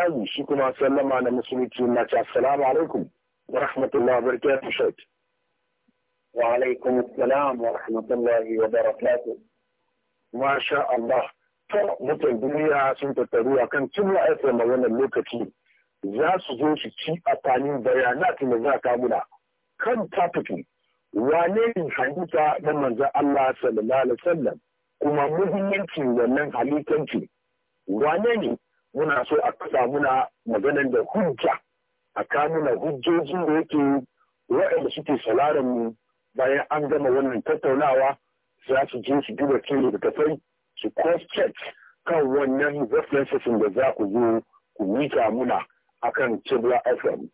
samu shi kuma sallama na musulunci na ce assalamu alaikum wa rahmatullahi wa barakatuh shek wa alaikum assalam wa rahmatullahi wa barakatuh sha Allah to mutan duniya sun tattaru akan kimla aifar na wannan lokaci za su zo su ci a amfanin bayanatin ne za ka muna kan tafiki wane ne halitta na manzo Allah sallallahu alaihi wasallam kuma muhimmancin wannan halikanci wane ne muna so a kasa muna maganan da hujja a kamuna hujjojin da yake waɗanda suke salaran mu bayan an gama wannan tattaunawa za su je su duba cin littattafai su cross check kan wannan references da za ku zo ku mita muna akan Cibla FM.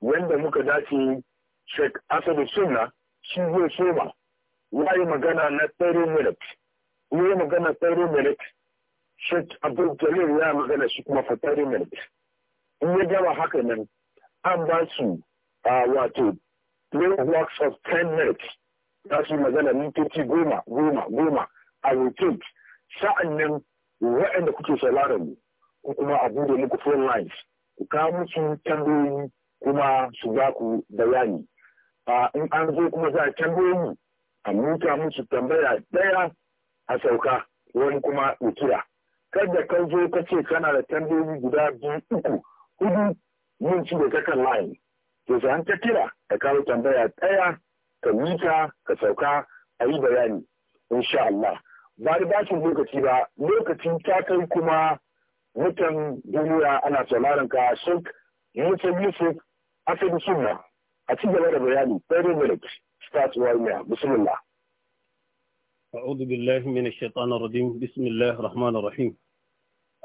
Yanda muka dace Sheikh Asadu Sunna shi zai soma. Ya yi magana na 30 minutes. Ya yi magana 30 minutes shek abdul jalil ya magana shi kuma fatari mai in ya gama haka nan an ba su wato works of 10 minutes za su magana mintoci goma goma goma a rotate sa'an nan waɗanda kuke sauraron mu ko kuma a bude muku phone lines ku kawo musu tambayoyi kuma su za ku bayani in an zo kuma za a tambayoyi a muta musu tambaya ɗaya a sauka wani kuma ukira kada ka zo ka ce kana da tambayoyi guda biyu uku hudu yin ci da kakan layi to sai an kira ka kawo tambaya ɗaya ka mita ka sauka a yi bayani insha Allah ba da bashin lokaci ba lokacin ta kai kuma mutan duniya ana sauraron ka shek Yusuf Yusuf Asad Sunna a ci gaba da bayani 30 minutes start right now bismillah أعوذ بالله من الشيطان الرجيم بسم الله الرحمن الرحيم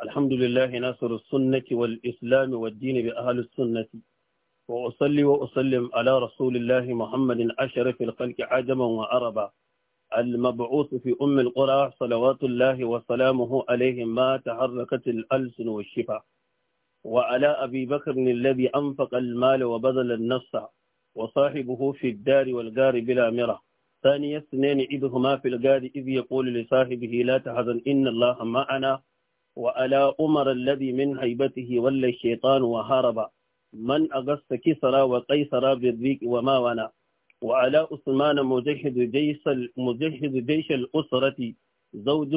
الحمد لله ناصر السنة والإسلام والدين بأهل السنة وأصلي وأسلم على رسول الله محمد أشرف الخلق عجما وعربا المبعوث في أم القرى صلوات الله وسلامه عليه ما تحركت الألسن والشفا وعلى أبي بكر الذي أنفق المال وبذل النص وصاحبه في الدار والجار بلا مرة ثاني اثنين إذهما في الجار إذ يقول لصاحبه لا تحزن إن الله معنا وألا أمر الذي من هيبته ولى الشيطان وهرب من أغس كسرى وقيصرى بالريق وما وانا وعلى عثمان مجهد جيش مجهد جيش الأسرة زوج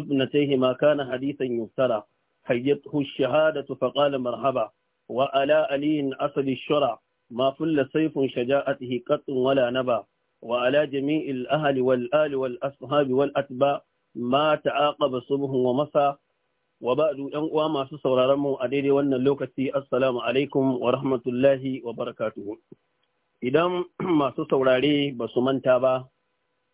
ما كان حديثا يفترى حيته الشهادة فقال مرحبا وألا علي أسد الشرع ما فل سيف شجاعته قط ولا نبا وعلى جميع الأهل والآل والأصحاب والأتباع ما تعاقب صبح ومسى wa ba'du ɗan uwa masu sauraron mu a daidai wannan lokaci assalamu alaikum wa rahmatullahi wa barakatuhu idan masu saurare ba su manta ba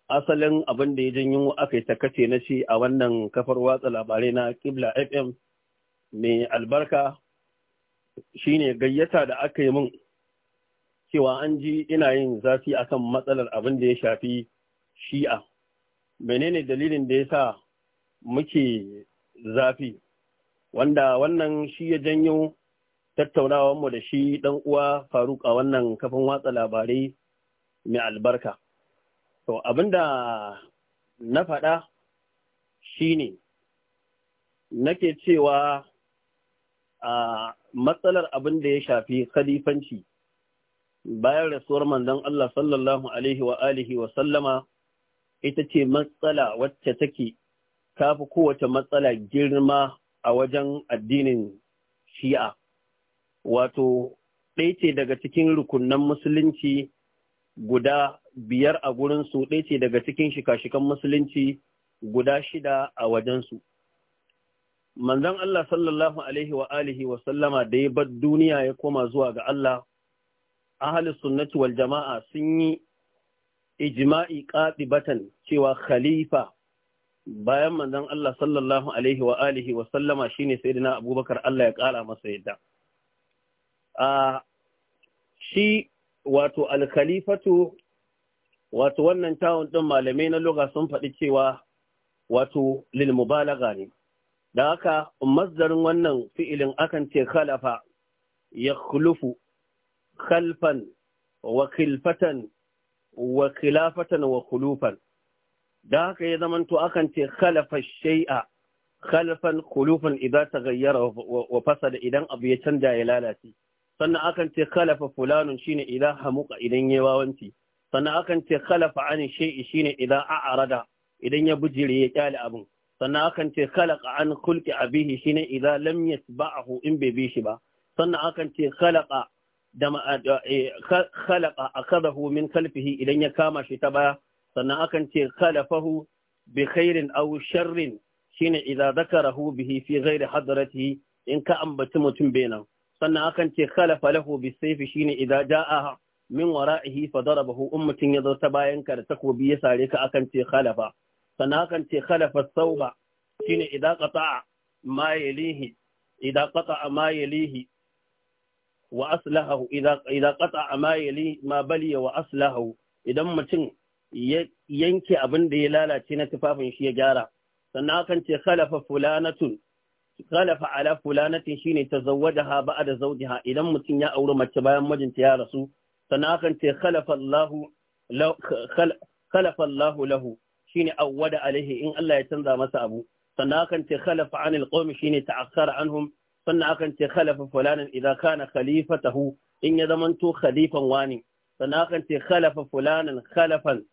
asalin abin da ya janyo aka yi takace na shi a wannan kafar watsa labarai na kibla fm mai albarka shine gayyata da aka yi min cewa an ji ina yin zafi a kan matsalar abin da ya shafi shi'a menene dalilin da ya sa muke zafi wanda wannan shi ya janyo tattaunawanmu da shi ɗan uwa faruk a wannan kafin watsa labarai mai albarka to abinda na faɗa shine nake cewa a matsalar abin da ya shafi khalifanci bayan rasuwar manzon Allah sallallahu alaihi wa alihi wa sallama ita ce matsala wacce take ta fi kowace matsala girma a wajen addinin shi'a wato ɗaya ce daga cikin rukunan musulunci guda biyar a gurinsu ɗaya ce daga cikin shika-shikan musulunci guda shida a wajensu manzon Allah sallallahu alaihi wa alihi wa sallama da ya bar duniya ya koma zuwa ga Allah Ahalis sunnati wal jama'a sun yi ijma'i batan cewa khalifa bayan manzon Allah sallallahu alaihi wa alihi wa sallama shine sayyidina Abubakar Allah ya kara masa yadda a shi wato al-khalifatu wato wannan tawun din malamai na lugha sun faɗi cewa wato lil mubalagha ne da haka masdarin wannan fi'ilin akan ce khalafa ya khulufu khalfan wa khilfatan wa khilafatan wa khulufan da haka ya zamanto akan ce khalafa shay'a khalfan khulufan idan taghayyara wa fasada idan abu ya canja ya lalace sannan akan ce khalafa fulanun shine idan hamuka idan yayi wawanci sannan akan ce khalafa an shay'i shine idan a'rada idan ya bujire ya kyale abin sannan akan ce khalaqa an khulqi abihi shine idan lam yasba'ahu in bai bi shi ba sannan akan ce khalaqa da eh, khalaqa akadahu min khalfihi idan ya kama shi ta baya sannan akan ce khalafahu bi khairin aw sharrin shine idza zakarahu bihi fi ghairi hadratihi in ka ambaci mutum benan sannan akan ce khalafa lahu bi sayfi shine idza jaa min wara'ihi fa darabahu in mutum ya zo ta bayan ka da takobi ya sare ka akan ce khalafa sannan akan ce khalafa sauba shine idza qata'a ma yalihi idza qata'a ma yalihi wa aslahahu idza idza qata'a ma yalihi ma baliya wa aslahahu idan mutum yanke abin da ya lalace na tufafin shi ya gyara sannan akan ce khalafa fulanatun khalafa ala fulanatin shine tazawwajaha da zawjiha idan mutum ya auri mace bayan mijinta ya rasu sannan akan ce khalafa Allahu khalafa Allahu lahu shine awwada alaihi in Allah ya canza masa abu sannan akan ce khalafa anil qawmi shine ta'akhkhara anhum sannan akan ce khalafa fulanan idza kana khalifatahu in ya zamanto khalifan wani sannan akan ce khalafa fulanan khalafan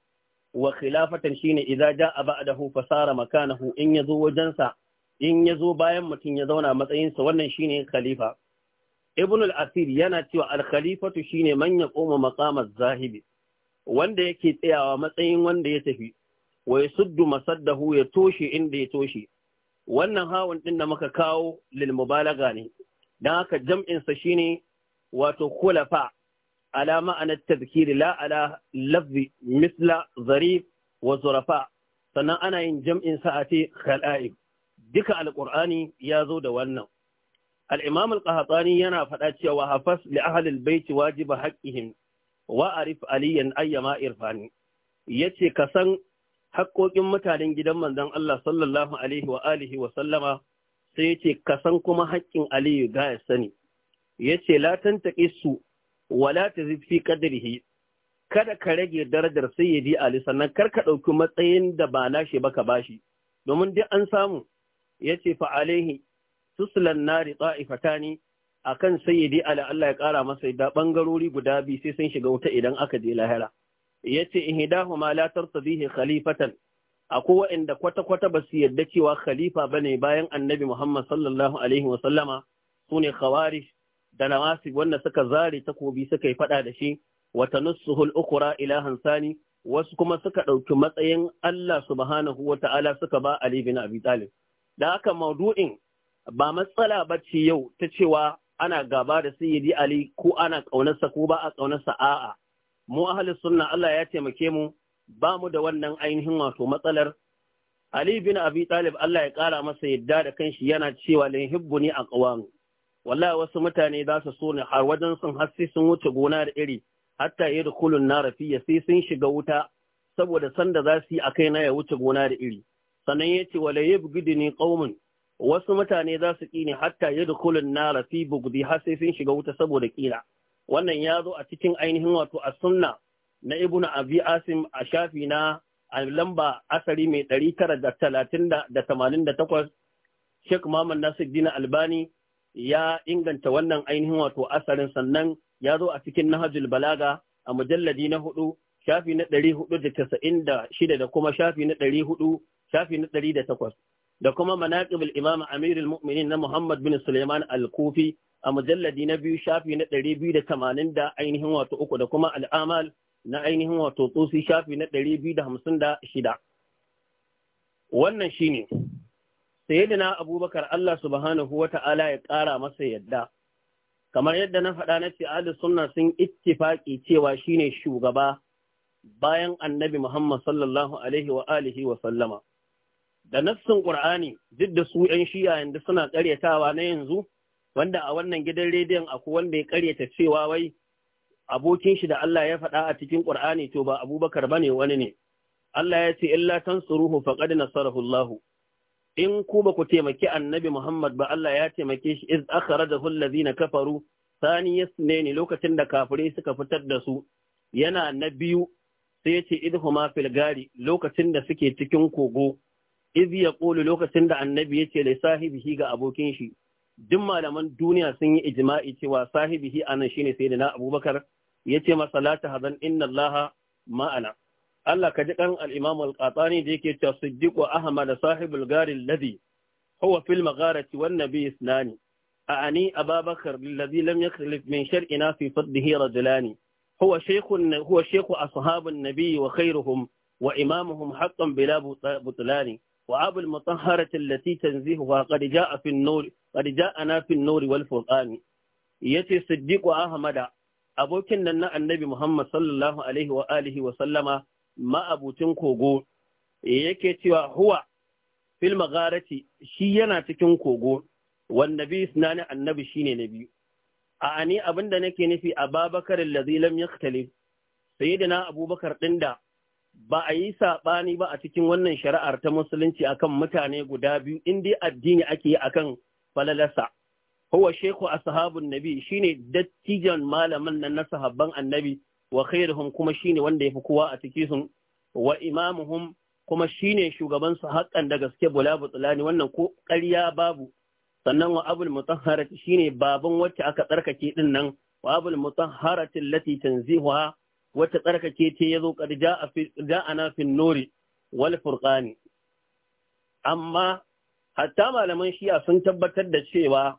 wa khilafatan shine idza jaa ba'dahu fasara makanahu in yazo wajensa in yazo bayan mutum ya zauna matsayinsa wannan shine khalifa ibn al-asir yana cewa al-khalifatu shine man yaquma maqama zahibi wanda yake tsayawa matsayin wanda ya tafi wa yasuddu masaddahu ya toshe inda ya toshe wannan hawan din da muka kawo lil mubalaga ne dan haka jam'in sa shine wato khulafa على معنى التذكير لا على لفظ مثل ظريف وظرفاء sannan ana yin jam'in sa'ati khala'i duka alƙur'ani ya zo da wannan al'imam al-qahatsani yana faɗa cewa hafas li ahlil baiti wajiba haqqihim wa arif aliyan ayyama irfani yace ka san haƙƙoƙin mutanen gidan manzon Allah sallallahu alaihi wa alihi wa sallama sai ce ka san kuma haƙƙin aliyu ga ya sani yace la tantaqi su wala ta fi kadrihi kada ka rage darajar sayyidi ali sannan kar ka ɗauki matsayin da ba nashi ba ka bashi domin duk an samu yace fa alaihi tuslan nari ta'ifatani akan sayyidi ali Allah ya kara masa da bangarori guda biyu sai sun shiga wuta idan aka je lahira yace ihdahuma la tartadihi khalifatan akwai waɗanda kwata-kwata ba su yarda cewa khalifa ba ne bayan annabi Muhammad sallallahu Alaihi wasallama su ne khawarij da namasi, wanda suka zare takobi suka yi faɗa da shi wata nusuhul ukura ilahan sani wasu kuma suka ɗauki matsayin Allah subhanahu wa ta'ala suka ba Ali bin Abi Talib da haka maudu'in ba matsala ba ce yau ta cewa ana gaba da sayyidi Ali ko ana ƙaunarsa ko ba a ƙaunarsa a'a mu ahli sunna Allah ya taimake mu ba mu da wannan ainihin wato matsalar Ali bin Abi Talib Allah ya ƙara masa yadda da kanshi yana cewa lan hibbuni ƙawamu wallahi wasu mutane za su so ne har wajen sun hasi sun wuce gona da iri hatta ya da kulun na rafiya sai sun shiga wuta saboda sanda za su yi a kai na ya wuce gona da iri sannan ya ce wala ya bugidi ne ƙaumin wasu mutane za su ƙi ne hatta ya da kulun na rafi bugudi har sai sun shiga wuta saboda ƙira wannan ya zo a cikin ainihin wato a sunna na ibn abi asim a shafi na a lamba asari mai ɗari tara da talatin da tamanin da takwas Sheikh Muhammad Nasir Dina Albani ya inganta wannan ainihin wato asarin sannan ya zo a cikin nahajul balaga a mujalladi na hudu shafi na ɗari hudu da casa'in da shida da kuma shafi na ɗari hudu shafi na ɗari da takwas da kuma manaƙibul imam amirul mu'minin na muhammad bin suleiman al-kufi a mujalladi na biyu shafi na ɗari biyu da tamanin da ainihin wato uku da kuma al'amal na ainihin wato tsosi shafi na ɗari biyu da hamsin da shida wannan shine ne sayyidina abubakar Allah subhanahu wa ta'ala ya ƙara masa yadda kamar yadda na faɗa na ce ahli sunna sun ittifaƙi cewa shine shugaba bayan annabi Muhammad sallallahu alaihi wa alihi wa sallama da nassin ƙur'ani, duk da su ƴan shi'a yanzu suna ƙaryatawa na yanzu wanda a wannan gidan rediyon akwai wanda ya ƙaryata cewa wai abokin shi da Allah ya faɗa a cikin ƙur'ani to ba Abubakar ba ne wani ne Allah ya ce illa tansuruhu faqad nasarahu Allah in ku ba ku taimaki annabi Muhammad ba Allah ya taimake shi iz akhrajahu allazina kafaru ya ne lokacin da kafirai suka fitar da su yana na biyu sai ya ce idhuma fil gari lokacin da suke cikin kogo iz yaqulu lokacin da annabi ya ce sahibi sahibihi ga abokin shi duk malaman duniya sun yi ijma'i cewa sahibihi anan shine sayyidina Abubakar yace masa la tahzan inna Allaha ma'ana Allah ka ji kan al’imamu al’atsani da yake ta siddiƙo ahama da sahibul garin ladi, huwa fil magharati wan nabi isnani, a ani ababakar lalazi lam ya kalif min shar ina fi faddihi rajulani, huwa shekhu a sahabin nabi wa khairuhum wa imamuhum haƙƙon bila butulani. Wa abul mutahharatin lati tanzihu wa ƙarja a fin nori, ƙarja a na fin nori wal furqani. Ya abokin nan na annabi Muhammad sallallahu alaihi wa alihi wa sallama, ma'abucin kogo eh, yake cewa huwa fil magharati shi yana cikin kogo wan nabi sunani annabi shine biyu a ani abinda nake nufi ababakar allazi lam yaktalif sayyidina abubakar din da ba a yi saɓani ba a cikin wannan shari'ar ta musulunci akan mutane guda biyu in dai addini ake yi akan falalasa huwa sheku ashabun nabi shine dattijan malaman nan na sahabban annabi wa khairuhum kuma shine wanda yafi kowa a cikin su wa imamuhum kuma shine shugaban su haƙƙan da gaske bula butulani wannan ko ƙarya babu sannan wa abul mutahharati shine baban wacce aka tsarkake din nan wa abul mutahharati allati tanzihuha wacce tsarkake ce yazo qad ja'a fi ja'ana fi nuri wal furqani amma hatta malaman shi'a sun tabbatar da cewa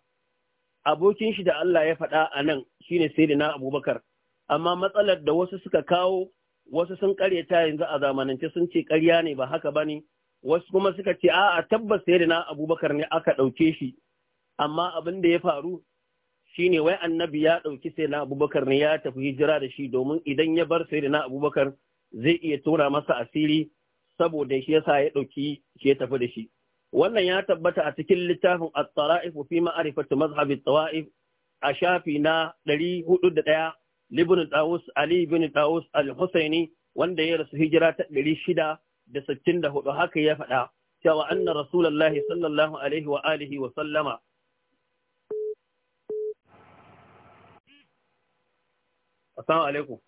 abokin shi da Allah ya faɗa a nan shine sayyidina Abubakar amma matsalar da wasu suka kawo wasu sun karyata yanzu a zamanance sun ce karya ne ba haka ba ne wasu kuma suka ce a'a tabbas sai da na abubakar ne aka ɗauke shi amma abin da ya faru shine wai annabi ya ɗauki sai na abubakar ne ya tafi hijira da shi domin idan ya bar sai da na abubakar zai iya tura masa asiri saboda shi yasa ya ɗauki shi ya tafi da shi wannan ya tabbata a cikin littafin at-tara'if fi ma'rifati mazhabi at-tawa'if a shafi na ɗaya. libin Dawus Ali bin Dawus al-Husaini wanda ya rasu hijira ta ɗari shida da sittin da hudu haka ya faɗa cewa anna rasulallahi sallallahu alaihi wa alihi wa sallama Assalamu alaikum.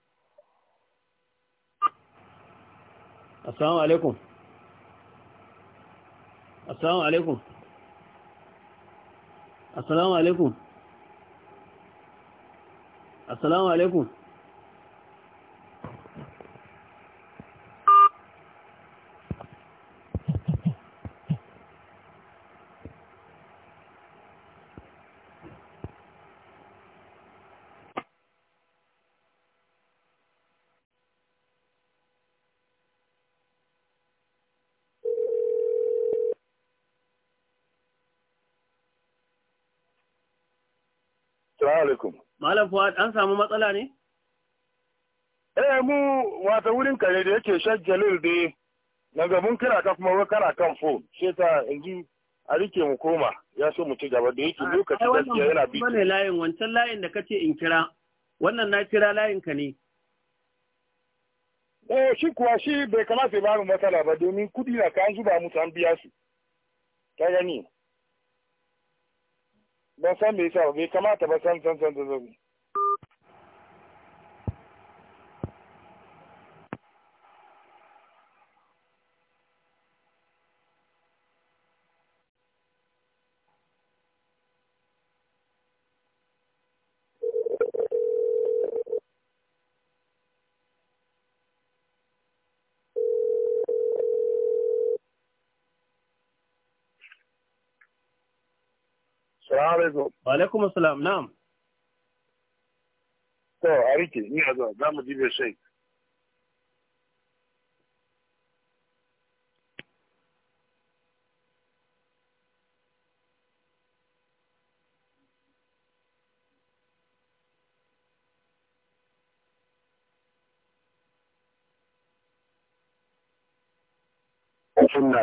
Assalamu alaikum. Assalamu alaikum. Assalamu alaikum. assalamu alaikum Assalamu alaikum. Malam Fuad an samu matsala ne? Eh mu wata wurin kare da yake Sheikh Jalil da na gaban kira ka kuma wa kara kan phone she ta yanzu a rike mu koma ya so mu ci gaba da yake lokaci gaskiya yana bi. Wannan layin wancan layin da kace in kira wannan na kira layin ka ne. Eh shi kuwa shi bai kamata ya ba mu matsala ba domin kudi na kan zuba mu an biya su. Ka gani? ban san me yasa bai kamata ba san san san san alaikum. Wa alaikum assalam, na'am. To, a rike, ni a zuwa, za mu jibe shai.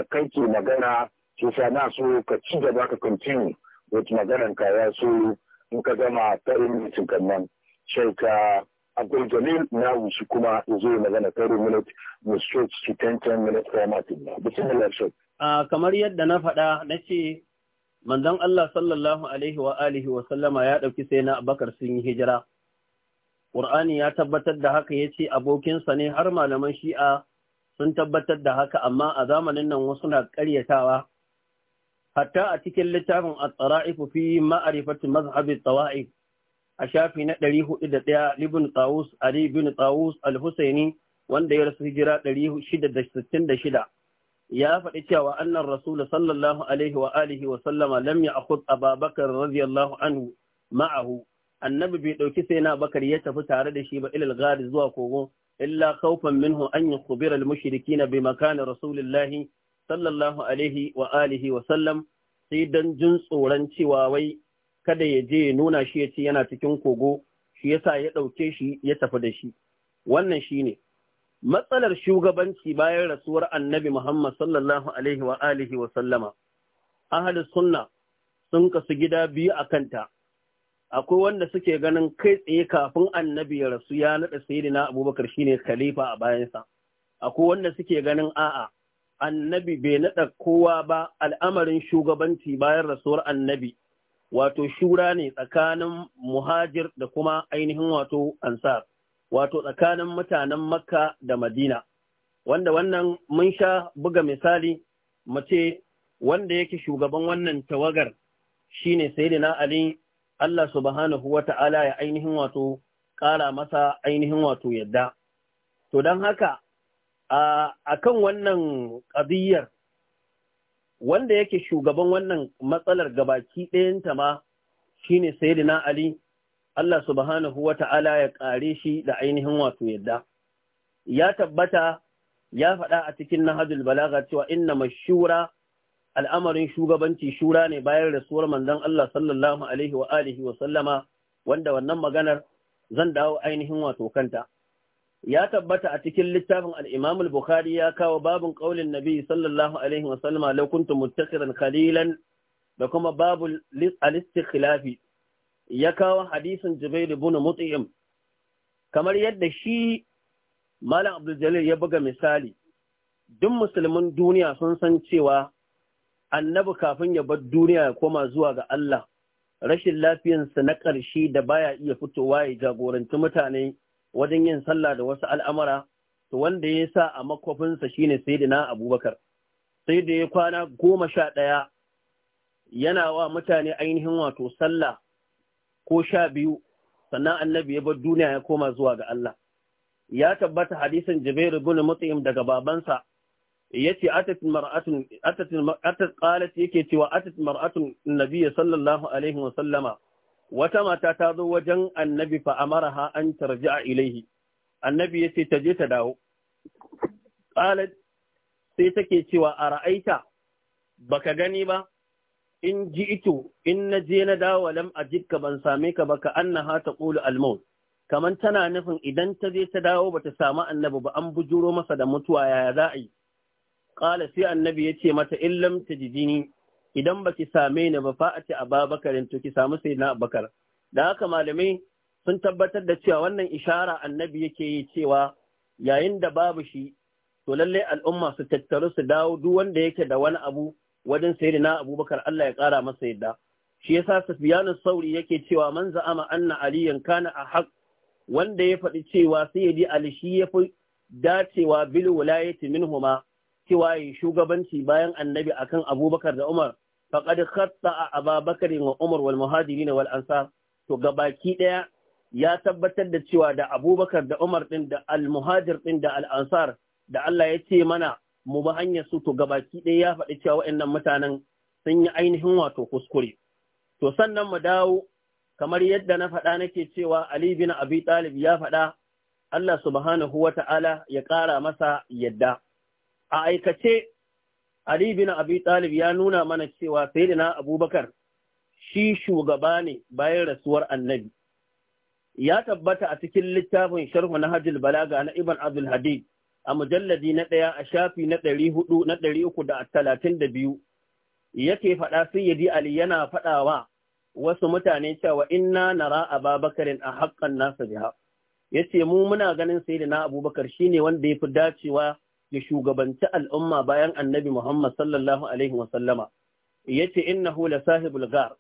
kai ke magana ke sa na so ka ci gaba ka continue wata maganan ka ya so in ka gama tarin mutum kannan shai ka abdul jamil na wuce kuma ya zo magana tarin minit mu straight to ten ten minute format din bismillah shek ah, kamar yadda na faɗa na ce manzon Allah sallallahu alaihi wa alihi wa sallama ya ɗauki sai na Abakar sun yi hijira Qur'ani ya tabbatar da haka yace abokinsa ne har malaman Shi'a sun tabbatar da haka amma a zamanin nan wasu na ƙaryatawa hatta a cikin littafin at-tara'if fi ma'rifati mazhab at-tawa'if a shafi na 401 ibn Tawus Ali ibn Tawus al-Husaini wanda ya rasu hijira 666 ya faɗi cewa annan rasul sallallahu alaihi wa alihi wa sallama lam ya'khudh Ababakar radiyallahu anhu ma'ahu annabi bai dauki sai na Bakar ya tafi tare da shi ba ilal gadi zuwa kogo illa khawfan minhu an yukhbira al-mushrikeena bi makani rasulillahi sallallahu alaihi wa alihi wa sallam sai dan jin tsoron cewa wai kada ya je ya nuna shi ya ce yana cikin kogo shi yasa ya ɗauke shi ya tafi da shi wannan shine matsalar shugabanci bayan rasuwar annabi Muhammad sallallahu alaihi wa alihi wa sallama ahli sunna sun kasu gida biyu a kanta akwai wanda suke ganin kai tsaye kafin annabi ya rasu ya naɗa sayyidina abubakar shine khalifa a bayansa akwai wanda suke ganin a'a annabi bai naɗa kowa ba al'amarin shugabanci bayan rasuwar annabi, wato shura ne tsakanin muhajir da kuma ainihin wato ansar, wato tsakanin mutanen Makka da Madina, wanda wannan mun sha buga misali mace wanda yake shugaban wannan tawagar shine Sayyidina Ali Allah subhanahu wa ta'ala ya ainihin wato ƙara masa ainihin wato yadda. To don haka a kan wannan ƙadiyar wanda yake shugaban wannan matsalar gabaki ɗayanta ma shine sayyidina Ali Allah subhanahu wa ta'ala ya ƙare shi da ainihin wato yadda. Ya tabbata ya faɗa a cikin hajjul Balaga cewa inna shura, al'amarin shugabanci shura ne bayan rasuwar manzon Allah sallallahu alaihi wa alihi wa sallama wanda wannan maganar zan dawo ainihin wato kanta. ya tabbata a cikin littafin al al-Bukhari ya kawo babun qaulin Nabi sallallahu alaihi wasallam law kuntu muttakhiran da kuma babu al-istikhlafi ya kawo hadisin Jubair ibn Mut'im kamar yadda shi Malam Abdul Jalil ya buga misali duk musulmin duniya sun san cewa annabi kafin ya bar duniya ya koma zuwa ga Allah rashin lafiyansa na ƙarshe da baya iya fitowa ya jagoranci mutane wajen yin sallah da wasu al'amura, to wanda ya sa a makwafinsa shine Sayyidina Abubakar. Sai da ya kwana goma sha ɗaya yana wa mutane ainihin wato sallah ko sha biyu, sannan annabi ya bar duniya ya koma zuwa ga Allah. Ya tabbata hadisin Jabairu bin Mut'im daga babansa yace atat mar'atun atat qalat yake cewa atat mar'atun nabiyyi sallallahu alaihi wa sallama wata mata ta zo wajen annabi fa ha an tarji'a ilaihi annabi yace ta je ta dawo qalat sai take cewa a ra'aita baka gani ba in ji ito in na je na dawo lam ajidka ban same ka ba ka annaha taqulu al-maut Kamar tana nufin idan ta je ta dawo bata sami annabi ba an bujuro masa da mutuwa yaya za a yi qala sai annabi yace mata in ji tajidini idan baki same ni ba fa'ati ababakarin to ki samu sai na abakar da haka malamai sun tabbatar da cewa wannan ishara annabi yake yi cewa yayin da babu shi to lallai al'umma su tattaru su dawo duk wanda yake da wani abu wajen na abubakar Allah ya kara masa yadda shi yasa sufyanu sauri yake cewa man za'ama anna aliyan kana a haq wanda ya faɗi cewa sayyidi ali shi ya fi dacewa bil wilayati minhuma cewa yi shugabanci bayan annabi akan abubakar da umar faqad khatta Abu Bakar wa Umar wal Muhajirin wal Ansar to gabaki daya ya tabbatar da cewa da Abubakar da Umar din da al Muhajir din da al Ansar da Allah ya ce mana mu ba hanyar su to gabaki daya ya faɗi cewa waɗannan mutanen sun yi ainihin wato kuskure to sannan mu dawo kamar yadda na faɗa nake cewa Ali bin Abi Talib ya faɗa Allah subhanahu wa ta'ala ya ƙara masa yadda. A aikace Ali bin Abi Talib ya nuna mana cewa Sayyidina Abubakar shi shugaba ne bayan rasuwar Annabi. Ya tabbata a cikin littafin Sharhu na Hajjul Balaga na Ibn Abdul Hadi a mujalladi na ɗaya a shafi na ɗari hudu na ɗari uku da talatin da biyu yake faɗa yadi Ali yana faɗawa wasu mutane cewa inna nara Ababakarin a haƙƙan nasa biha. Yace mu muna ganin Sayyidina Abubakar shine wanda ya fi dacewa ya shugabanci al'umma bayan annabi Muhammad sallallahu Alaihi wasallama, ya ce innahu la sahibul gar,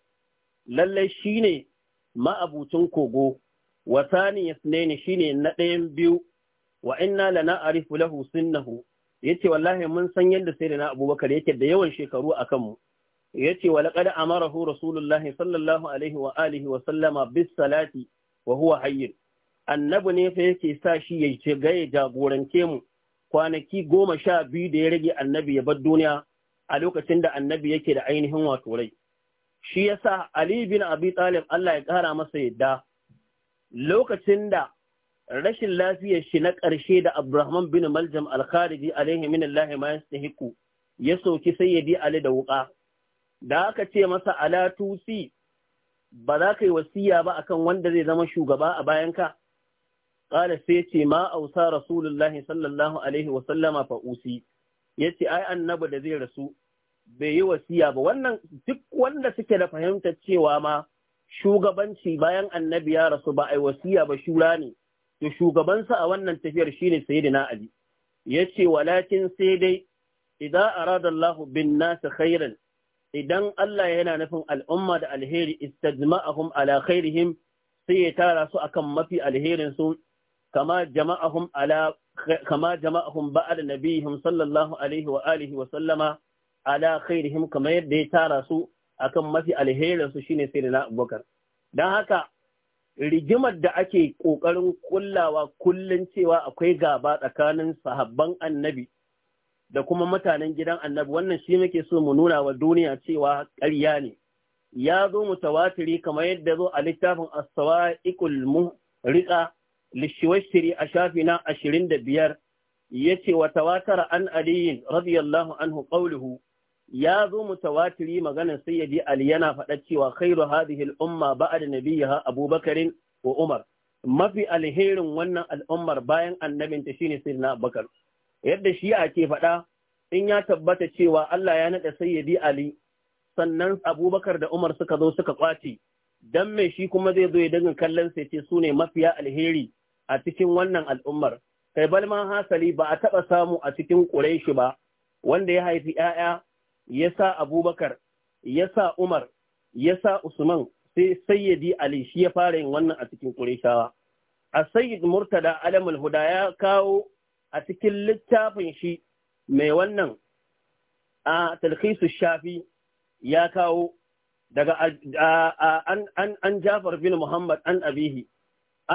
lallai shi ne ma'abucin kogo, wasani ya ne shi ne na ɗayan biyu, wa inna la na'arifu lahu sunnahu, ya ce wallahi mun san yadda sai da na abubakar yake da yawan shekaru a kanmu. Ya ce wa laƙada amarahu Rasulullahi sallallahu Alaihi wa alihi wa sallama bis salati wa huwa hayyin. Annabi ne fa yake sa shi ya ce ya jagorance mu. kwanaki goma sha biyu da ya rage annabi ya bar duniya a lokacin da annabi yake da ainihin wato rai. Shi ya sa, Ali bin Abi Talib Allah ya ƙara masa yadda lokacin da rashin lafiyar shi na ƙarshe da Abdurrahman bin Maljam al-Khariji alaihi min Allah ma yastahiqu ya soki sayyidi Ali da wuƙa. Da aka ce masa ala tusi ba za ka yi wasiya ba akan wanda zai zama shugaba a bayanka ƙala sai ce ma ausa rasulullahi sallallahu alaihi yace ai annabi da zai rasu bai yi wasiya ba wannan duk wanda suke da fahimtar cewa ma shugabanci bayan annabi ya rasu ba ai wasiya ba shura ne to shugabansa a wannan tafiyar shine sayyidina ali yace walakin sai dai idan arada Allahu bin nas khairan idan Allah yana nufin al'umma da alheri istajma'ahum ala khairihim sai ya tara su akan mafi alherin su kama jama'ahum ala kama jama'ahum ba'da nabihim sallallahu alaihi wa alihi wa sallama ala khairihim kama yadda ya tara su akan mafi alherin su shine na Abubakar dan haka rigimar da ake ƙoƙarin kullawa kullun cewa akwai gaba tsakanin sahabban annabi da kuma mutanen gidan annabi wannan shi muke so mu nuna wa duniya cewa ƙarya ne ya zo mutawatiri kamar yadda zo a littafin as-sawa'iqul muhriqa lishiwashiri a shafi na ashirin da biyar ya ce wa tawatara an aliyin radiyallahu anhu ƙauluhu ya zo mu tawatiri maganar sai ya ji Ali yana faɗa cewa khairu hadhihi al-umma ba'da nabiyha Abubakarin wa Umar mafi alherin wannan al'ummar bayan annabinta shine sayyidina Abubakar yadda shi ake faɗa in ya tabbata cewa Allah ya nada sayyidi Ali sannan Abubakar da Umar suka zo suka kwace dan me shi kuma zai zo ya dangin kallon sai ce sune mafiya alheri a cikin wannan al'ummar kai balma hasali ba a taɓa samu a cikin ƙuraishi ba wanda ya haifi ‘ya'ya ya sa abubakar ya sa umar ya sa usman sai sayyadi ali shi ya fara yin wannan a cikin ƙuraishawa a sayyid murtada alamul huda ya kawo a cikin littafin shi mai wannan a talhisu shafi ya kawo daga an jafar bin muhammad an abihi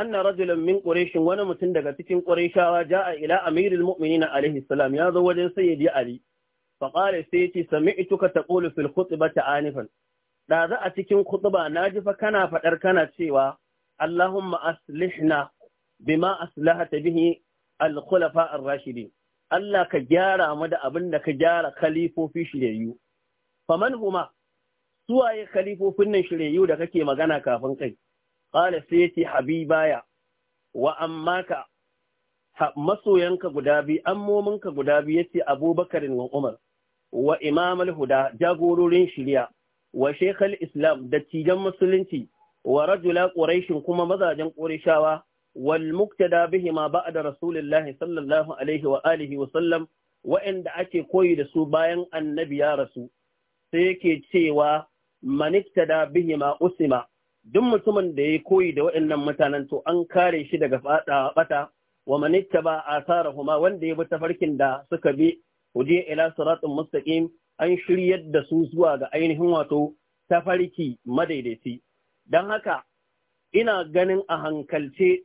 anna rajulan min quraish wani mutum daga cikin quraishawa jaa ila amirul mu'minin alaihi salam ya zo wajen sayyidi ali fa qala sai yace ta taqulu fil khutbati anifan da za a cikin khutba naji fa kana fadar kana cewa allahumma aslihna bima aslahata bihi al khulafa ar rashidin Allah ka gyara mu da abin da ka gyara khalifofi shiryayyu faman huma suwaye khalifofin nan shiryayyu da kake magana kafin kai ƙala sai Habiba habibaya wa ka masoyanka guda biyu ammominka guda biyu yace abubakar wa umar wa imam huda jagororin shirya wa shekhal islam dattijan musulunci wa rajula quraishin kuma mazajen qurayshawa wal muktada bihima da rasulillahi sallallahu alaihi wa alihi wa sallam ake koyi da su bayan annabi ya rasu sai yake cewa maniktada ma usima duk mutumin da ya koyi da waɗannan mutanen to an kare shi daga bata wa manitta ba kuma wanda ya bi tafarkin da suka bi huje ila suratun mustaƙim an shiryar da su zuwa ga ainihin wato tafarki madaidaici don haka ina ganin a hankalce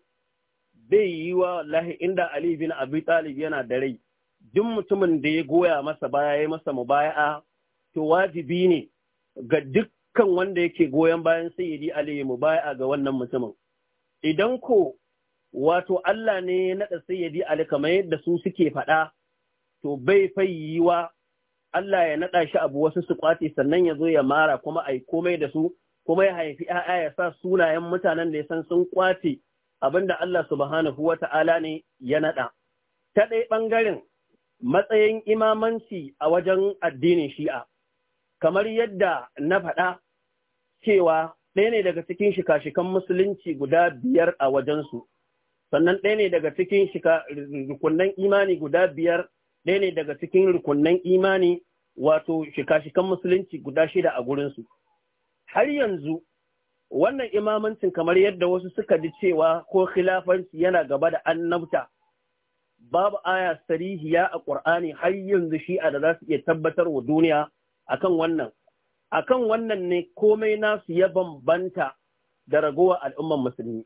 bai yi wa lahi inda Ali bin Abi Talib yana da rai duk mutumin da ya goya masa baya ya masa mubaya'a to wajibi ne ga duk dukkan wanda yake goyon bayan sayyidi Aliyu mu baya ga wannan mutumin. Idan ko wato Allah ne ya naɗa sayyidi Ali kamar yadda su suke faɗa, to bai fayyiwa Allah ya naɗa shi abu wasu su kwace sannan ya zo ya mara kuma ai komai da su kuma ya haifi ‘ya'ya ya sa sunayen mutanen da ya san sun kwace abin da Allah subhanahu wa ta'ala ne ya naɗa. Ta ɗaya ɓangaren matsayin imamanci a wajen addinin shi'a, kamar yadda na faɗa cewa ɗaya ne daga cikin shika-shikan musulunci guda biyar a wajensu, sannan ɗaya ne daga cikin rukunnan imani guda biyar, ɗaya ne daga cikin rukunnan imani wato shika-shikan musulunci guda shida a gurinsu. Har yanzu, wannan imamancin kamar yadda wasu suka ji cewa ko khilafanci yana gaba da annabta, babu aya sarihiya a ƙur'ani har yanzu shi'a da za su iya tabbatar wa duniya akan wannan. akan wannan ne komai nasu ya bambanta da ragowa al'umman musulmi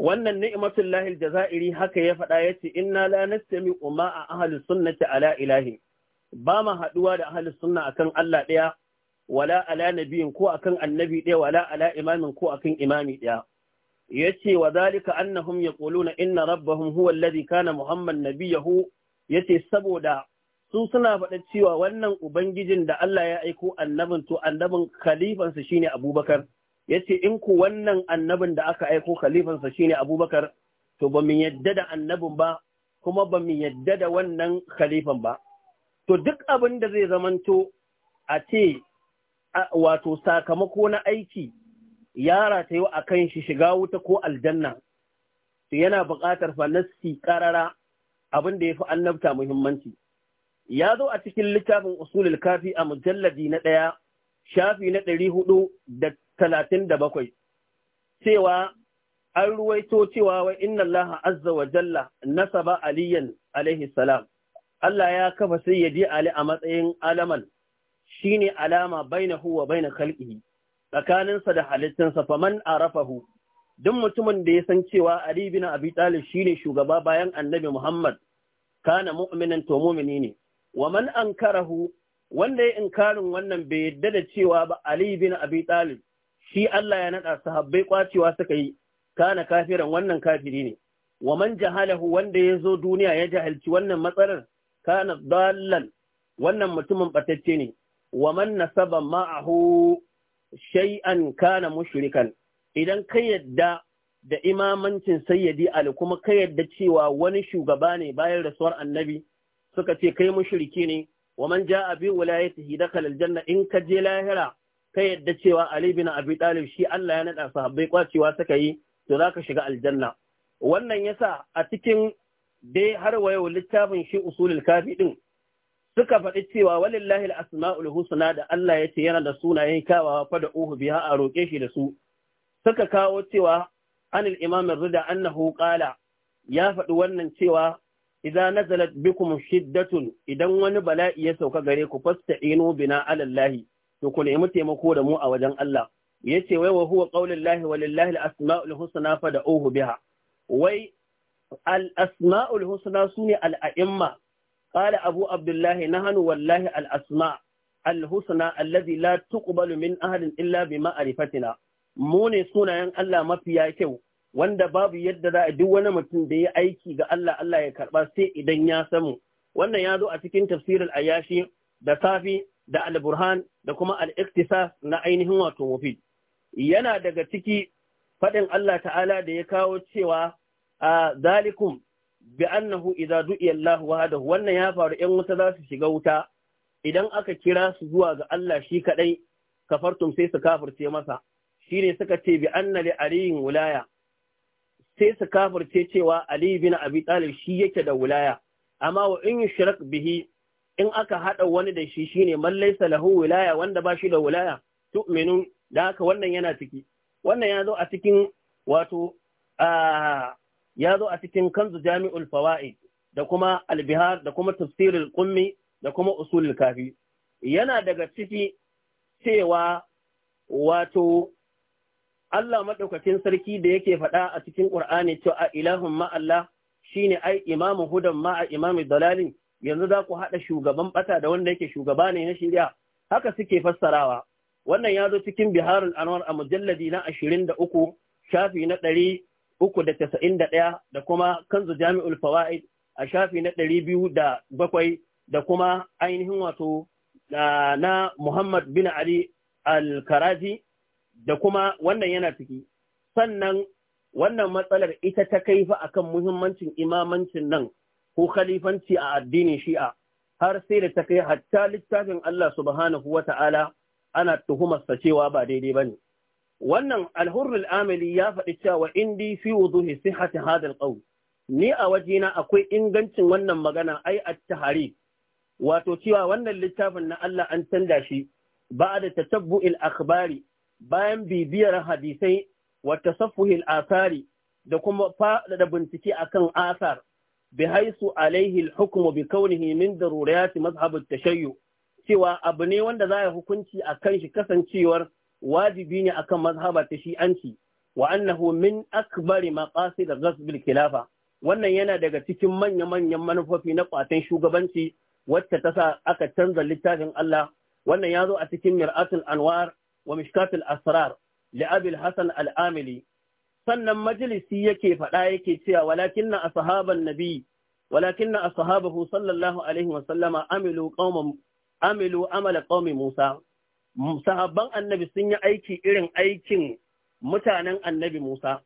wannan ni'matul lahil jazairi haka ya faɗa yace inna la nastami umma a ahlus sunnati ala ilahi ba ma haduwa da ahlus sunna akan Allah daya wala ala nabiyin ko akan annabi daya wala ala imamin ko akan imami daya yace wa zalika annahum yaquluna inna rabbahum huwa alladhi kana muhamman nabiyahu yace saboda su suna faɗa cewa wannan ubangijin da Allah ya aiko annabin to annabin khalifansa shine Abubakar yace in ku wannan annabin da aka aiko khalifansa shine Abubakar to ba mu yadda da annabin ba kuma ba mu yadda da wannan khalifan ba to duk abin da zai zamanto a ce wato sakamako na aiki yara ta yi a kan shi shiga wuta ko aljanna to yana buƙatar fa nassi ƙarara abin da ya fi annabta muhimmanci ya zo a cikin littafin usulul kafi a mujalladi na ɗaya shafi na ɗari hudu da talatin da bakwai cewa an ruwaito cewa wa inna Allah azza wa jalla nasaba aliyan alaihi salam Allah ya kafa sayyidi Ali a matsayin alaman shine alama bainahu wa bain khalqihi tsakaninsa da halittinsa faman arafahu duk mutumin da ya san cewa Ali bin Abi Talib shine shugaba bayan Annabi Muhammad kana muminin to mu'mini ne wa man ankarahu wanda ya inkarin wannan bai yadda da cewa ba Ali bin Abi Talib shi Allah ya nada sahabbai kwacewa suka yi kana kafiran wannan kafiri ne wa man jahalahu wanda ya zo duniya ya jahalci wannan matsalar kana dallan wannan mutumin batacce ne wa man nasaba ma'ahu shay'an kana mushrikan idan kai yadda da imamancin sayyidi Ali kuma kai yadda cewa wani shugaba ne bayan rasuwar annabi suka ce kai mushriki ne wa man a bi wilayatihi dakhala aljanna in ka je lahira kai yadda cewa Ali bin Abi Talib shi Allah ya nada sahabbai kwacewa suka yi to zaka shiga aljanna wannan yasa a cikin dai har wayo littafin shi usulul kafi din suka faɗi cewa walillahi al-asma'ul husna da Allah ya ce yana da sunayen kyawawa fa da uhu biha a roƙe shi da su suka kawo cewa anil imam rida annahu qala ya faɗi wannan cewa iza nazalat bikum shiddatun idan wani bala'i ya sauka gare ku fasta'inu bina ala Allah to ku nemi taimako da mu a wajen Allah yace wai wa huwa qaulullahi walillahi al-asma'ul husna fad'uhu biha wai al-asma'ul husna sune al-a'imma qala abu abdullahi nahnu wallahi al-asma' al-husna alladhi la tuqbalu min ahadin illa bi ma'rifatina mu ne sunayen Allah mafiya kyau wanda babu yadda za a duk wani mutum da ya aiki ga Allah Allah ya karba sai idan ya samu wannan ya zo a cikin tafsirin ayashi da safi da al-burhan da kuma al-iktisas na ainihin wato mufid yana daga ciki faɗin Allah ta'ala da ya kawo cewa a zalikum bi annahu idza du'iya Allah wahdahu wannan ya faru in wuta za su shiga wuta idan aka kira su zuwa ga Allah shi kadai kafartum sai su kafirce masa shine suka ce bi anna li aliyin wilaya sai su kafirce cewa Ali bin Abi Talib shi yake da wilaya amma wa in yushrak bihi in aka hada wani da shi shine man laysa lahu wilaya wanda ba shi da wilaya tuminu da haka wannan yana ciki wannan ya zo a cikin wato ya zo a cikin kanzu jami'ul fawaid da kuma albihar da kuma tafsirul qummi da kuma usulul kafi yana daga ciki cewa wato Allah maɗaukakin sarki da yake faɗa a cikin Ƙur'ani to a ilahun ma'allah shi ne ai imamu hudan a imamu dalalin yanzu za ku haɗa shugaban ɓata da wanda yake shugaba ne na shirya haka suke fassarawa. Wannan ya zo cikin Biharin Anwar a mujalladi na ashirin da uku shafi na ɗari uku da tasa'in da ɗaya da kuma kanzu jami'ul fawa'id a shafi na ɗari biyu da bakwai da kuma ainihin wato ah, na Muhammad bin Ali al-Karaji da kuma wannan yana ciki sannan wannan matsalar ita ta kai fa akan muhimmancin imamancin nan ko khalifanci a addinin shi'a har sai da ta kai hatta littafin Allah subhanahu wa ta'ala ana sa cewa ba daidai ba ne. Wannan alhurrul amili ya faɗi cewa indi fi wuzuhi sihhati hadal qawl. Ni a wajena akwai ingancin wannan magana ai at-tahari wato cewa wannan littafin na Allah an canza shi ba da tatabbu'il akhbari bayan bibiyar hadisai wata safuhil asari da kuma faɗaɗa bincike akan asar bi haisu alaihi hukumu bi kaunihi min daruriyati mazhabut tashayyu cewa abu ne wanda za a hukunci akan shi kasancewar wajibi ne akan mazhabar ta shi'anci wa annahu min akbari maqasid gasbil khilafa wannan yana daga cikin manya-manyan manufofi na kwatan shugabanci wacce ta sa aka canza littafin Allah wannan ya zo a cikin mir'atul anwar wa mishkatul asrar Li'abil abil hasan al-amili sannan majlisi yake faɗa yake cewa walakin na ashaban nabi walakin na ashabahu sallallahu alaihi wa sallama amilu amala qaumi musa sahabban annabi sun yi aiki irin aikin mutanen annabi musa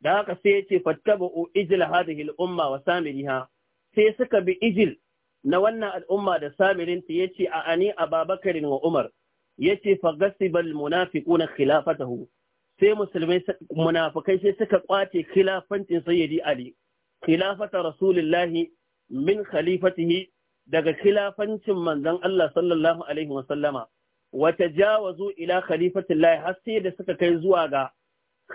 da haka sai ya ce fattabu ijil hadhihi al-umma wa sai suka bi ijil na wannan al'umma da samirinta ya ce a ani ababakarin wa umar ce fa gasibal munafiquna khilafatahu sai musulmai munafikai sai suka kwace khilafancin sayyidi ali khilafata rasulullahi min khalifatihi daga khilafancin manzon Allah sallallahu alaihi wa sallama wa tajawazu ila khalifatillahi har sai da suka kai zuwa ga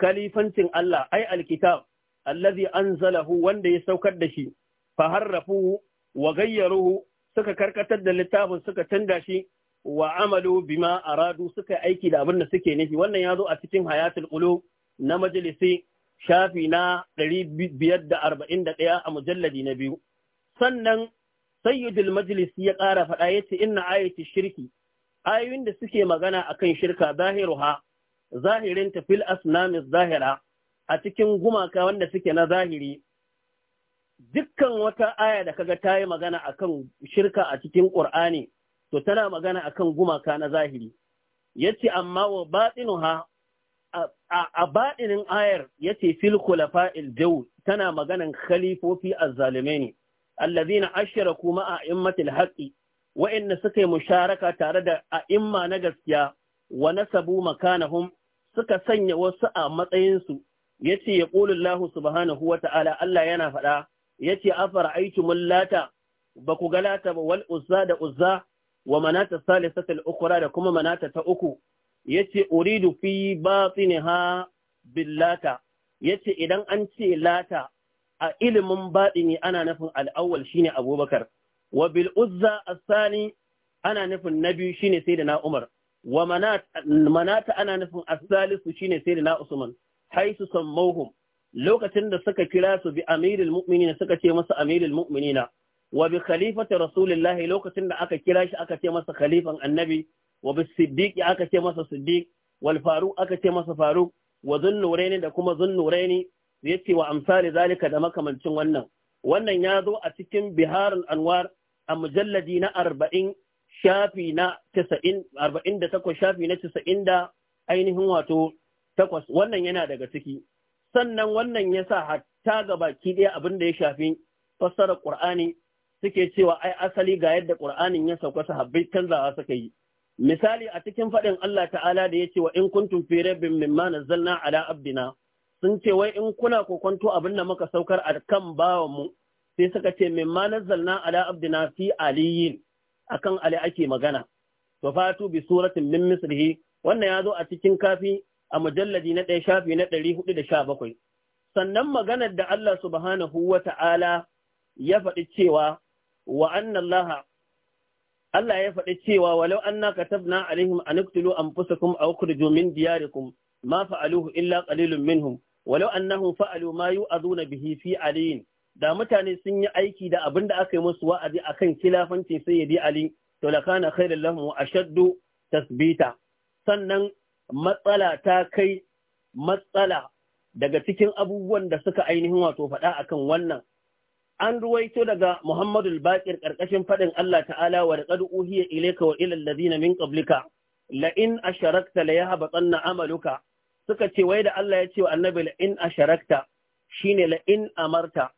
khalifancin Allah ai alkitab allazi anzalahu wanda ya saukar da shi fa harrafu wa gayyaruhu suka karkatar da littafin suka canza shi wa amalu bima aradu suka aiki da abin da suke nufi wannan ya zo a cikin hayatul qulub na majalisi shafi na 541 a mujalladi na biyu sannan sayyidul majalisi ya ƙara faɗa yace inna ayati shirki ayoyin da suke magana akan shirka zahiruha zahirin ta fil asnami zahira a cikin gumaka wanda suke na zahiri dukkan wata aya da kaga ta yi magana akan shirka a cikin ƙur'ani to tana magana akan gumaka na zahiri yace amma wa batinuha a baɗinin ayar yace fil khulafa'il jaw tana maganan khalifofi az-zalimaini alladhina ashraku ma'a immatil haqqi wa'inda suka yi musharaka tare da a imma na gaskiya wa nasabu makanahum suka sanya wasu a matsayinsu yace ya qulullahu subhanahu wa ta'ala Allah yana faɗa yace afara aitumul lata ba ku ga lata ba wal uzza da uzza wa manata salisatul ukhra da kuma manata ta uku yace uridu fi batiniha billata yace idan an ce lata a ilimin batini ana nufin al-awwal shine abubakar wa bil uzza as-sani ana nufin nabi shine sayyidina umar wa manata ana nufin as-salisu shine sayyidina usman haisu sammauhum lokacin da suka kira su bi amirul mu'minina suka ce masa amirul mu'minina wa bi khalifati rasulillahi lokacin da aka kira shi aka ce masa khalifan annabi wa bi siddiqi aka ce masa siddiq wal faruq aka ce masa faruq wa zunnuraini da kuma zunnuraini yace wa amsali zalika da makamancin wannan wannan ya zo a cikin biharul anwar a mujalladi na arba'in shafi na da takwas shafi na casa'in da ainihin wato takwas wannan yana daga ciki sannan wannan ya sa hatta ga baki ɗaya abin da ya shafi fassarar ƙur'ani suke cewa ai asali ga yadda Qur'anin ya sauka sahabbai canzawa suka yi misali a cikin faɗin Allah ta'ala da ya ce wa in kuntum fi rabbin mimma nazzalna ala abdina sun ce wai in kuna kokonto abin da muka saukar a kan bawan mu sai suka ce mimma nazzalna ala abdina fi aliyin akan ali ake magana to fatu bi suratin min mislihi wannan ya zo a cikin kafi a mujalladi na ɗaya shafi na ɗari hudu da sha bakwai sannan maganar da Allah subhanahu wa ta'ala ya faɗi cewa wa anna Allah ya faɗi cewa walau anna katabna alaihim an iqtulu anfusakum aw ukhrijoo min diyarikum ma fa'aluhu illa qalilun minhum walau annahum fa'alu ma yu'aduna bihi fi aliyin da mutane sun yi aiki da abin da aka yi musu wa'azi akan kilafancin sayyidi ali to lakana khairan lahum wa ashaddu tasbita sannan matsala ta kai matsala daga cikin abubuwan da suka ainihin wato faɗa akan wannan an ruwaito daga Muhammadu al-Baqir ƙarƙashin faɗin Allah ta'ala wa laqad uhiya ilayka wa ilal ladina min qablika la in asharakta la yahbatanna amaluka suka ce wai da Allah ya ce wa annabi la in asharakta shine la in amarta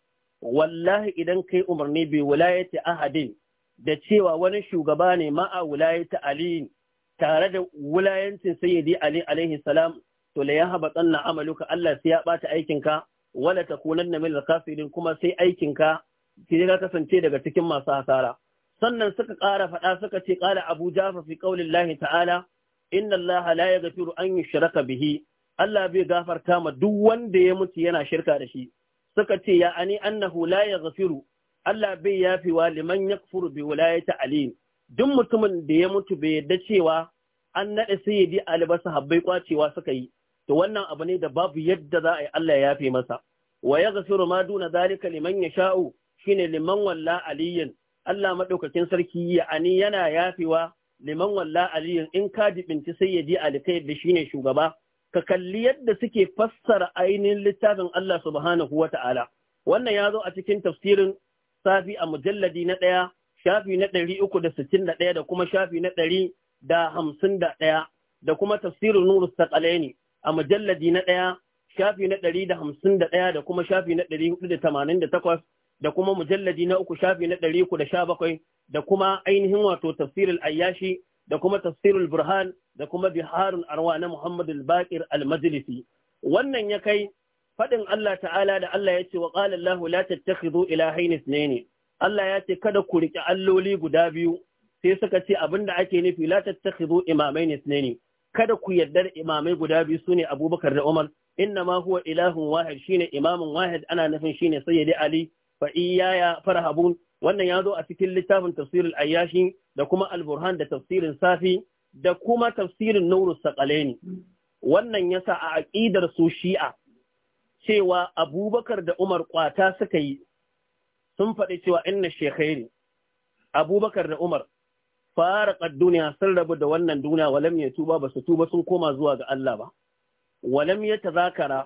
wallahi idan kai umarni bi wilayati ahadin da cewa wani shugaba ne ma'a wilayati ali tare da wulayancin sayyidi ali alaihi salam to la yahbatanna amaluka Allah sai ya bata aikinka wala ta na milar kafirin kuma sai aikinka ka ka kasance daga cikin masu hasara sannan suka ƙara faɗa suka ce ƙara Abu Jafar fi lahi ta'ala inna Allah la yaghfiru an shiraka bihi Allah bai gafarta ma duk wanda ya mutu yana shirka da shi suka ce ya ani annahu la gafiru. Allah bai wa liman ya yakfuru bi ya Ali duk mutumin da ya mutu bai yadda cewa an naɗa sai ba su habbai kwacewa suka yi to wannan abu ne da babu yadda za a yi Allah ya yafe masa wa yaghfiru ma duna zalika liman sha'u shine liman walla aliyin Allah madaukakin sarki ya ani yana yafewa liman walla aliyin in ka jibinci sai ya ji alikai da shine shugaba ka kalli yadda suke fassara ainihin littafin Allah subhanahu wa ta'ala wannan ya zo a cikin tafsirin safi a mujalladi na ɗaya shafi na ɗari uku da sittin da ɗaya da kuma shafi na ɗari da hamsin da ɗaya da kuma tafsirin nuru saƙalaini a mujalladi na ɗaya shafi na ɗari da hamsin da ɗaya da kuma shafi na ɗari hudu da tamanin da takwas da kuma mujalladi na uku shafi na ɗari uku da sha bakwai da kuma ainihin wato tafsirul ayyashi da kuma tafsirul burhan da kuma biharun arwa na Muhammadu Baƙir baqir al-majlisi wannan ya kai faɗin Allah ta'ala da Allah ya ce wa qala Allah la tattakhidhu ilahayn ithnayn Allah ya ce kada ku riƙe alloli guda biyu sai suka ce abinda ake nufi la tattakhidhu imamayn ithnayn kada ku yarda da imamai guda biyu sune Abubakar da Umar inna ma huwa ilahun wahid shine imamun wahid ana nufin shine sayyidi Ali fa iyaya farhabun wannan ya zo a cikin littafin tafsirin ayyashi da kuma al-burhan da tafsirin safi da kuma tafsirin nuru saqalaini wannan yasa a aqidar su shi'a cewa Abubakar da Umar kwata suka yi sun faɗi cewa inna shekhairi Abubakar da Umar farakar duniya sun rabu da wannan duniya walam ya tuba ba su tuba sun koma zuwa ga Allah ba walam ya tazakara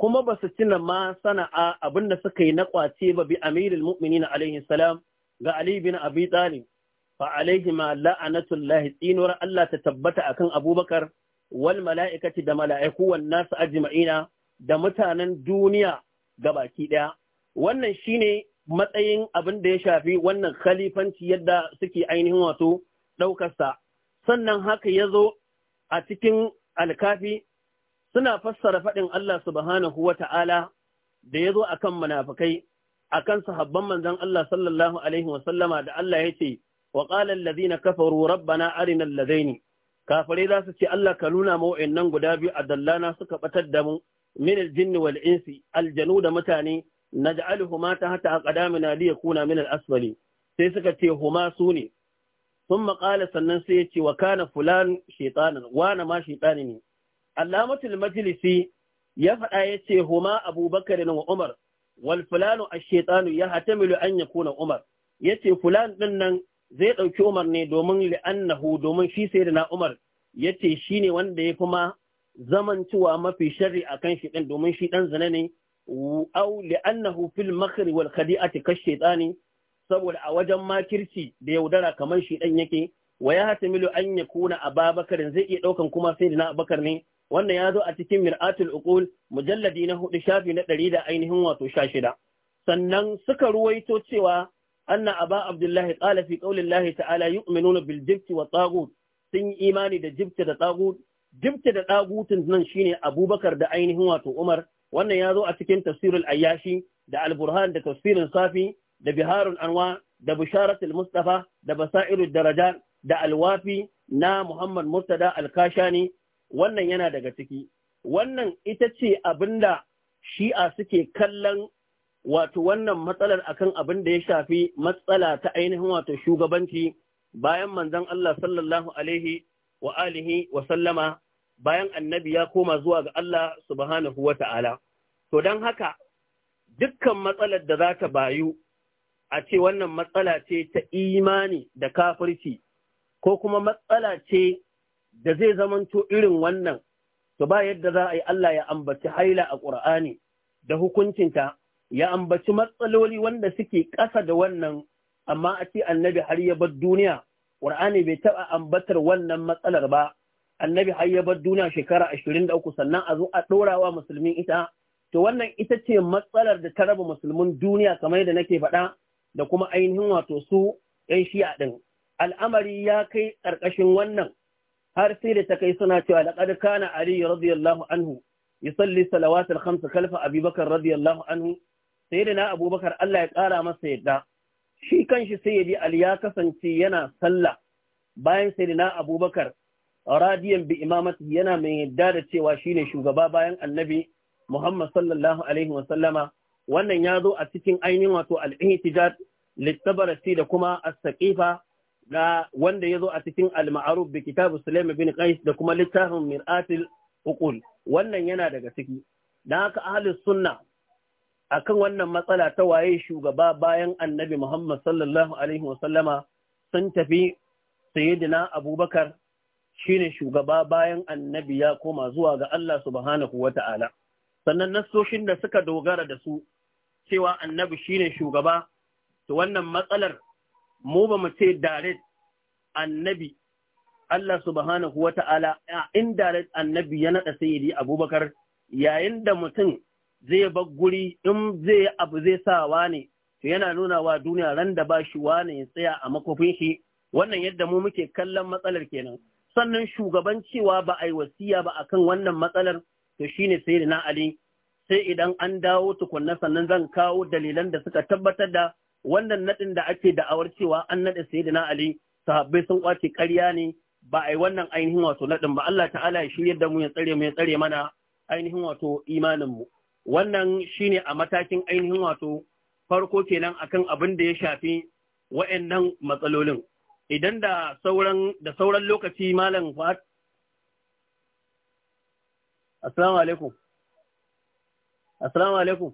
kuma ba su cina ma sana'a abinda suka yi na kwace ba bi amirul mu'minina alaihi salam ga Ali bin Abi Talib fa alaihi ma la'anatullahi tsinuwar Allah ta tabbata akan Abubakar wal mala'ikati da mala'iku wan nasu ajma'ina da mutanen duniya gabaki ɗaya. Wannan shine matsayin abin da ya shafi wannan khalifanci yadda suke ainihin wato ɗaukarsa, sannan haka ya zo a cikin alkafi suna fassara faɗin Allah subhanahu wa ta'ala da ya zo a kan munafukai, a kan sahabban manzan Allah sallallahu Alaihi wasallama da Allah ya ce, wa ƙalar lazina kafaru rabbana arinan lazaini, Kafare za su ce Allah ka nuna ma'o'in nan guda biyu a dallana suka ɓatar da mu min aljinni wal insi aljanu da mutane na ja'aluhuma ta hata a ƙadamina liya kuna min asfali sai suka ce huma su ne sun maƙala sannan sai ya ce wa kana fulan shaitanin wane ma shaitani ne alamatul majalisi ya faɗa ya ce huma abubakar wa umar wal fulanu a shaitanu ya hatamilu an ya kuna umar ya ce fulan ɗin nan zai ɗauki umar ne domin li'annahu domin shi sai da na umar ya ce shi ne wanda ya kuma zamantuwa mafi sharri a kan shi ɗin domin shi ɗan zane ne au li'annahu fil makari wal khadi'ati kash shaitani saboda a wajen makirci da yaudara kamar shi dan yake wa ya hatamilu an yakuna ababakar zai iya daukan kuma sai na abakar ne wannan ya zo a cikin mir'atul uqul mujalladi na hudu shafi na ɗari da ainihin wato sha shida sannan suka ruwaito cewa anna aba abdullahi qala fi qaulillahi ta'ala yu'minuna bil jibti wa taghut sun yi imani da jibti da taghut jibti da tagutun nan shine abubakar da ainihin wato umar wannan ya zo a cikin tafsirul ayyashi da al-burhan da tafsirin safi da Biharun anwa da bisharatul mustafa da basairud daraja da alwafi na muhammad murtada alkashani wannan yana daga ciki wannan ita ce abinda shi'a suke kallon wato wannan matsalar akan abin da ya shafi matsala ta ainihin wato shugabanci bayan manzon Allah sallallahu alaihi wa alihi wa sallama bayan annabi ya koma zuwa ga Allah subhanahu wa ta'ala. To don haka dukkan matsalar da za ta bayu a ce wannan matsala ce ta imani da kafirci ko kuma matsala ce da zai zamanto irin wannan to ba yadda za a yi Allah ya ambaci haila a ƙur'ani da hukuncinta ya ambaci matsaloli wanda suke ƙasa da wannan amma a ce annabi har ya bar duniya ƙur'ani bai taɓa ambatar wannan matsalar ba annabi har ya bar duniya shekara ashirin da uku sannan a zo a ɗorawa musulmin ita to wannan ita ce matsalar da ta raba musulmin duniya kamar yadda nake faɗa da kuma ainihin wato su ‘yan shi'a ɗin. Al'amari ya kai ƙarƙashin wannan har sai da ta kai suna cewa laƙar na Ali radiyallahu anhu ya salli salawatul khamsa kalfa Abubakar radiyallahu anhu sai da na Abubakar Allah ya ƙara masa yadda shi kanshi sai ya bi Ali ya kasance yana sallah bayan sai da na Abubakar radiyan bi imamati yana mai yadda da cewa shine shugaba bayan Annabi Muhammad sallallahu alaihi wa sallama wannan ya zo a cikin ainihin wato al-ihtijaj littabarasi da kuma as-saqifa da wanda ya zo a cikin al-ma'ruf bi kitab Sulaim bin Qais da kuma littafin Mir'atul Uqul wannan yana daga ciki dan haka ahlus sunna akan wannan matsala ta waye shugaba bayan Annabi Muhammad sallallahu alaihi wa sallama sun tafi sayyidina Abubakar shine shugaba bayan Annabi ya koma zuwa ga Allah subhanahu wa ta'ala sannan nassoshin da suka dogara da su cewa annabi shine shugaba to wannan matsalar mu ba mu ce direct annabi Allah subhanahu wata'ala direct annabi ya nada sayyidi Abubakar yayin da mutum zai bar guri in zai abu zai sawa ne to yana nuna wa duniya ran da ba shi wane ya tsaya a makofin shi wannan yadda mu muke kallon matsalar kenan sannan shugaban cewa ba a yi wasiya ba akan wannan matsalar to shine sai na Ali sai idan an dawo tukunna sannan zan kawo dalilan da suka tabbatar da wannan nadin da ake da'awar cewa an nada sayyidina ali sahabbai sun kwace ƙarya ne ba a wannan ainihin wato nadin ba Allah ta'ala ya shirye da mu ya tsare mu ya tsare mana ainihin wato imanin mu wannan shine a matakin ainihin wato farko kenan akan abin da ya shafi wa'annan matsalolin idan da sauran da sauran lokaci malam Assalamu alaikum. Assalamu alaikum.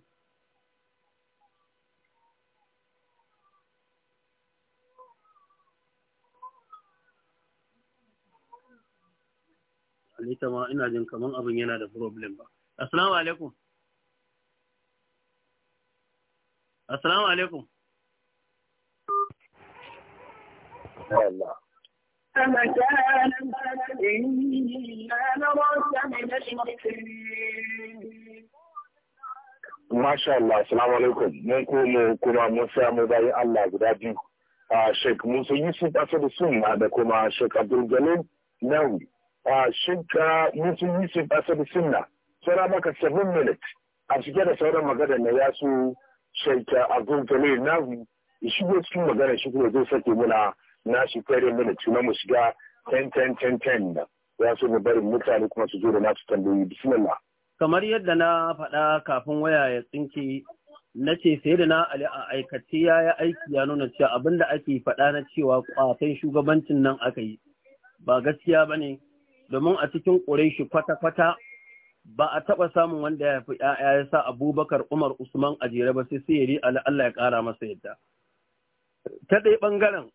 Alita ma ina jin kamar abin yana da problem ba. Assalamu alaikum. Assalamu alaikum. Allah. فما كان البلد إلا نراك من Masha Allah, salamu alaikum. Mun komo kuma mun samu bayan Allah guda biyu. A Sheikh Musa Yusuf Asadu Sunna da kuma Sheikh Abdul Jalil Nawi. Sheikh Musa Yusuf Asadu Sunna, sura maka 7 minutes. A cike da sauran magana na ya su Sheikh Abdul Jalil Nawi. Shigo cikin magana shi kuma zai sake muna na shi kare minutes kuma mu shiga 10 10 10 10 ya so mu bari mutane kuma su zo da nasu tambayoyi. Bismillah. kamar yadda na faɗa kafin waya ya tsinke na ce sai da na ali a aikace ya yi aiki ya nuna cewa abin da ake faɗa na cewa kwafin shugabancin nan aka yi ba gaskiya ba ne domin a cikin ƙureshi kwata-kwata ba a taɓa samun wanda ya fi ‘ya'ya ya sa abubakar umar usman a jere ba sai sai yari Allah ya ƙara masa yadda ta ɗaya ɓangaren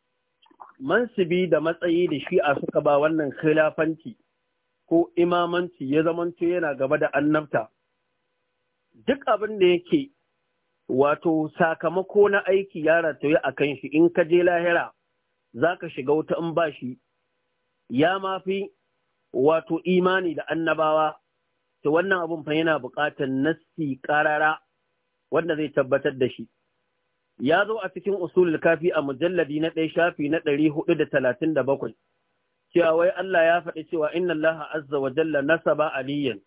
mansibi da matsayi da shi'a suka ba wannan khilafanci ko imamanci ya zamanto yana gaba da annabta duk abin da yake wato sakamako na aiki ya rataye a kan shi in ka je lahira za ka shiga wuta in ba shi ya mafi wato imani da annabawa to wannan abin fa yana buƙatar nassi ƙarara wanda zai tabbatar da shi ya zo a cikin usulul kafi a mujalladi na ɗaya shafi na ɗari hudu da talatin da bakwai cewa wai Allah ya faɗi cewa inna Allah azza wa jalla nasaba aliyan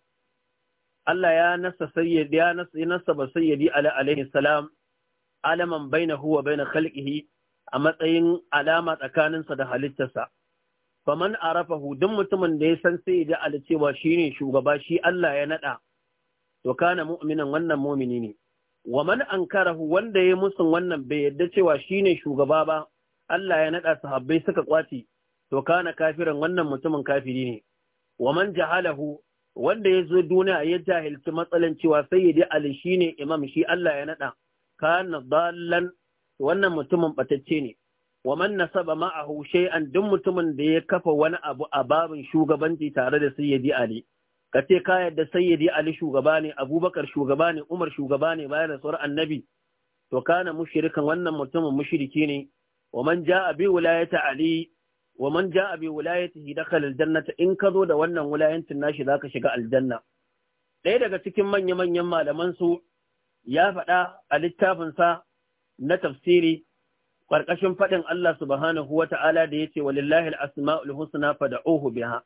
Allah ya nasa ba ya nasaba sayyidi ala alaihi salam alaman bainahu wa bain khalqihi a matsayin alama tsakaninsa da halittarsa faman arafahu duk mutumin da ya san sai ya ala cewa shine shugaba shi Allah ya nada to kana mu'minan wannan mu'mini ne wa man ankarahu wanda ya musun wannan bai yadda cewa shine shugaba ba Allah ya nada sahabbai suka kwace. to kana kafiran wannan mutumin kafiri ne wa man jahalahu wanda ya zo duniya ya jahilci matsalan cewa sayyidi ali shine imam shi Allah ya nada kana dallan wannan mutumin batacce ne wa man nasaba ma'ahu shay'an duk mutumin da ya kafa wani abu a babin shugabanci tare da sayyidi ali ka ce ka yadda sayyidi ali shugaba ne abubakar shugaba ne umar shugaba ne bayan rasuwar annabi to kana mushrikan wannan mutumin mushriki ne wa man ja'a bi wilayati ali wa man ja'a bi wilayatihi dakhala aljannata in ka zo da wannan wilayancin nashi zaka shiga aljanna ɗaya daga cikin manya manyan malaman su ya faɗa a littafin sa na tafsiri ƙarƙashin faɗin Allah subhanahu wa ta'ala da yace walillahi asmaul husna fad'uhu biha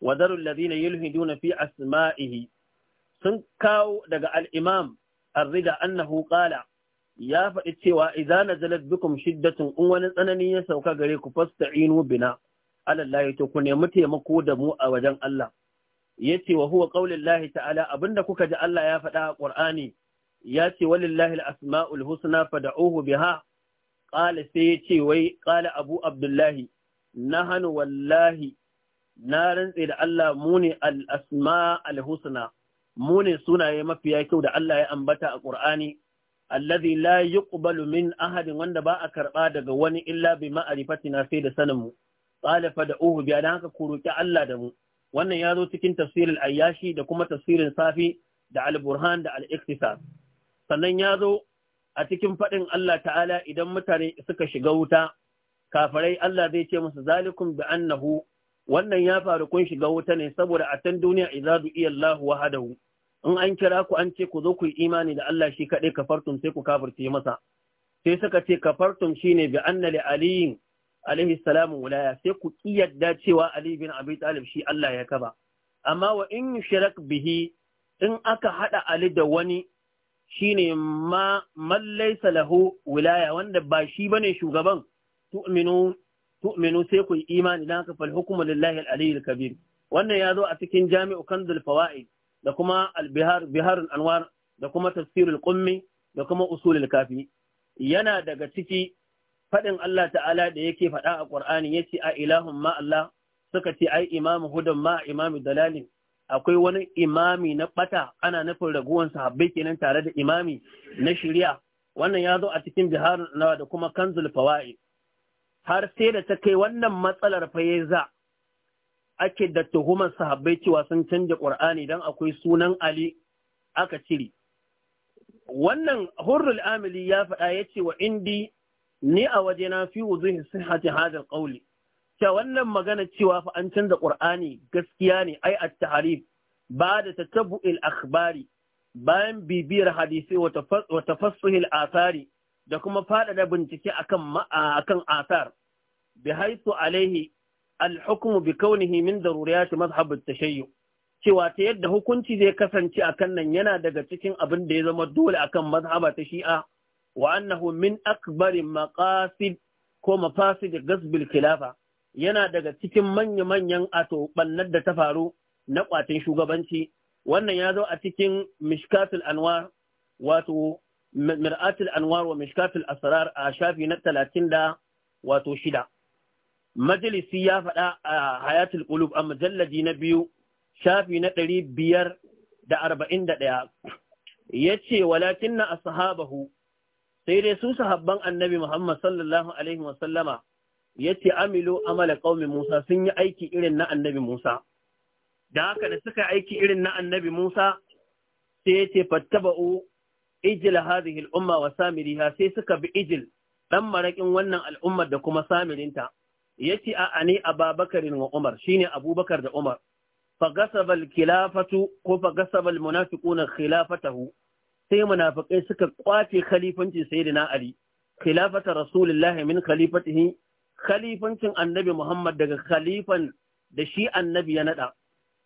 wa dharu alladhina yulhiduna fi asma'ihi sun kawo daga al-imam ar-rida annahu qala ya faɗi cewa idza nazalat bikum shiddatun in wani tsanani ya sauka gare ku fasta'inu bina alallahi to ku nemi taimako da mu a wajen Allah yace wa huwa qaulullahi ta'ala abinda kuka ji Allah ya faɗa a Qur'ani yace walillahi al-asma'ul husna fad'uhu biha qala sai ce wai qala Abu Abdullahi nahanu wallahi na rantse da Allah mu al-asma'ul husna mu ne sunaye mafiya kyau da Allah ya ambata a Qur'ani allazi la yuqbalu min ahadin wanda ba a karba daga wani illa bi ma'rifatina sai da sanin mu qala fad'uhu bi haka ku roki Allah da mu wannan ya zo cikin tafsirin ayyashi da kuma tafsirin safi da al-burhan da al-iktisar sannan ya zo a cikin faɗin Allah ta'ala idan mutane suka shiga wuta kafirai Allah zai ce musu zalikum bi annahu wannan ya faru kun shiga wuta ne saboda a can duniya idza du'iya Allah wahdahu in an kira ku an ce ku zo ku yi imani da Allah shi kaɗai kafartum sai ku kafirce masa sai suka ce kafartum shine bi anna li aliyin alaihi salamu wulaya sai ku kiyarda cewa ali bin abi talib shi Allah ya kaba amma wa in yushrak bihi in aka haɗa ali da wani shine ma man laysa lahu wilaya wanda ba shi bane shugaban tu'minu tu'minu sai ku yi imani dan haka fal hukmu lillahi al-aliyyil kabir wannan ya zo a cikin jami'u kanzul fawaid da kuma albihar biharul anwar da kuma tafsirul qummi da kuma usulul kafi yana daga ciki faɗin Allah ta'ala da yake faɗa a Qur'ani yace a ilahun ma Allah suka ce ai imamu hudan ma imamu dalalin akwai wani imami na ɓata ana nufin raguwan sahabbai kenan tare da imami na shirya wannan ya zo a cikin biharun anwar da kuma kanzul fawaid har sai da ta kai wannan matsalar fa ya za ake da tuhumar sahabbai cewa sun canja ƙur'ani don akwai sunan Ali aka cire. Wannan hurrul amili ya faɗa ya ce wa indi ni a wajena fi wuzuhin sihhati hadal qawli ta wannan magana cewa fa an canza ƙur'ani, gaskiya ne ai at-tahrif ba da il akhbari bayan bibiyar hadisi wa tafassuhil asari, da kuma faɗaɗa bincike akan akan asar bi haisu alaihi al-hukmu bi kaunihi min daruriyati madhhab at-tashayyu cewa ta yadda hukunci zai kasance a kan nan yana daga cikin abin da ya zama dole kan mazhaba ta shi'a wa annahu min akbarin maqasid ko mafasid gasbil khilafa yana daga cikin manya-manyan ato bannar da ta faru na kwatin shugabanci wannan ya zo a cikin mishkatul anwar wato mir'atul anwar wa mishkatul asrar a shafi na talatin da wato shida majalisi ya faɗa a hayatul ƙulub a mujalladi na biyu shafi na ɗari biyar da arba'in da ɗaya ya ce walakin na ashabahu sai dai su sahabban annabi Muhammad sallallahu alaihi wasallama ya ce amilu amala qaumi Musa sun yi aiki irin na annabi Musa da haka da suka aiki irin na annabi Musa sai ya ce fattaba'u ijil hadhihi al-umma wa samiriha sai suka bi ijil dan marakin wannan al'ummar da kuma samirinta yace a ani ababakarin wa umar shine abubakar da umar fagasabal al-khilafatu ko fagasabal al-munafiquna khilafatahu sai munafikai suka kwace khalifanci sayyidina ali khilafata rasulullahi min khalifatihi khalifancin annabi muhammad daga khalifan da shi annabi ya nada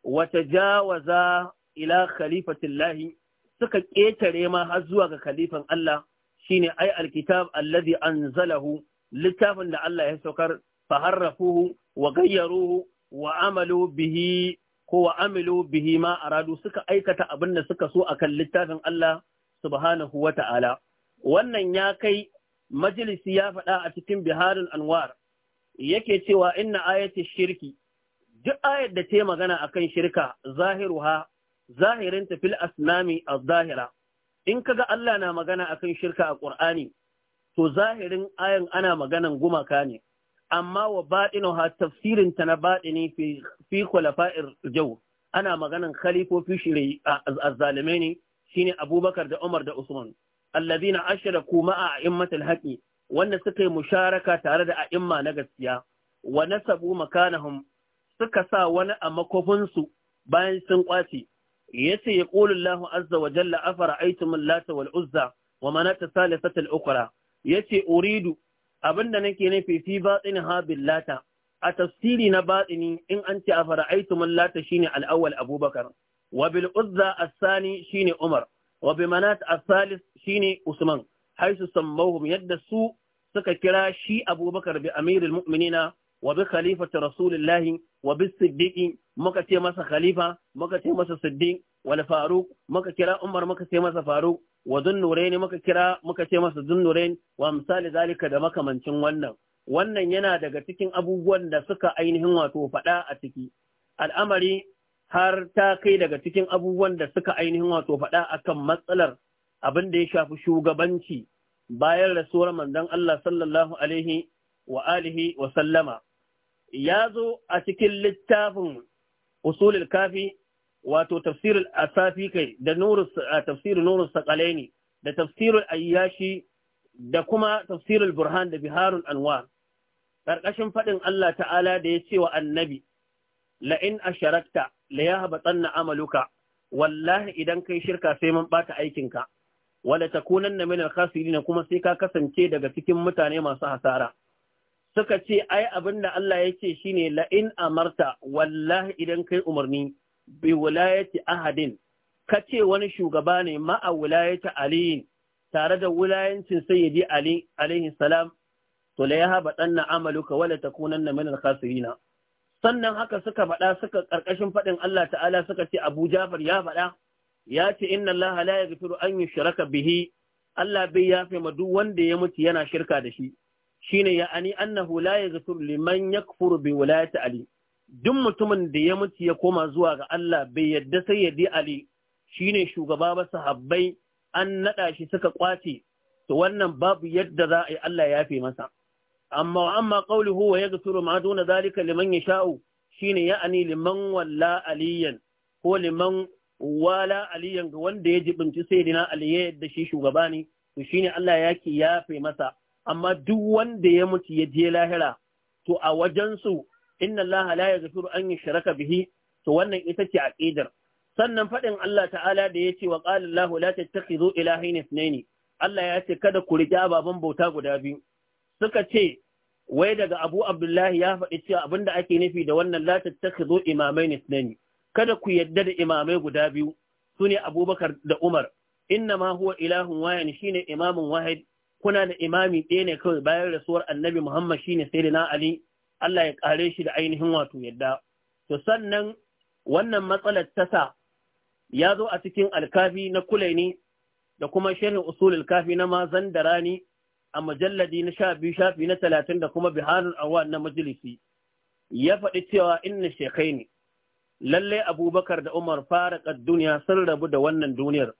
wata jawaza ila khalifatillahi suka ƙetare ma har zuwa ga khalifan Allah shine ai alkitab allazi anzalahu littafin da Allah ya saukar faharrafuhu wa gayyaruhu wa amalu bihi ko wa amilu bihi ma aradu suka aikata abin da suka so a kan littafin Allah subhanahu wa ta'ala wannan ya kai majalisi ya faɗa a cikin biharin anwar yake cewa inna ayati shirki duk ayat da ta magana akan shirka zahiruha zahirinta fil asnami az-zahira in kaga Allah na magana akan shirka a Qur'ani to zahirin ayan ana maganan gumaka ne amma wa baɗinuha tafsirin ta na baɗini fi khulafa'ir jau. ana maganan khalifofi shirai azzalume ne shine Abubakar da Umar da Usman allazina ashraku a a'immatul haƙi wanda suka yi musharaka tare da a'imma na gaskiya wa nasabu makanahum suka sa wani a makofinsu bayan sun kwace yace ya qulu Allahu azza wa jalla afara'aytum lata wal uzza wa manata salisata ukhra yace uridu Abin da nake nufi fi batsini ha billata a tafsiri na batsini in an ce a fara'aitu lata shine al'awwal abubakar wa bil uzza asani sani shine umar wa bi manat shine usman haisu sammahum yadda su suka kira shi abubakar bi amirul mu'minina wa bi khalifati rasulillahi wa bi siddiqi muka ce masa khalifa muka ce masa siddiq wal faruq muka kira umar muka ce masa faruq wa zunnurain muka kira muka ce masa zunnurain wa misali zalika da makamancin wannan wannan yana daga cikin abubuwan da suka ainihin wato faɗa a ciki al'amari har ta kai daga cikin abubuwan da suka ainihin wato faɗa akan matsalar abin da ya shafi shugabanci bayan rasuwar manzon Allah sallallahu alaihi wa alihi wa sallama ya zo a cikin littafin usulul kafi wato tafsir asafi kai da nuru tafsir nuru saqalaini da tafsir ayyashi da kuma tafsir burhan da Biharun anwar karkashin fadin Allah ta'ala da ya ce wa annabi la in asharakta la yahbatanna amaluka wallahi idan kai shirka sai mun bata aikinka wala takunanna min al-khasirin kuma sai ka kasance daga cikin mutane masu hasara suka ce ai abin da Allah yake shine la in amarta wallahi idan kai umarni bi wulayati ahadin kace wani shugaba ne ma'a wulayati aliyin tare da wulayancin sayyidi ali alaihi salam to la yahaba danna amaluka wala takunanna min al-khasirina sannan haka suka faɗa suka karkashin faɗin Allah ta'ala suka ce Abu Jafar ya faɗa ya ce inna Allah la yaghfiru an yushraka bihi Allah bai yafe ma duk wanda ya mutu yana shirka da shi shine ya ani annahu la yaghfiru liman yakfuru bi wulayati ali duk mutumin da ya mutu ya koma zuwa ga Allah bai yadda sai ya di Ali shine shugaba ba sahabbai an naɗa shi suka ƙwace, to wannan babu yadda za a yi Allah ya fi masa amma wa amma huwa ya gasuru ma duna zalika liman ya yasha'u ya ya'ani liman walla aliyan ko liman wala aliyan ga wanda ya jibinci dina Ali ya yadda shi shugaba ne to shi ne Allah ya ki yafe masa amma duk wanda ya mutu ya je lahira to a wajensu inna Allah la yaghfiru an shiraka bihi to wannan ita ce aqidar sannan faɗin Allah ta'ala da ya ce wa qala Allah la tattakhidhu ilahayn ithnayn Allah ya ce kada ku riƙe ababen bauta guda biyu suka ce wai daga Abu Abdullahi ya faɗi cewa abinda ake nufi da wannan la tattakhidhu imamayn ithnayn kada ku yadda da imamai guda biyu sune Abubakar da Umar inna ma huwa ilahun wayani shine imamun wahid kuna da imami ɗaya ne kawai bayan rasuwar annabi Muhammad shine sayyidina Ali Allah ya kare shi da ainihin wato yadda to sannan wannan matsalar ta sa ya zo a cikin alkafi na kulaini da kuma shirin usulul kafi na mazan da rani a mujalladi na sha biyu shafi na talatin da kuma biharin awa na majalisi ya faɗi cewa inna shekai ne lallai abubakar da umar fara duniya sun rabu da wannan duniyar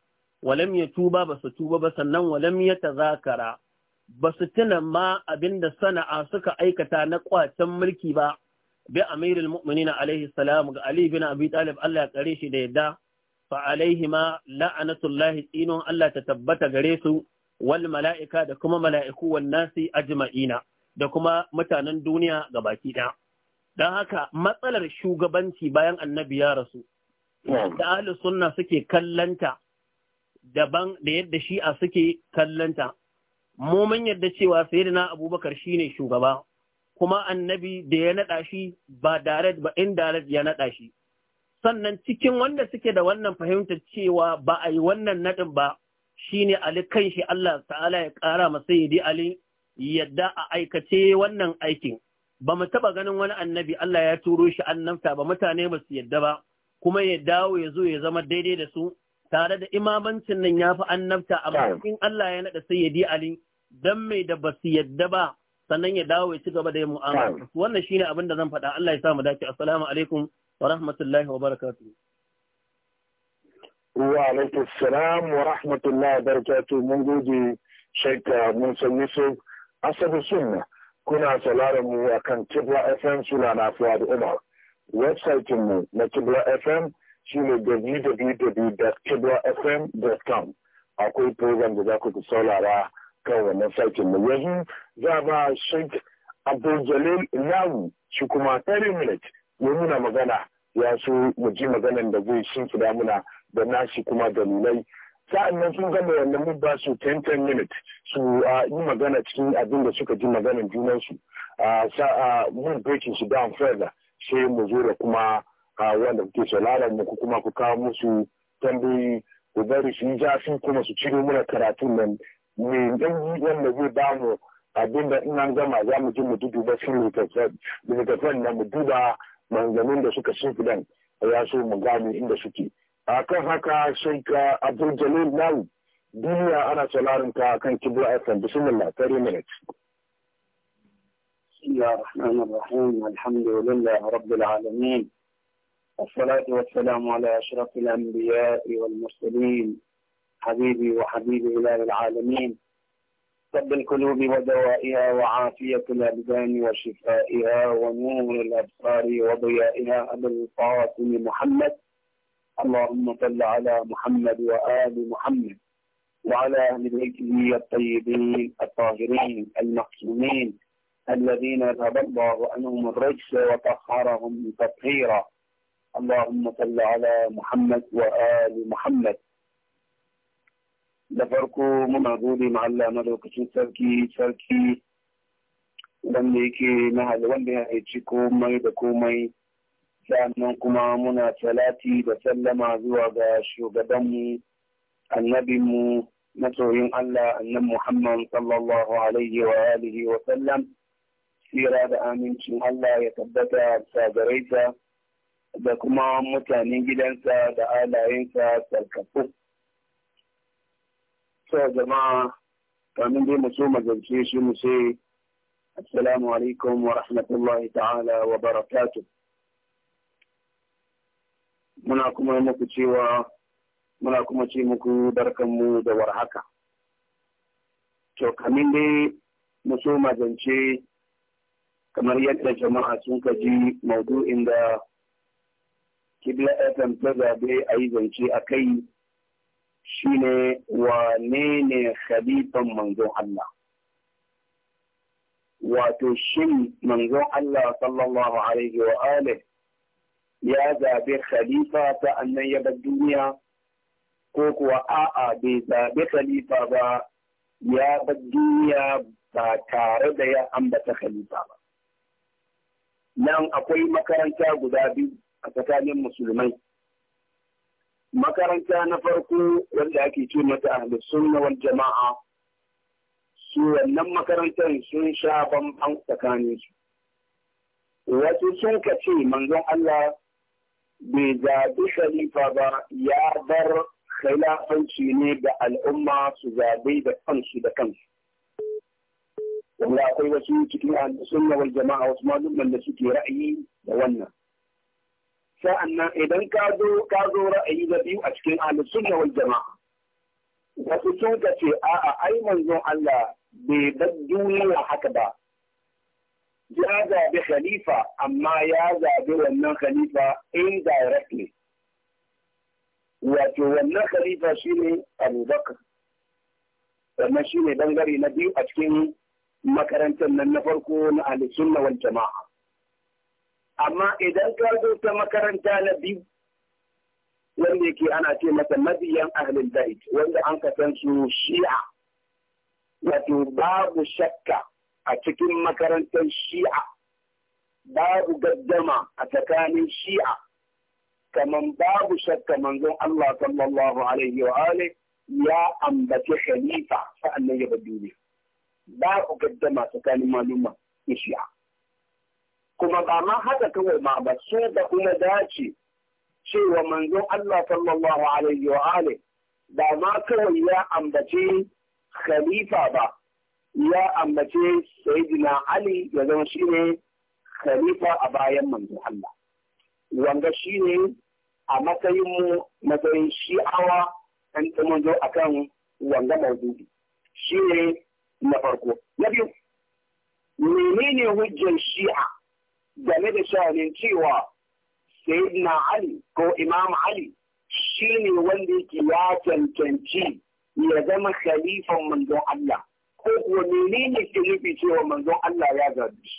walam ya tuba ba su tuba ba sannan walam ya tazakara ba su tuna ma abin da sana'a suka aikata na ƙwatan mulki ba bi amirul mu'minina alaihi salam ga ali bin abi talib Allah ya kare shi da yadda fa alaihi ma la'anatullahi tsinon Allah ta tabbata gare su wal mala'ika da kuma mala'iku wan nasi ajma'ina da kuma mutanen duniya gabaki ɗaya don haka matsalar shugabanci bayan annabi ya rasu da Ali sunna suke kallanta daban da yadda shi'a suke kallanta mu mun yadda cewa sayyidina abubakar shine shugaba kuma annabi da ya naɗa shi ba direct ba indirect ya naɗa shi sannan cikin wanda suke da wannan fahimtar cewa ba a yi wannan naɗin ba shine ali kan shi Allah ta'ala ya ƙara masa sayyidi ali yadda a aikace wannan aikin ba mu taɓa ganin wani annabi Allah ya turo shi annabta ba mutane ba su yadda ba kuma ya dawo ya zo ya zama daidai da su tare da imamancin nan ya fi annabta amma in Allah ya naɗa sayyidi Ali dan mai da ba su yadda ba sannan ya dawo ya ci gaba da yin mu'amala wannan shine abin da zan faɗa Allah ya sa mu dace assalamu alaikum wa rahmatullahi wa barakatuh wa alaikum salam wa rahmatullahi wa barakatuh mun gode Sheikh uh, Musa Yusuf Asabu Sunna kuna sauraron mu akan kibla FM suna na Fuad Umar website mu na Kibra FM shine ne akwai program da za ku ku saurara kan wannan sakin mu yanzu za ba Sheikh Abdul Jalil Lawu shi kuma 30 minutes ya nuna magana ya so mu ji maganan da zai shimfida muna da nashi kuma dalilai sa'annan sun gama wannan mu ba su 10 10 minutes su yi magana cikin abin da suka ji maganan junansu sa'a mun breaking su down further sai mu zo da kuma a wanda kuke sauraron mu ku kuma ku kawo musu tambayoyi ku bari su yi jafi kuma su ciro muna karatun nan me dan yi wanda zai ba mu abin da in gama za mu ji mu duduba sun littattafan na mu duba manzannin da suka shi fidan ya so mu gane inda suke a kan haka sai ka abdul jalil duniya ana salarin ka kan kibla fm bismillah 30 minutes بسم الله الرحمن الرحيم الحمد لله رب العالمين والصلاة والسلام على أشرف الأنبياء والمرسلين حبيبي وحبيبي إله العالمين طب القلوب ودوائها وعافية الأبدان وشفائها ونور الأبصار وضيائها أبو القاسم محمد اللهم صل على محمد وآل محمد وعلى أهل بيته الطيبين الطاهرين المقسومين الذين ذهب الله عنهم الرجس وطهرهم تطهيرا اللهم صل على محمد وآل محمد من منعبودي مع الله ملوك سلكي سلكي ونيكي نهل ونهيكو مي بكو مي سأمنكم عامنا سلاتي بسلم عزوى غاشو بدمي النبي مو نسوهم الله أن محمد صلى الله عليه وآله وسلم سيراد آمين شمال الله يتبتع سادريته da kuma mutanen gidansa da alayensa sarkafu. So jama'a kamin dai mu so magance shi mu sai assalamu alaikum wa rahmatullahi ta'ala wa barakatu. Muna kuma muku cewa muna kuma ce muku barkanmu da warhaka. To kamin dai mu so magance kamar yadda jama'a sun kaji maudu'in da kibla fm ta zabe a yi zance a kai shi ne, wane ne khalifan manzon Allah wato shin manzon Allah sallallahu alaihi wa ya zabe khalifa ta annan duniya ko kuwa a'a bai zabe khalifa ba ya bar duniya ba tare da ya ambata khalifa ba nan akwai makaranta guda biyu a tsakanin musulmai. Makaranta na farko wanda ake ce mata ahlus sunna wal jama'a su wannan makarantar sun sha bamban tsakanin su. Wasu sun ka ce manzon Allah bai zaɓi khalifa ba ya bar khilafanci ne da al'umma su zaɓi da kansu da kansu. Wanda akwai wasu cikin sunna wal jama'a wasu malumman da suke ra'ayi da wannan. sa'annan idan ka zo ka zo ra'ayi na biyu a cikin ahlus sunna wal jama'a wasu sun ka ce a'a ai manzon Allah bai bar duniya haka ba ya zabi khalifa amma ya zabi wannan khalifa indirectly wato wannan khalifa shine Abubakar wannan shine bangare na biyu a cikin makarantar nan na farko na ahlus sunna wal jama'a amma idan ka zo ta makaranta na biyu wanda yake ana ce masa mabiyan ahlul bait wanda an san su shi'a wato babu shakka a cikin makarantar shi'a babu gaddama a tsakanin shi'a Kamar babu shakka manzon Allah sallallahu alaihi wa alihi ya ambaci khalifa sa'annan ya bar duniya babu gaddama tsakanin maluma shi'a kuma ba ma haka kawai ma ba su da kuma dace cewa manzon Allah sallallahu alaihi wa alihi ba ma kawai ya ambace khalifa ba ya ambace sayyidina Ali ya zama shine khalifa a bayan manzon Allah wanda shine a matsayin mu matsayin shi'awa an tsaman zo akan wanda mawdu'i shine na farko na biyu menene hujjar shi'a game da shanin cewa Sayyidina Ali ko Imam Ali shi ne wanda yake ya cancanci ya zama khalifan manzon Allah ko kuwa menene ke nufi cewa manzon Allah ya zabi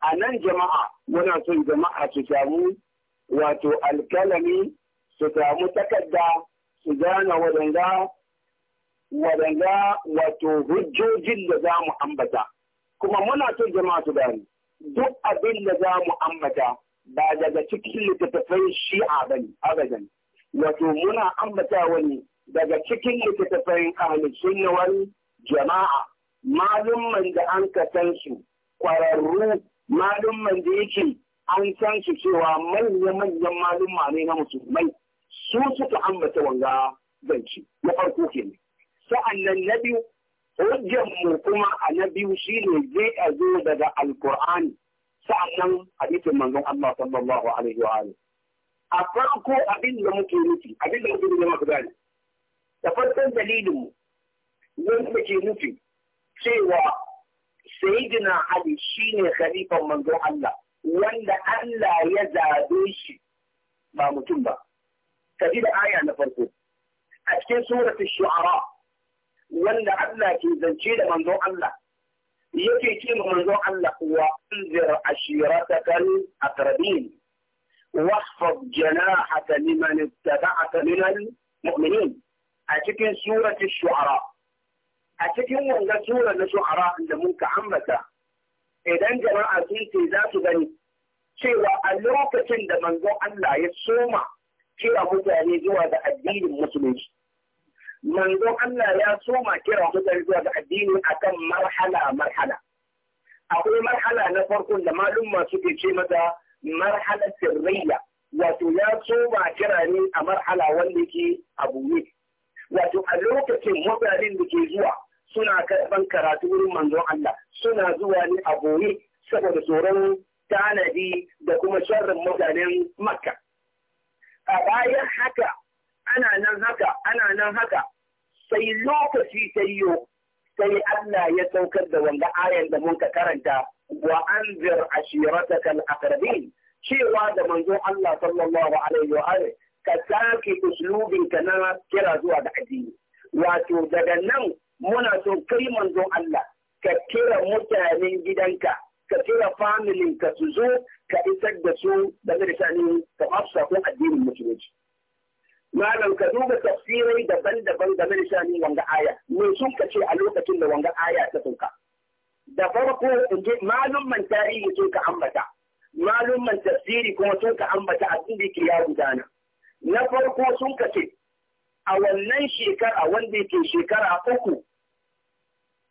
a nan jama'a muna son jama'a su samu wato alkalami su samu takarda su gane waɗanda wato hujjojin da za mu ambata kuma muna son jama'a su gane duk abin da za mu ambata ba daga cikin littattafai shi'a ba ne abadan wato muna ambata wani daga cikin littattafai a sunna jama'a malumman da an ka san su kwararru malumman da yake an san su cewa manya-manyan malumma ne na musulmai su suka ambata wanga zance na farko kenan sa'annan na biyu mu kuma a na biyu shi ne zai a zo daga alkur'ani sa'annan hadisin manzon Allah sallallahu alaihi wa a farko abin da muke nufi abin da muke nufi ma gani da farkon dalilinmu yin muke nufi cewa sayyidina Ali shine khalifan manzon Allah wanda Allah ya zabe shi ba mutum ba kaji da aya na farko a cikin suratul shu'ara wanda Allah ke zance da manzon Allah yake ce ma manzon Allah wa anzir ashiratakal aqrabin liman ittaba'aka min a cikin surati shu'ara a cikin wannan sura na shu'ara da mun ka ambata idan jama'a sun ce za su gani cewa a lokacin da manzon Allah ya soma cewa mutane zuwa ga addinin musulunci manzon Allah ya soma kira mutane zuwa ga addini akan marhala marhala akwai marhala na farko da malumma suke ce mata marhala sirriya wato ya soma kira ne a marhala wanda ke abu ne wato a lokacin mutanen da ke zuwa suna karɓan karatu wurin manzon Allah suna zuwa ne a boye saboda tsoron tanadi da kuma sharrin mutanen Makka a bayan haka ana nan haka ana nan haka sai lokaci ta yiwo sai Allah ya saukar da wanda ayan da mun ka karanta wa anzir ashiratakal aqrabin cewa da manzo Allah sallallahu alaihi wa ka sake uslubin ka na kira zuwa da addini wato daga nan muna so kai manzo Allah ka kira mutanen gidanka ka kira familin ka su zo ka isar da su da shani ka fafsa ko addinin musulunci malam ka duba tafsirai daban-daban game da shani wanga aya me sun ka ce a lokacin da wanga aya ta sauka da farko malum man tarihi sun ka ambata man tafsiri kuma sun ka ambata a cikin ke ya gudana na farko sun ka ce a wannan shekara wanda yake shekara uku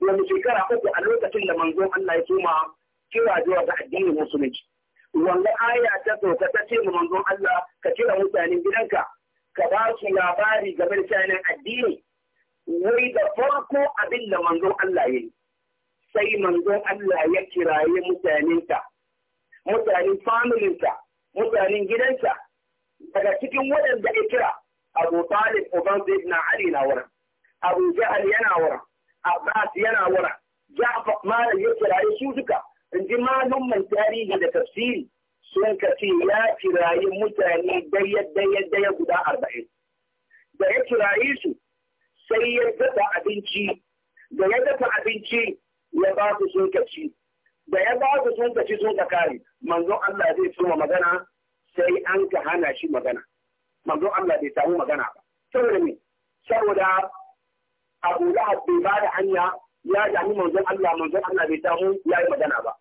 wani shekara uku a lokacin da manzon Allah ya suma kira zuwa ga addinin musulunci wannan aya ta sauka ta ce manzon Allah ka kira mutanen gidanka ka ba su labari game da shanin addini wai da farko abin da manzon Allah ya yi sai manzon Allah ya kiraye mutanenta mutanen familinta mutanen gidansa daga cikin waɗanda ya kira Abu Talib uban na Ali na wurin Abu Jahal yana wurin Abbas yana wurin Ja'far malam ya kiraye su duka in ji malumman tarihi da tafsiri sun ka ce ya kirayi mutane daya-daya-daya guda arba'in. Da ya kirayi su sai ya dafa abinci, da ya dafa abinci ya ba su sun ka ci. Da ya ba su sun ka ci sun ka kare, manzo Allah zai tsoma magana sai an ka hana shi magana. Manzo Allah bai samu magana ba. Saboda me? Saboda Abu Lahab bai ba da hanya ya dami manzon Allah manzon Allah bai samu ya yi magana ba.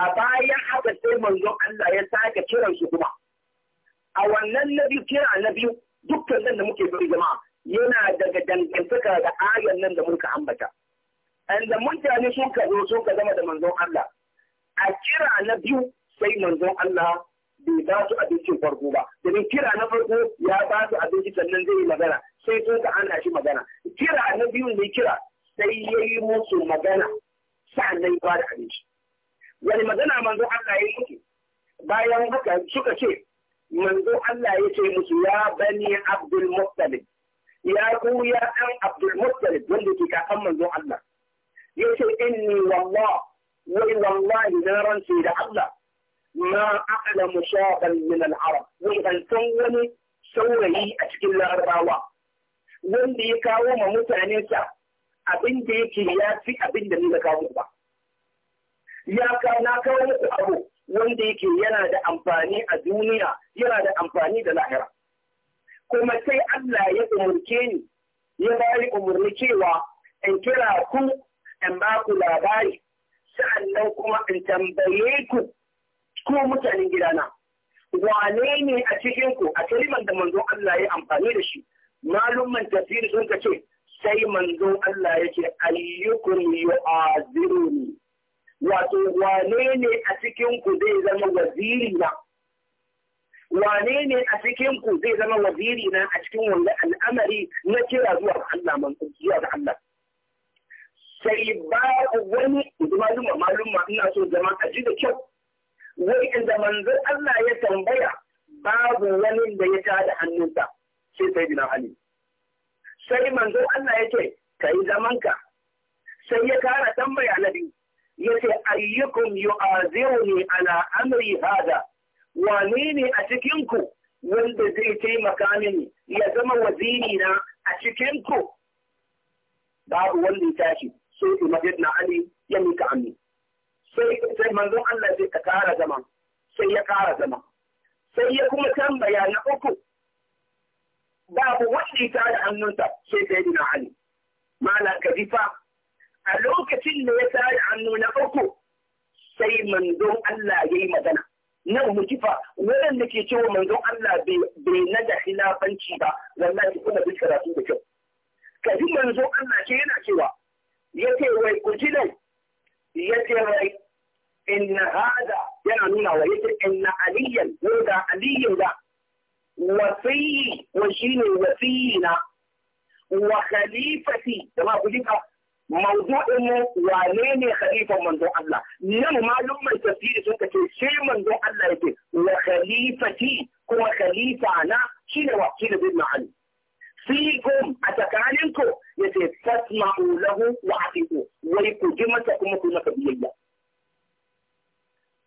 a bayan haka sai manzon Allah ya sake kiran su kuma a wannan na biyu kira na biyu dukkan nan da muke bari jama'a yana daga dangantaka da ayan nan da muka ambata da mutane sun ka zo sun ka zama da manzon Allah a kira na biyu sai manzon Allah bai ba su abincin farko ba domin kira na farko ya ba su abinci sannan zai yi magana sai sun ka ana shi magana kira na biyu ne kira sai ya yi musu magana sa'annan ya ba da abinci wani magana manzo Allah ya mutu bayan haka suka ce manzo Allah ya ce musu ya bani Abdul Muttalib ya ku ya dan Abdul Muttalib wanda ke kakan manzo Allah ya ce inni wallah wai wallahi na rantsi da Allah ma aqla mushaban min al-arab wai ban san wani saurayi a cikin larabawa wanda ya kawo ma mutane sa abin da yake ya fi abin da ni da kawo ba Ya ka na kawo muku abu wanda yake yana da amfani a duniya yana da amfani da lahira kuma sai Allah ya umurke ni ya bari umurni cewa in kira ku in ba ku labari sa'annan kuma in tambaye ku ko mutanen gidana wane ne a cikin ku a kalimar da manzon Allah ya amfani da shi malumman tafsiri sun ka ce sai manzon Allah yake ayyukum yu'aziruni wato wane ne a cikin ku zai zama waziri na wane ne a cikin ku zai zama waziri na a cikin wanda al'amari na kira zuwa Allah man zuwa ga Allah sai ba wani maluma malumma ina so zama a ji da kyau wai inda manzon Allah ya tambaya babu wani da ya da hannunsa sai sai bin Ali sai manzon Allah ya ce kai zamanka sai ya kara tambaya nabi yace ayyukum yu'aziruni ala amri hada wane ne a cikinku wanda zai taimaka mini ya zama waziri na a cikinku? babu wanda ya tashi sai majid na Ali ya mika amin sai sai manzon Allah zai ka kara zama sai ya kara zama sai ya kuma tambaya na uku babu wanda ya da hannunsa sai sai Ali mala kadifa a lokacin da ya sare hannu na uku sai manzon Allah ya yi magana nan mu kifa waɗanda ke cewa manzon Allah bai na da hilafanci ba wallahi kuma bi karatu da kyau ji manzon Allah ke yana cewa ya ce wai ku ji nan ya ce wai inna hada yana nuna wa Ya in inna aliyan ko da aliyan da wasiyi wa shine wasiyina wa khalifati ma ku ji موضوع موضوعنا وليني خليفة من دو الله نم معلومة تفسير سنك شيء من دو الله يتي وخليفتي كو خليفة أنا شين وحشين بدنا علي فيكم أتكالينكو يتي فاسمعوا له وعطيكو ويكو جمع تكم كنا كبيرية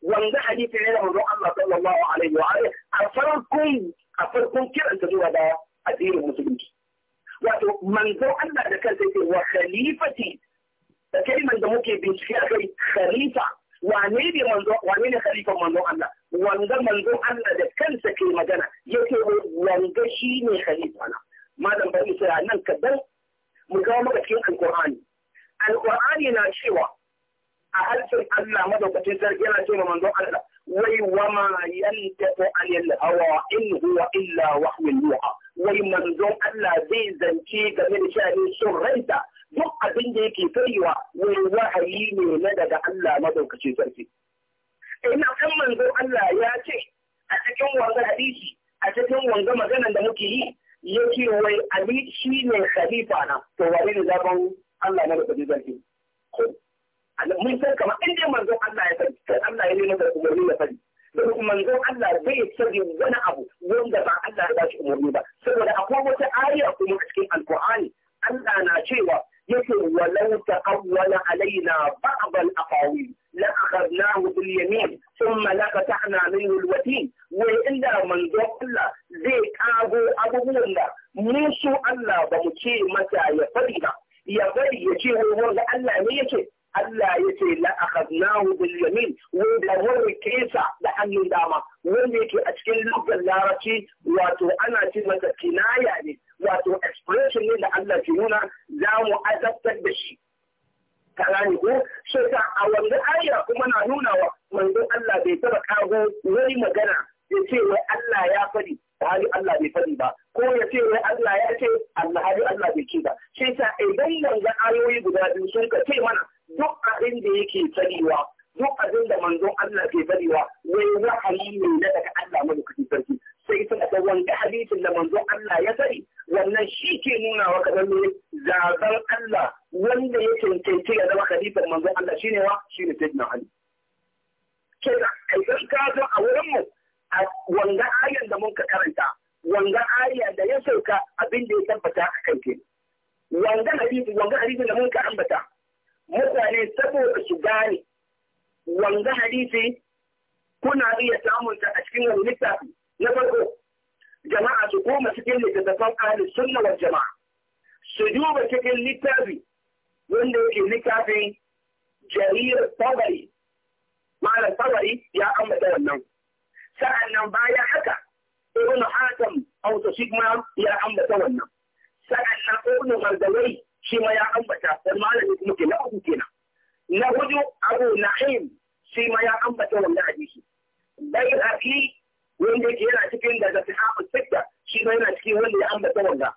وانده حديث إلى الله صلى الله عليه وعليه أفركم أفركم كيف أنت دو هذا أدير المسلمين wato manzo Allah da kansa yake wa khalifati da kalmar da muke bincike a kai khalifa wane ne manzo wane ne khalifan manzo Allah wanda manzo Allah da kansa ke magana yake wanda shine khalifa na malam bai isra nan kadan mu ga maka cikin alqur'ani alqur'ani na cewa a halin Allah madaukakin sarki yana cewa manzo Allah wai wama yantafu anil hawa in huwa illa wahyul yuha wai manzon Allah zai zance game da sha'anin son ranta duk abin da yake kaiwa wai wahayi ne na daga Allah madaukaci sarki. Ina kan manzon Allah ya ce a cikin wanga hadisi a cikin wanga maganan da muke yi ya ce wai Ali shi ne khalifa na to wani ne zaben Allah madaukacin sarki. Mun san kamar inda manzon Allah ya sarki Allah ya nuna da umarni na sarki. don manzon Allah bai sani wani abu wanda ba Allah ya bashi umarni ba saboda akwai wata aya kuma a cikin alkur'ani Allah na cewa yake walau taqawwala alaina ba'd al-aqawil la akhadnahu bil yamin thumma la qata'na minhu al-watin wai inda manzon Allah zai kago abubuwan da mu su Allah ba mu ce masa ya fari ba ya bari ya ce wai wanda Allah ne yake Allah ya ce la akhadnahu bil yamin wanda wani kesa da hannun dama wanda yake a cikin lugar larabci wato ana ce masa kinaya ne wato expression ne da Allah ke nuna za mu azabtar da shi kalani ko so ta a wannan aya kuma na nuna wa manzon Allah bai taba kago wani magana ya ce wai Allah ya fadi hali Allah bai fadi ba ko ya ce wai Allah ya ce Allah hali Allah bai ce ba sai ta idan wannan ayoyi guda biyu sun ka ce mana duk abin da yake tsarewa duk abin da manzon Allah ke tsarewa wai wahayi ne na daga Allah madaukakin sarki sai tana da wanda hadisin da manzon Allah ya sani wannan shi ke nuna wa kadan ne zaben Allah wanda ya cancanci ya zama khalifar manzon Allah shi ne wa Shi ne sai sayyidina Ali kenan idan ka zo a wurin mu a wanga ayan da mun ka karanta wanga aya da ya sauka abin da ya tabbata a kan ke wanga hadisi da mun ka ambata mutane saboda su gane wanga hadisi kuna iya samun ta a cikin wani littafi na farko jama'a su koma cikin littattafan ahli sunna wal jama'a su duba cikin littafi wanda yake littafin jarir tabari malam tabari ya ambata wannan sa'annan bayan haka ibn hatam aw tashigma ya ambata wannan sa'annan ibn mardawai shi ma ya ambata wani malami kuma ke na uku kenan na hudu abu na'im shi ma ya ambata wannan hadisi bai hafi wanda yake yana cikin daga sahabu sitta shi ma yana cikin wanda ya ambata wanda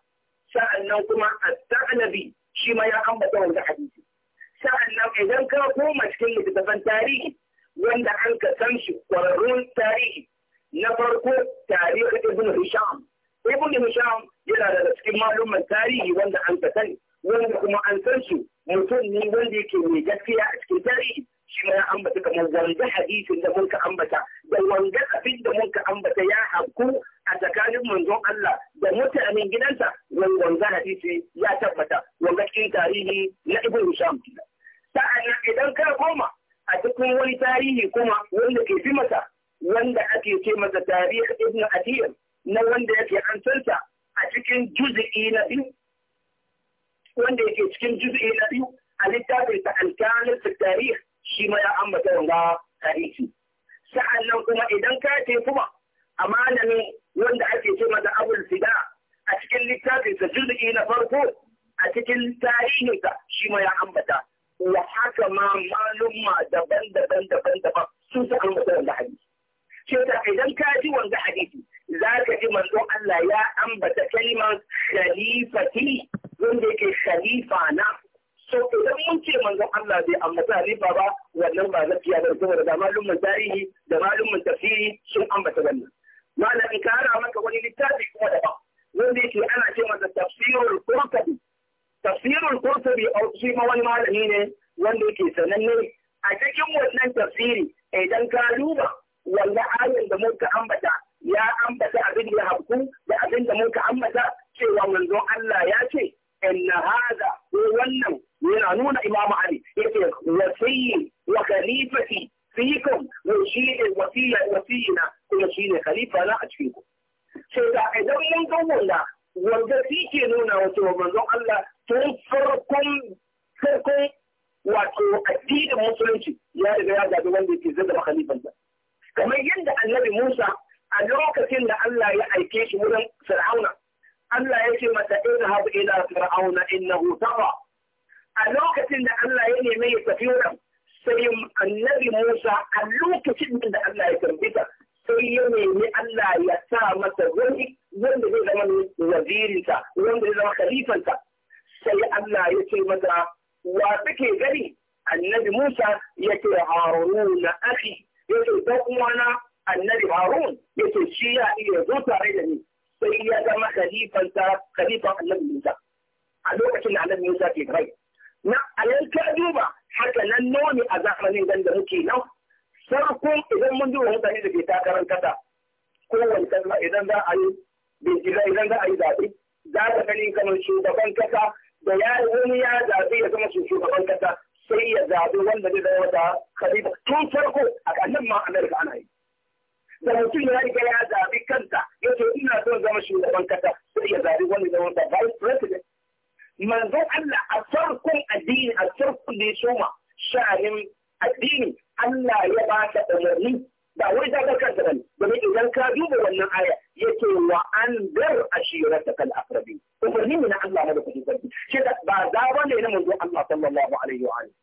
nan, kuma as-sa'labi shi ma ya ambata wanda Sa'an nan, idan ka koma cikin littattafan tarihi wanda an ka san shi kwararrun tarihi na farko tarihi ibn hisham ibn hisham yana daga cikin malumman tarihi wanda an ka sani wanda kuma an san su mutum ne wanda yake mai gaskiya a cikin tarihi shi ma ya ambata kamar wanda hadisin da mun ka ambata da wanda abin da mun ka ambata ya hakku a tsakanin manzon Allah da mutanen gidansa wanda hadisi ya tabbata wanda cikin tarihi na Ibn Hisham sa'annan idan ka koma a cikin wani tarihi kuma wanda ke fi masa wanda ake ce masa tarihi Ibn Atiyah na wanda yake an a cikin juz'i na biyu wanda yake cikin juz'i na biyu a littafin ta alkanin tarih shi ma ya ambata wanga tarihi sa'annan kuma idan ka ce kuma a malamin wanda ake ce mata abul fida a cikin littafin sa juz'i na farko a cikin tarihin sa shi ma ya ambata wa haka ma malumma daban-daban daban-daban sun sa ambata wanga hadisi ce ta idan ka ji wanga hadisi za ka ji manzon Allah ya ambata kalmar khalifati wanda yake khalifa na so idan mun ce manzon Allah zai ambata khalifa ba wannan ba gaskiya da saboda da malumin tarihi da malumin tafsiri sun ambata wannan malamin ka hana maka wani littafi kuma da ba wanda yake ana ce masa tafsirul qurtubi tafsirul qurtubi shi ma wani malami ne wanda yake sananne a cikin wannan tafsiri idan ka duba wanda ayin da muka ambata ya ambata abin da ya habku da abin da muka ambata cewa manzon Allah ya ce inna hada ko wannan yana nuna Imama ali yake wasiyyi wa khalifati fikum wa shi ne wasiyina kuma shi ne khalifa na a cikin ku idan mun ga wannan wanda shi ke nuna wato manzon Allah tun farkon farkon wato addinin musulunci ya riga ya gaji wanda ke zama khalifan kamar yadda annabi Musa a lokacin da Allah ya aike shi wurin Fir'auna Allah yake mata irhab ila fir'auna innahu tagha a lokacin da Allah ya nemi ya tafi wurin sai annabi Musa a lokacin da Allah ya ta, sai ya nemi Allah ya sa masa wani wanda zai zama wazirinta wanda zai zama khalifansa sai Allah ya ce masa wa take gani annabi Musa ya ce Harun na akhi ya dan uwana annabi Harun ya ce shi ya iya zo tare da ni sai ya zama khalifan ta khalifan annabi Musa a lokacin da annabi Musa ke rai na ayan duba haka nan nomi a zamanin dan da muke nan sarko idan mun duba mutane da ke takarar kasa kowane kasa idan za a yi bincike idan za a yi zaɓe za ka gani kamar shugaban kasa da ya wani ya zaɓe ya zama shugaban kasa sai ya zaɓe wanda zai zama da khalifa tun farko a kanan ma Amerika ana yi da mutum ya riga ya zaɓi kanta ya ce ina son zama shugaban kasa sai ya zaɓi wani zaman sa vice president manzon Allah a farkon addini a farkon da ya soma sha'anin addini Allah ya ba ta umarni ba wai ta kansa bane domin idan ka duba wannan aya yake wa an dar ashirata kal aqrabi umarni ne na Allah da kuke sarki shi da ba za ba ne na manzo Allah sallallahu alaihi wa alihi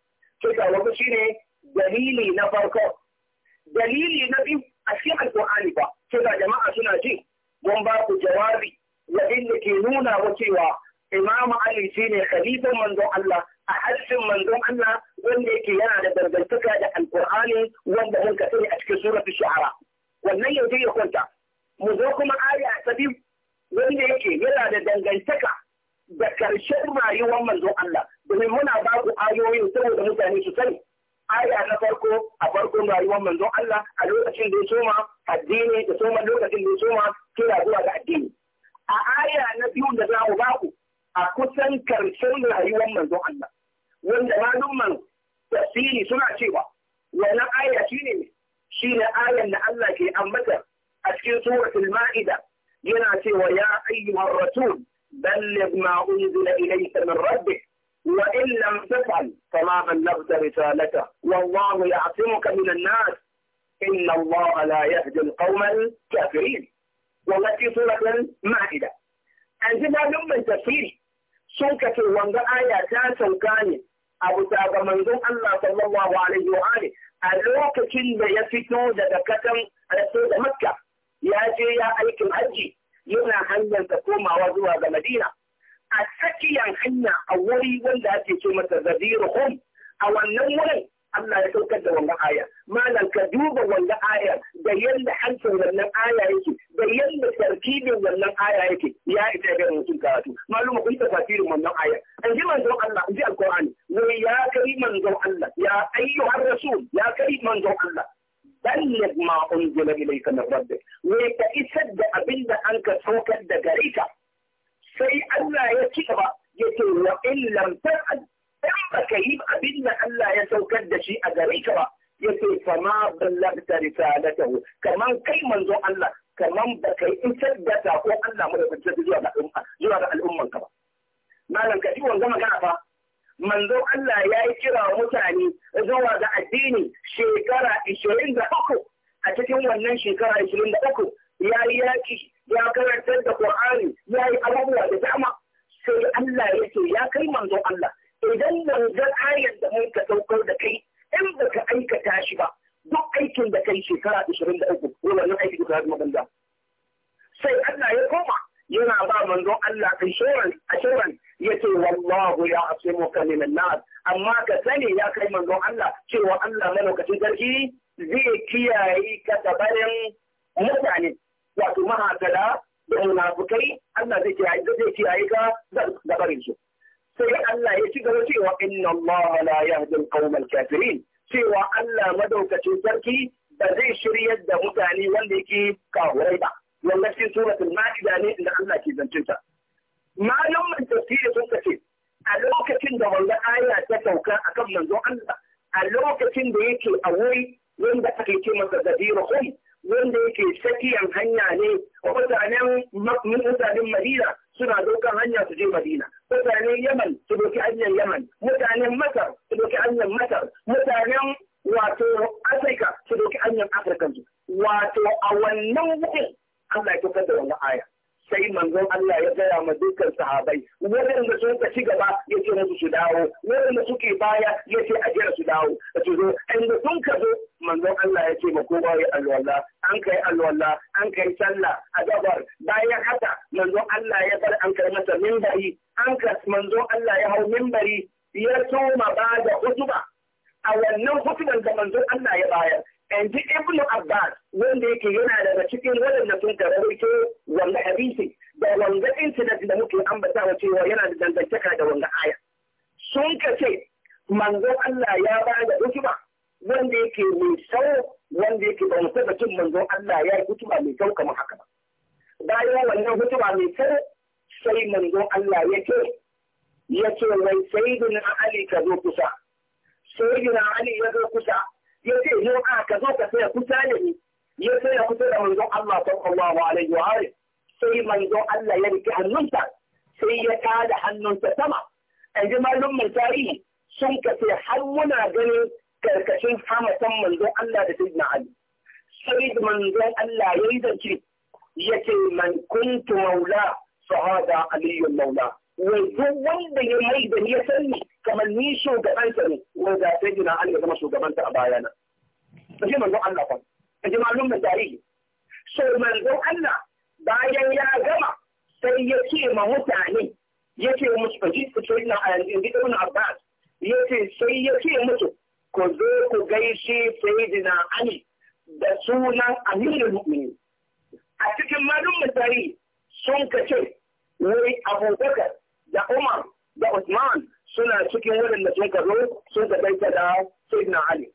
to da wani shine dalili na farko dalili na biyu a cikin alƙur'ani ba to da jama'a suna ji mun ba ku jawabi wadanda ke nuna wa cewa Imam Ali shine khalifan manzon Allah a hadisin manzon Allah wanda yake yana da dangantaka da alƙur'ani wanda mun ka sani a cikin suratul shu'ara wannan yanzu ya kwanta mu zo kuma aya ta biyu wanda yake yana da dangantaka da karshen rayuwar manzon Allah domin muna ba ku ayoyin saboda mutane su sani aya na farko a farkon rayuwar manzon Allah a lokacin da ya soma addini da soma lokacin da ya soma kira zuwa ga addini. A aya na biyu da za mu baku a kusan karshen rayuwar manzon Allah. Wanda malumman tafsiri suna cewa wannan aya shi ne shi ne ayan da Allah ke ambata a cikin suratul ma'ida yana cewa ya ayyuhar rasul balligh ma unzila ilayka min rabbik وإن لم تفعل فما بلغت رسالته والله يعصمك من الناس إن الله لا يهدي القوم الكافرين والتي صورة معددة أنزلها لما تفسير سوكة الوندى آية تاسا كان أبو تابا من ذو الله صلى الله عليه وآله ألوك كل ما يفتو رسول مكة يأتي يا أيكم أجي يونا حنيا تكوم وزوها ذا مدينة أتكي أن حنا أولي ولا تسمى تزدير خم أو أن Allah ya saukar da wannan aya malam ka duba wannan aya da yadda hancin wannan aya yake da yadda tartibin wannan aya yake ya isa ga mutum karatu maluma kun ta tafsirin wannan aya an ji manzon Allah ji alqur'ani wai ya kai manzon Allah ya ayyuhar rasul ya kai manzon Allah balligh ma unzila ilayka min rabbik wai ka isar da abinda an ka saukar da gare sai Allah ya ci gaba yake wa in lam in ba ka yi abin da Allah ya saukar da shi a gare ka ba ya ce fama ballagta risalatahu kaman kai manzo Allah kaman ba ka yi isar da sako Allah mu da zuwa ga al'umma zuwa ga al'umman ka ba malam ka ji wanga magana fa manzo Allah ya yi kira mutane zuwa ga addini shekara uku? a cikin wannan shekara 23 ya yi yaki ya karantar da Qur'ani ya yi abubuwa da dama sai Allah ya ce ya kai manzo Allah idan manzon ayar da mun ka saukar da kai in ba ka aikata shi ba duk aikin da kai shekara ashirin da uku ko wannan aiki duka zama banza sai Allah ya koma yana ba manzon Allah assurance assurance yace wallahu ya asimuka min an-nas amma ka sani ya kai manzon Allah cewa Allah malaukakin sarki zai kiyaye ka gabarin mutane wato mahakala da munafukai Allah zai kiyaye ka zai kiyaye ka gabarin su sai Allah ya ci gaba cewa inna Allah la yahdi al kafirin cewa Allah madaukacin sarki ba zai shiryar da mutane wanda yake kahurai ba wanda cikin suratul ma'ida ne inda Allah ke zancin ta malaman tafsiri sun ce a lokacin da wannan aya ta sauka akan manzon Allah a lokacin da yake a wuri wanda ake ce masa zabiruhum wanda yake tsakiyar hanya ne mutanen mutanen Madina suna dokan hanya su je Madina. mutane Yaman su doki hanyar Yaman, mutanen Masar su doki hanyar Masar, mutanen wato Afirka su doki hanyar Afirka Wato a wannan wurin Allah ya tafi da wannan aya. sai manzon Allah ya gaya ma dukkan sahabai waɗanda sun ka ci gaba ya ce musu su dawo waɗanda suke baya ya ce a jira su dawo a ce zo inda sun ka zo manzon Allah ya ce ma kowa ya alwala an kai alwala an kai sallah a gabar bayan haka manzon Allah ya bar an kai masa mimbari an ka manzon Allah ya hau mimbari ya soma ba da hutuba a wannan hutuban da manzon Allah ya bayar yanzu ibn abbas wanda yake yana daga cikin waɗanda sun karɓarke wanda hadisi da wanda incident da muke ambata wa cewa yana da dangantaka da wanda aya sun ka ce manzo Allah ya ba da hutuba wanda yake mai sau wanda yake ba mu da cin Allah ya yi hikima mai sau kamar haka ba bayan wannan hutuba mai sau sai manzo Allah ya ce ya ce wai sayyidina Ali ka zo kusa sayyidina Ali ya zo kusa ya ce yau a ka zo ka saya kusa da ni ya saya kusa da manzon Allah sallallahu alaihi wa alihi sai manzon Allah ya rike hannunsa sai ya tada hannunsa sama an ji mai tarihi sun kace har muna ganin karkashin hamatan manzon Allah da sayyidina Ali sai manzon Allah ya yi zance yake ce man kuntu maula sahada aliyun maula wai duk wanda ya mai da ya sanni kamar ni shugabansa ne wanda sai jina an zama shugabanta a bayana ka ji manzon Allah fa ka ji malum da tarihi so manzon Allah bayan ya gama sai ya ce ma mutane ya ce musu ka ji ku ce ina a yanzu ji ibn Abbas ya ce sai ya ce musu ku zo ku gaishe sayyidina Ali da sunan Amirul Mu'minin a cikin malum da tarihi sun ka ce wai Abubakar da Umar da Usman suna cikin waɗanda sun ka zo sun ka kai da sayyidina Ali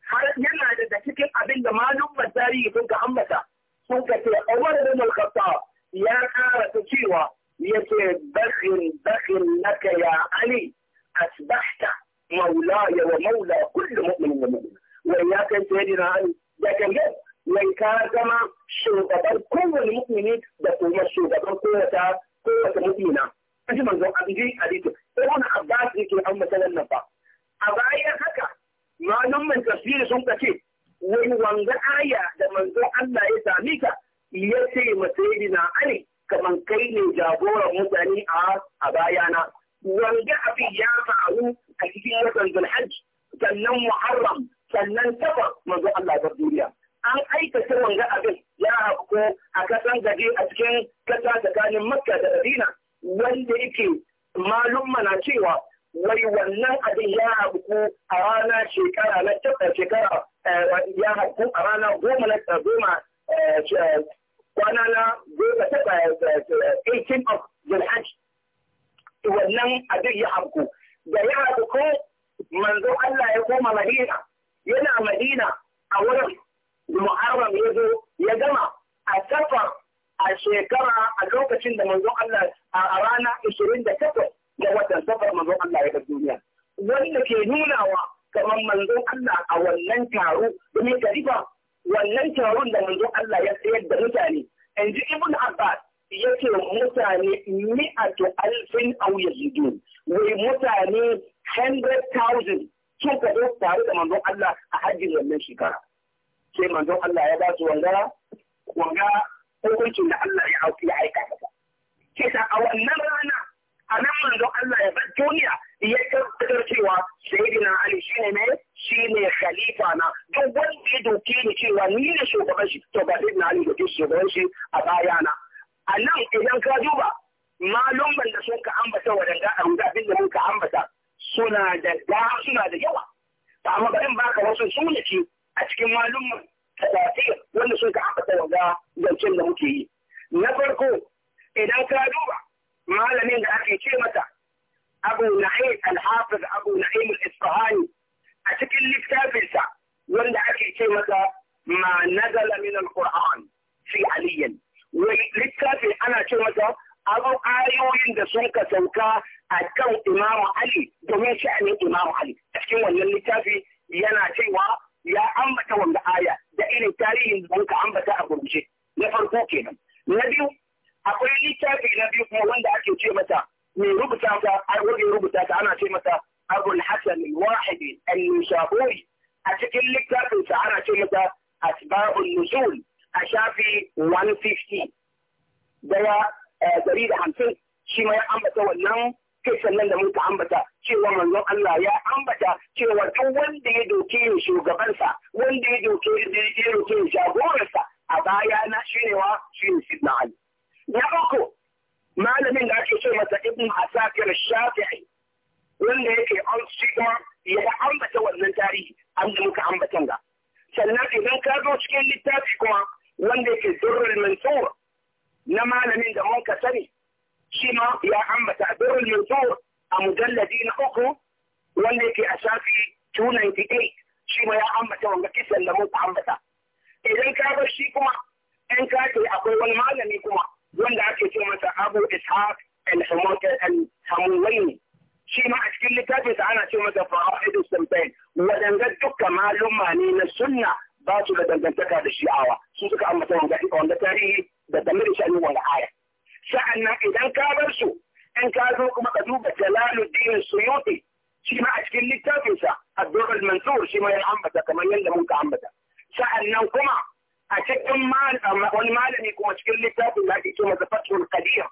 har yana da da cikin abin da malum tarihi sun ka ambata sun ka ce Umar bin Al-Khattab ya kara ta cewa yace bakhin bakhin naka ya Ali asbahta wa kullu mu'minin wa كل مؤمن ومؤمن وإياك سيدنا Ali da kan gangan wai ka zama shugaban kowane mu'mini da kuma shugaban kowata kowace mu'mina ji manzon an ji hadisi ibn abbas yake an matsalan nan ba a bayan haka malumman tafsiri sun kace wai wanga aya da manzon Allah ya sami ka ya ce masayidina ali kaman kai ne jagoran mutane a a bayana wanga abin ya faru a cikin watan zulhajj sannan muharram sannan tabar manzon Allah ta duniya an aikata wanga abin ya hafko a kasan gaje a cikin kasa tsakanin makka da madina wanda yake malum mana cewa wai wannan abin ya haɓuku a rana shekara na tabbata shekara eh, ya haɓuku a rana goma na eh, goma eh, kwana na goma tabbata 18 of Zulhaj wannan abin ya haɓuku da ya haɓuku manzo Allah ya koma Madina yana Madina a wurin Muharram ya zo ya gama a safar a shekara a lokacin da manzon Allah a rana 28 da watan safar manzon Allah ya duniya wanda ke nunawa kamar manzon Allah a wannan taro domin kalifa wannan taron da manzon Allah ya tsayar da mutane in ji Ibn Abbas yake mutane mi'atu alfin aw yazidun wai mutane 100,000 sun ka tare da manzon Allah a hajjin wannan shekara sai manzon Allah ya ba su wangara wanga hukuncin da Allah ya auki ya aika masa kisa a wannan rana a nan manzon Allah ya bar duniya ya tabbatar cewa sayyidina Ali shi ne shine khalifa na duk wanda ya doke ni cewa ni ne shugaban shi to ba sayyidina Ali doke shugaban shi a na. a nan idan ka duba malumman da sun ka ambata wadanda a ruga abin da mun ka ambata suna da suna da yawa ba amma bari baka wasu sunaci a cikin malumman talatin wanda sun ka haɓata wanga zancen da muke yi. Na farko, idan ka duba malamin da ake ce mata Abu Na'im Al-Hafiz Abu Na'im Al-Isfahani a cikin littafinsa wanda ake ce mata ma nazala min al-Qur'an fi aliyan. Wai littafin ana ce mata abu ayoyin da sun ka sauka a kan Imam Ali domin sha'anin Imam Ali. A cikin wannan littafi yana cewa ya ambata wanda aya da irin tarihin da muka ambata a gurguje na farko kenan na biyu akwai littafi na biyu kuma wanda ake ce mata mai rubuta ta a wurin rubuta ta ana ce mata abul hasan al-wahidi al-nishaburi a cikin littafin sa ana ce mata asba'un nuzul a shafi 150 daya 150 shi ma ya ambata wannan kisan sannan da muka ambata cewa manzon Allah ya ambata cewa duk wanda ya doke ya shugabansa wanda ya doke ya doke ya jagoransa, a baya na shirewa shi ne sidna Ali na uku malamin da ake ce masa ibn asakir shafi'i wanda yake an shiga ya ambata wannan tarihi an da muka ambatan ga sannan idan ka zo cikin littafi kuma wanda yake durrul mansur na malamin da mun ka sani Shima ya ambata birnin mutum a mujalladi na uku wanda yake a shafi 298 Shima ma ya ambata wanga kisan da muka ambata idan ka bar shi kuma in ka ce akwai wani malami kuma wanda ake ce masa abu ishaq al-hamuwaini shi ma a cikin littafinsa ana ce masa fa'idu samtain wadanga dukkan malumma ne na sunna ba su da dangantaka da shi'awa su suka ambata wanga tarihi da damar sha'anin wanga aya sa'annan idan ka bar su in ka zo kuma ka duba Jalaluddin Suyuti shi ma a cikin littafinsa Abdul Mansur shi ma ya ambata kamar yadda mun ka ambata sa'annan kuma a cikin wani malami kuma cikin littafin da ake ce masa Fathul Qadir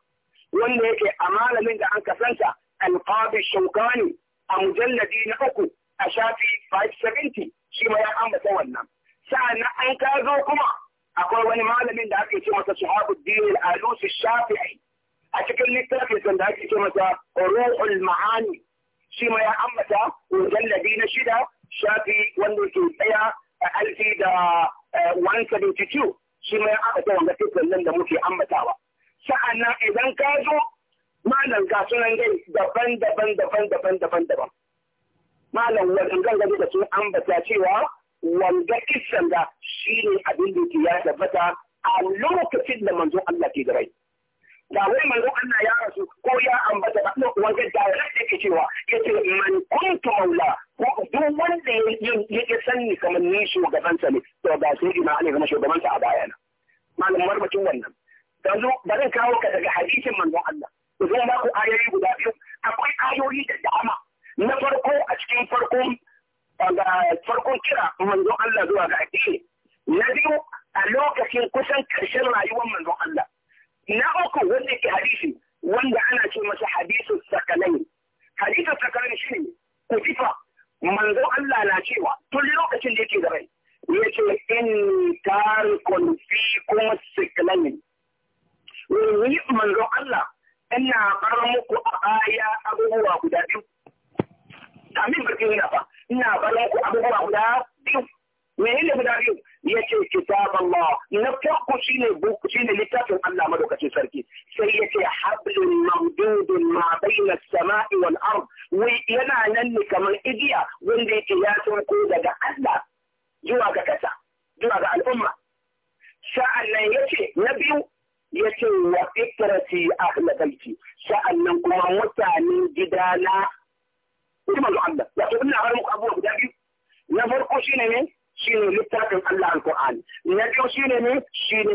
wanda yake a malamin da an kasanta Al-Qadi Shawkani a mujalladi na uku a shafi 570 shi ma ya ambata wannan sa'annan an ka zo kuma akwai wani malamin da ake ce masa Shahabuddin Al-Alusi Shafi'i a cikin littafin da ake ce masa Ruhul Ma'ani shi ma ya ambata mujalladi na shida shafi wanda ke tsaya a alfi da 172 eh, shi ma ya ambata wanda fitan nan da muke ambatawa sa'annan idan ka zo malam ga sunan dai daban daban daban daban daban daban malam wannan gangare da sun ambata cewa wanda kissan da shi ne abin da ke ya tabbata a lokacin da manzo Allah ke da rai. wai manzo Allah ya rasu ko ya ambata ba no wanda direct yake cewa yace man kuntu maula ko duk wanda ya sanni kamar ni shugaban sa ne to ga sai ina ne zama shugaban sa a bayana. Malam marbacin wannan. Yanzu bari kawo ka daga hadisin manzo Allah. Zan ba ku ayoyi guda biyu akwai ayoyi da dama na farko a cikin farkon daga farkon kira manzon Allah zuwa ga addini na biyu a lokacin kusan karshen rayuwar manzon Allah na uku wanda ke hadisi wanda ana ce masa hadisu sakalai hadisu sakalai shi ne manzo Allah na cewa tun lokacin da yake da rai ce in tarikun fi kuma sakalai wani manzon Allah ina bar muku a aya abubuwa guda biyu kamin ka tsira fa ina bayan ku abubuwa guda biyu menene guda biyu yace kitab Allah na farko shine buku shine littafin Allah madaukakin sarki sai yace hablun mamdudun ma bayna as-sama'i wal ard wai yana nan ne kamar igiya wanda yake ya sauko daga Allah zuwa ga kasa zuwa ga al'umma sa'an nan yace na biyu yace wa ikrati ahla baiti sa'an nan kuma mutanen gidana kurban Allah wato ina har muku abubuwa guda biyu na farko shine ne shine littafin Allah alqur'ani na biyu shine ne shine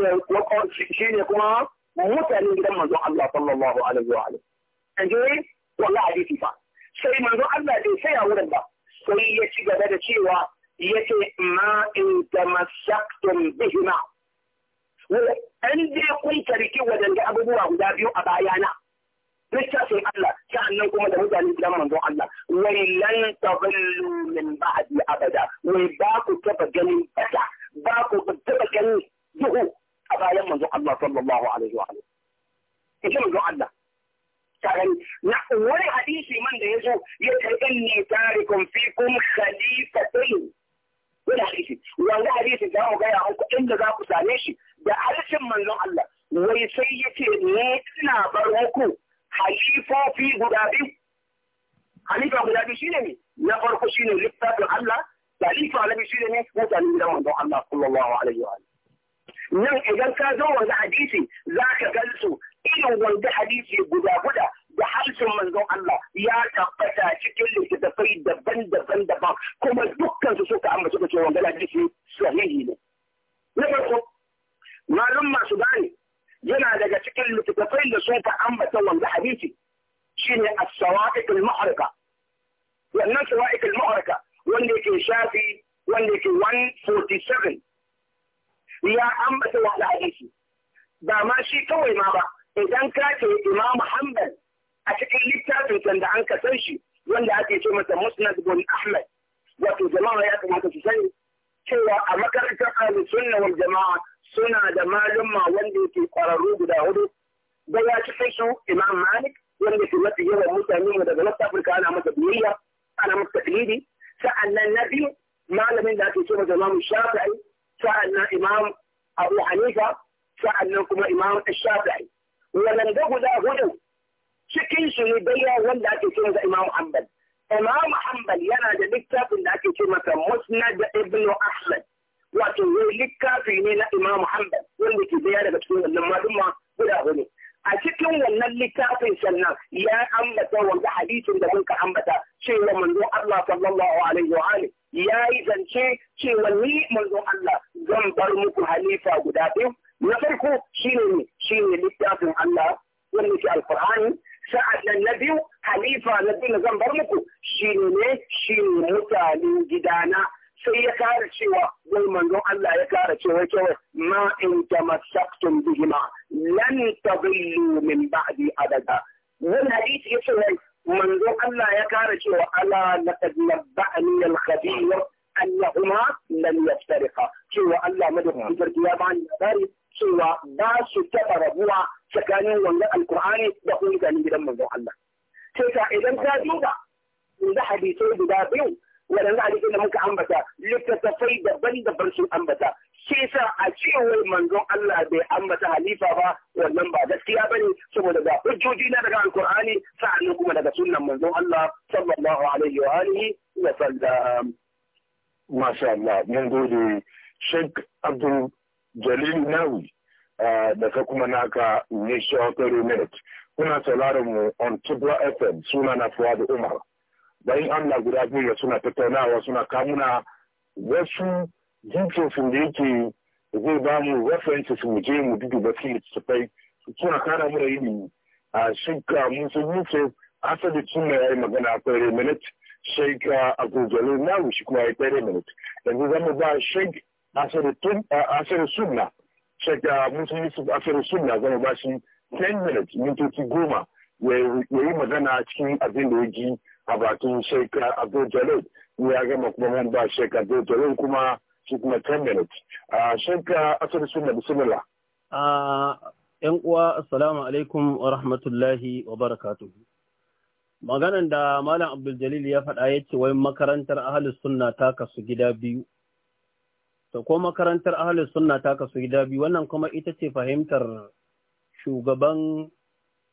shine kuma mutanen gidan manzo Allah sallallahu alaihi wa alihi kaje wallahi hadisi fa sai manzo Allah bai saya wurin ba sai ya ci gaba da cewa yace ma in tamassaktum bihima wala an dai kun tarki wajen da abubuwa guda biyu a bayana littafin Allah sa'annan kuma da mutane gidan manzon Allah wai lan tadillu min ba'di abada wai ba ku taba ganin bata ba ku taba ganin duhu a bayan manzon Allah sallallahu alaihi wa alihi ita manzon Allah karan na wani hadisi man da yazo ya ce inni tarikum fikum khalifatayn wani hadisi wanda hadisi za mu gaya muku inda za ku same shi da harshen manzon Allah wai sai yake ne ina bar muku halifofi guda biyu halifa guda biyu shi ne ne, na farko shi ne littafin Allah halifa alabi shi ne ne, mutanen gidan manzon Allah sallallahu alaihi wa nan idan ka zo wanda hadisi za ka gansu irin wanda hadisi guda guda da harshen manzon Allah ya tabbata cikin littattafai daban-daban daban kuma dukkan su suka amma suka ce wanda hadisi sahihi ne na farko malum masu bani. yana daga cikin littattafai da sun ka ambata wanda hadisi shine as-sawa'iq al-mu'araka wannan sawa'iq al-mu'araka wanda yake shafi wanda yake 147 ya ambata wanda hadisi ba ma shi kawai ma ba idan ka ce Imam Hanbal a cikin littafin da an ka san shi wanda ake ce masa Musnad bin Ahmad wato jama'a ya kamata su sani cewa a makarantar Ahlus Sunna wal Jama'a suna da malumma wanda yake kwararru guda hudu da ya cikin su imam malik wanda ke mafi yawan mutane daga west africa ana masa biyayya ana masa taklidi sa'annan na biyu malamin da ake ce masa imam shafi'i sa'annan imam abu hanifa sa'annan kuma imam shafi'i waɗanda guda hudu cikin su ne bayyana wanda ake ce masa imam hanbal imam hanbal yana da littafin da ake ce masa musnad ibn ahmad wato wai littafi ne na Imam Muhammad wanda ke daya daga cikin wannan ma guda hudu a cikin wannan littafin sannan ya ambata wanda hadisin da ka ambata cewa manzo Allah sallallahu alaihi wa alihi ya yi zance cewa ni manzo Allah zan bar muku halifa guda biyu na farko shine ne shine littafin Allah wanda ke alqur'ani sa'annan na biyu halifa na biyu zan bar muku shine ne shine mutanen gidana sai ya kara cewa wai manzon Allah ya kara cewa kawai ma in tamassaktum bihima lan tadillu min ba'di abada wani hadisi yace wai manzon Allah ya kara cewa ala laqad nabba'ani al-khabir annahuma lam yaftariqa cewa Allah madaukakin sarki ya bani labari cewa ba su taɓa rabuwa tsakanin wanda alkur'ani da kuma gidan manzon Allah. Sai ka idan ka duba da hadisai guda biyu waɗanda hadisi da muka ambata littattafai daban-daban sun ambata shi yasa a cewar manzon Allah bai ambata halifa ba wannan ba gaskiya bane saboda ga hujjoji na daga alkur'ani sa'annan kuma daga sunnan manzon Allah sallallahu alaihi wa alihi wa sallam masha Allah mun gode Sheikh Abdul Jalil Nawi da ka kuma naka ne shawakar minute kuna sauraron mu on Tibra FM suna na Fuad Umar bayan Allah guda biyu suna tattaunawa suna kamuna wasu jinsofin da yake zai ba mu references mu je mu ba su littattafai suna kara mura yi ilimi a shirka musu yusuf asali suna ya yi magana akwai reminit sheik agogalo na shi kuma ya kai reminit yanzu mu ba sheik asali sunna sheik musu yusuf asali sunna zamu ba shi 10 minutes mintoci goma ya yi magana cikin abin da ya ji a bakin Sheikh Abdul Jalil ya gama kuma man ba Sheikh Abdul Jalil kuma shi kuma 10 minutes. Sheikh Asad suna bisimila. ‘Yan uwa, assalamu alaikum wa rahmatullahi wa barakatuhu. Maganan da Malam Abdul Jalil ya faɗa ya ce wai makarantar ahalus sunna ta kasu gida biyu. To ko makarantar ahalus sunna ta kasu gida biyu wannan kuma ita ce fahimtar shugaban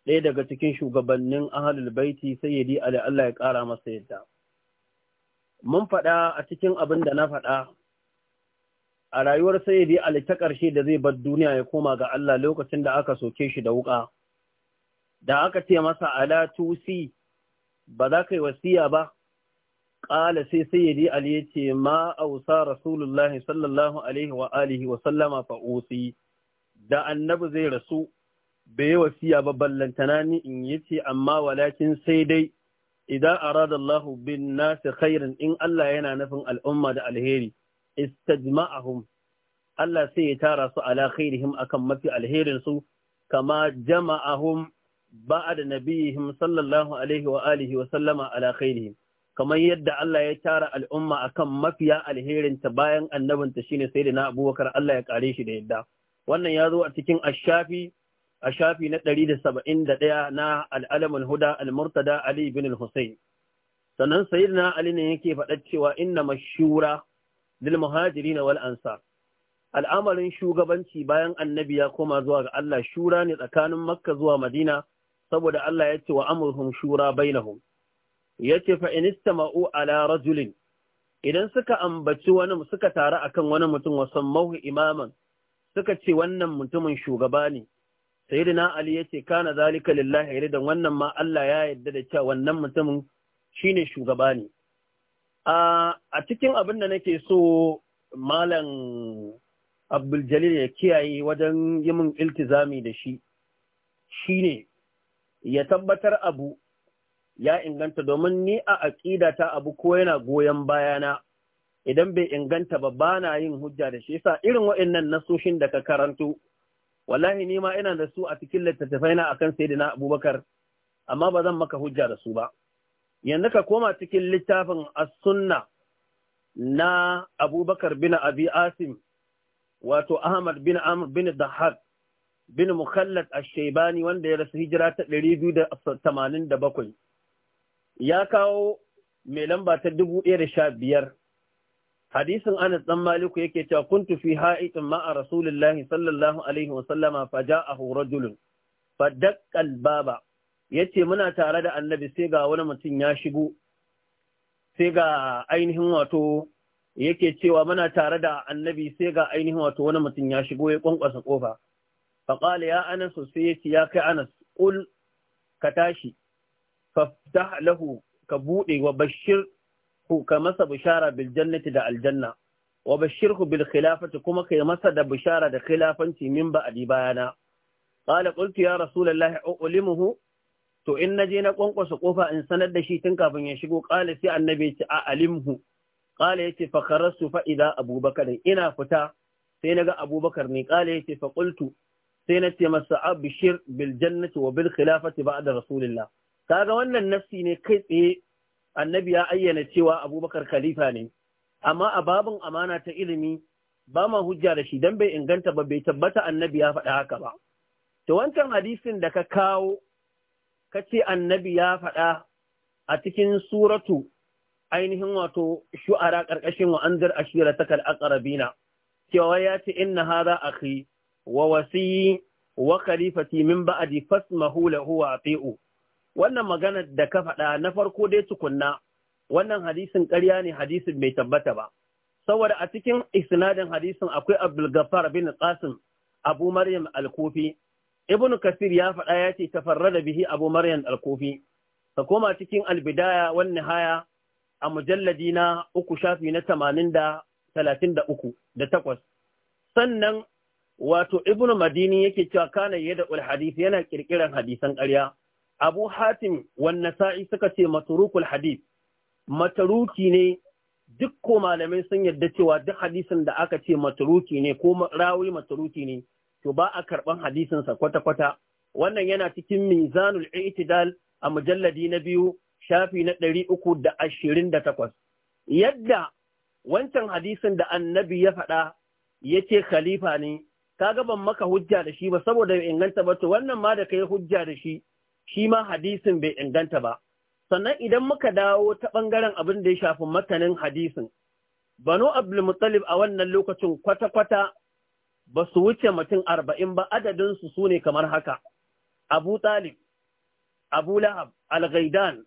ɗaya daga cikin shugabannin ahalul baiti sai sayyidi ali Allah ya ƙara masa yadda mun faɗa a cikin abin da na faɗa a rayuwar di ali ta ƙarshe da zai bar duniya ya koma ga Allah lokacin da aka soke shi da wuƙa da aka ce masa ala tusi ba za ka yi wasiya ba ƙala sai sayyidi ali ya ce ma ausa rasulullahi sallallahu alaihi wa alihi wa sallama fa da annabi zai rasu bai yi wasiya ba ballantana ni in yi ce amma walakin sai dai idan aradallahu bin nasi khairin in Allah yana nufin al'umma da alheri istajma'ahum Allah sai ya tara su ala khairihim akan mafi alherin su kama jama'ahum ba'da nabiyihim sallallahu alaihi wa alihi wa sallama ala khairihim kamar yadda Allah ya tara al'umma akan mafiya alherin ta bayan annabinta shine na Abubakar Allah ya kare shi da yadda wannan ya zo a cikin ashafi a shafi na 171 na al'alamin huda al-murtada Ali bin al-Hussein. Sannan na Ali ne yake faɗacewa cewa inna mashura lil muhajiri na wal'ansa. Al'amarin shugabanci bayan annabi ya koma zuwa ga Allah shura ne tsakanin Makka zuwa Madina saboda Allah ya ce wa amurhum shura bainahum. Ya ce fa inistama'u ala rajulin idan suka ambaci wani suka taru akan wani mutum wasan mahu imaman suka ce wannan mutumin shugaba ne sayyidina ali ya yace kana zalika lillahi ridan wannan ma Allah ya yarda da cewa wannan mutumin shine shugaba ne a cikin abin da nake so malam Abdul Jalil ya kiyaye wajen yi min iltizami da shi shine ya tabbatar abu ya inganta domin ni a aƙida ta abu ko yana goyon bayana idan bai inganta ba bana yin hujja da shi yasa irin waɗannan nasoshin da ka karantu. wallahi ni ma ina da su a cikin littattafai na akan sayyidina Abubakar amma ba zan maka hujja da su ba yanzu ka koma cikin littafin as-sunna na Abubakar bin Abi Asim wato Ahmad bin Amr bin Dahhak bin Mukhallad Ash-Shaybani wanda ya rasu hijira ta 287 ya kawo mai lamba ta 1015 hadisin Anas dan Maliku yake cewa kuntu fi ha'itin ma'a Rasulullahi sallallahu alaihi wa sallama fa rajulun fa baba yace muna tare da Annabi sai ga wani mutum ya shigo sai ga ainihin wato yake cewa muna tare da Annabi sai ga ainihin wato wani mutum ya shigo ya kwankwasa kofa fa qala ya Anas sai yace ya kai Anas qul ka tashi faftah lahu ka bude wa bashir ka masa bishara bil jannati da aljanna wa bashirhu bil khilafati kuma kai masa da bishara da khilafanci min baya bayana qala qultu ya rasulullahi ulimuhu to in naje na kwankwasa kofa in sanar da shi tun kafin ya shigo qala sai annabi ya ce a alimhu qala yace fa kharastu fa idza abubakar ina fita sai naga abubakar ne qala yace fa qultu sai na ce masa abshir bil jannati wa bil khilafati ba'da rasulillah kaga wannan nafsi ne kai tsaye annabi ya ayyana cewa abubakar khalifa ne amma a babin amana ta ilimi ba ma hujja da shi dan bai inganta ba bai tabbata annabi ya faɗa haka ba to wancan hadisin da ka kawo ka ce annabi ya faɗa a cikin suratu ainihin wato shu'ara ƙarƙashin wa anzar ashira ta kal aqrabina cewa ya ce inna hadha akhi wa wasi wa khalifati min ba'di fasmahu lahu wa ati'u wannan magana da ka faɗa na farko dai tukunna wannan hadisin ƙarya ne hadisin bai tabbata ba saboda a cikin isnadin hadisin akwai Abdulgafar bin Qasim Abu Maryam Al-Kufi Ibn Kathir ya faɗa ya ce tafarrada bihi Abu Maryam Al-Kufi ka koma cikin albidaya wan nihaya a mujalladi na uku shafi na tamanin da talatin da uku da takwas sannan wato Ibn Madini yake cewa kana yadda ul hadisi yana kirkiran hadisan ƙarya Abu Hatim wan Nasa'i suka ce maturukul hadith mataruki ne duk ko malamai sun yarda cewa duk hadisin da aka ce maturuki ne ko rawi maturuki ne to ba a karban hadisin sa kwata kwata wannan yana cikin mizanul i'tidal a mujalladi na biyu shafi na ɗari uku da ashirin da takwas yadda wancan hadisin da annabi ya faɗa ya ce khalifa ne ka ban maka hujja da shi ba saboda inganta ba to wannan ma da kai hujja da shi shi ma hadisin bai inganta ba. Sannan idan muka dawo ta ɓangaren abin da ya shafi matanin hadisin, Banu Abdulmuttalib a wannan lokacin kwata-kwata ba su wuce mutum arba'in ba adadinsu su ne kamar haka, Abu Talib, Abu Lahab, Al-Ghaidan,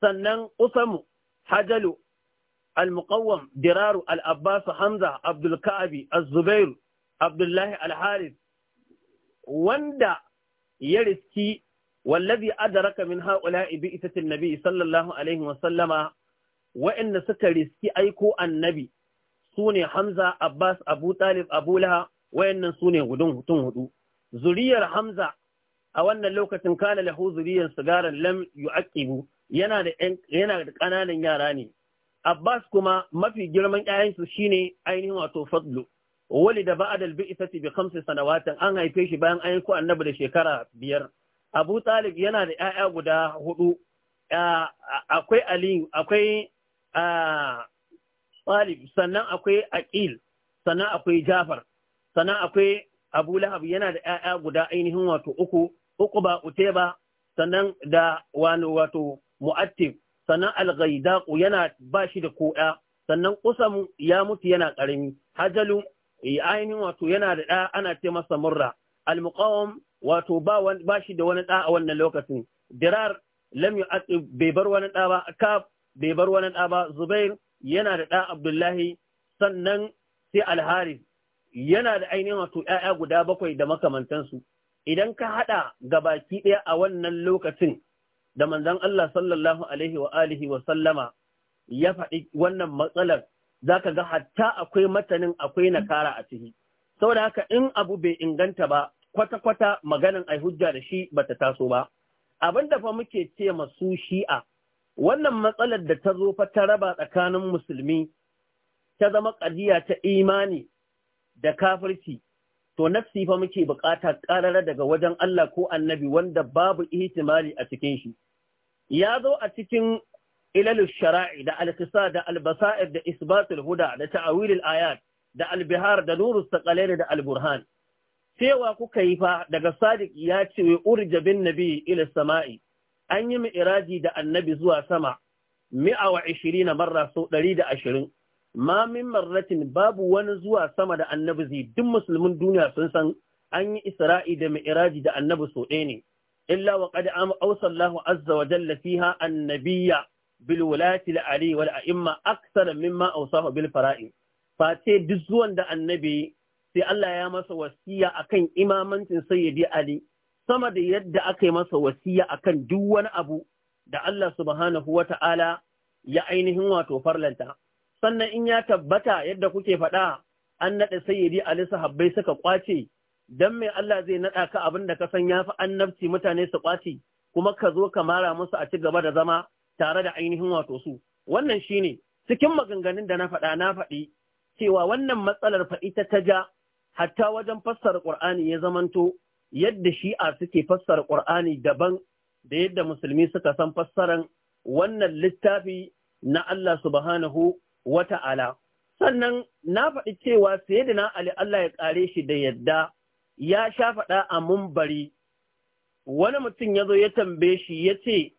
sannan Usamu, Hajalu, Diraru, Al-Abbasu, Hamza, عبد Zubairu, Abdullahi, Al-Harith. Wanda ya riski wallazi adraka min haula'i bi itatin nabi sallallahu alaihi wa sallama wa'anda suka riski aiko annabi sune Hamza Abbas Abu Talib Abu Laha wayannan sune gudun hutun hudu zuriyar Hamza a wannan lokacin kana lahu zuriyar sigaran lam yu'aqibu yana da yana da kananan yara ne Abbas kuma mafi girman 'ya'yansu shine ainihin wato Fadlu wali da ba'ad al-bi'sati bi khamsi sanawatin an haife shi bayan an yi annabi da shekara biyar Abu Talib yana da ‘ya'ya guda hudu, akwai Aliyu, akwai Talib, sannan akwai Aqil, sannan akwai Jafar, sannan akwai Abu Lahab yana da ‘ya'ya guda ainihin wato uku, uku ba ba. sannan da wani wato Mu'attif, sannan Al-Ghaidaku yana ba shi da ko'ya, sannan kusan ya mutu yana ƙarami, Hajalu eh, ainihin wato yana da ɗa ana ce masa murra, Al-Muqawam wato ba ba shi da wani ɗa a wannan lokacin dirar lam yu'aqib bai bar wani ba kaf bai bar wani ɗa ba zubair yana da ɗa abdullahi sannan sai alharis yana da ainihin wato ‘ya'ya guda bakwai da makamantansu, idan ka haɗa ga baki ɗaya a wannan lokacin da manzon Allah sallallahu Alaihi wa alihi wa sallama ya faɗi wannan matsalar zaka ga hatta akwai matanin akwai nakara a ciki. Saboda haka in abu bai inganta ba, kwata-kwata maganin ai hujja da shi bata taso ba. Abin da fa muke ce masu shi'a, wannan matsalar da ta zo fa ta raba tsakanin musulmi, ta zama ƙadiya ta imani da kafirci, to nafsi fa muke bukata ƙarara daga wajen Allah ko annabi wanda babu ihtimali a cikin shi. Ya zo a cikin ilalu shara'i da alkisa da albasa'ir da isbatul huda da ta'awilul ayat da albihar da nurus taqalaini da alburhan. cewa kuka yi fa daga sadiq ya ce wai urja bin nabi ila sama'i an yi mi'raji da annabi zuwa sama mi'a wa ishirina marra sau ɗari da ashirin ma min marratin babu wani zuwa sama da annabi zai duk musulmin duniya sun san an yi isra'i da mi'raji da annabi sau ɗaya ne illa wa qad awsallahu azza wa jalla fiha annabiyya bil wulati al ali wal a'imma akthar mimma awsahu bil fara'i fa ce duk zuwan da annabi sai Allah ya masa wasiya akan imamancin sayyidi Ali sama da yadda aka yi masa wasiya akan duk wani abu da Allah subhanahu wa ta'ala ya ainihin wato farlanta. Sannan in ya tabbata yadda kuke faɗa an naɗa sayyidi Ali sahabbai suka ƙwace, don mai Allah zai naɗa ka abin da ka san ya fi annabci mutane su ƙwace, kuma ka zo ka mara musu a ci gaba da zama tare da ainihin wato su. Wannan shi ne, cikin maganganun da na faɗa na faɗi, cewa wannan matsalar faɗi ta ta ja hatta wajen fassara ƙur'ani ya zamanto yadda shi'a suke fassara ƙur'ani daban da yadda musulmi suka san fassaran wannan littafi na Allah subhanahu wa ta'ala. Sannan na faɗi cewa da na Ali Allah ya ƙare shi da yadda ya sha faɗa a mumbari. Wani mutum ya zo ya tambaye shi ya ce,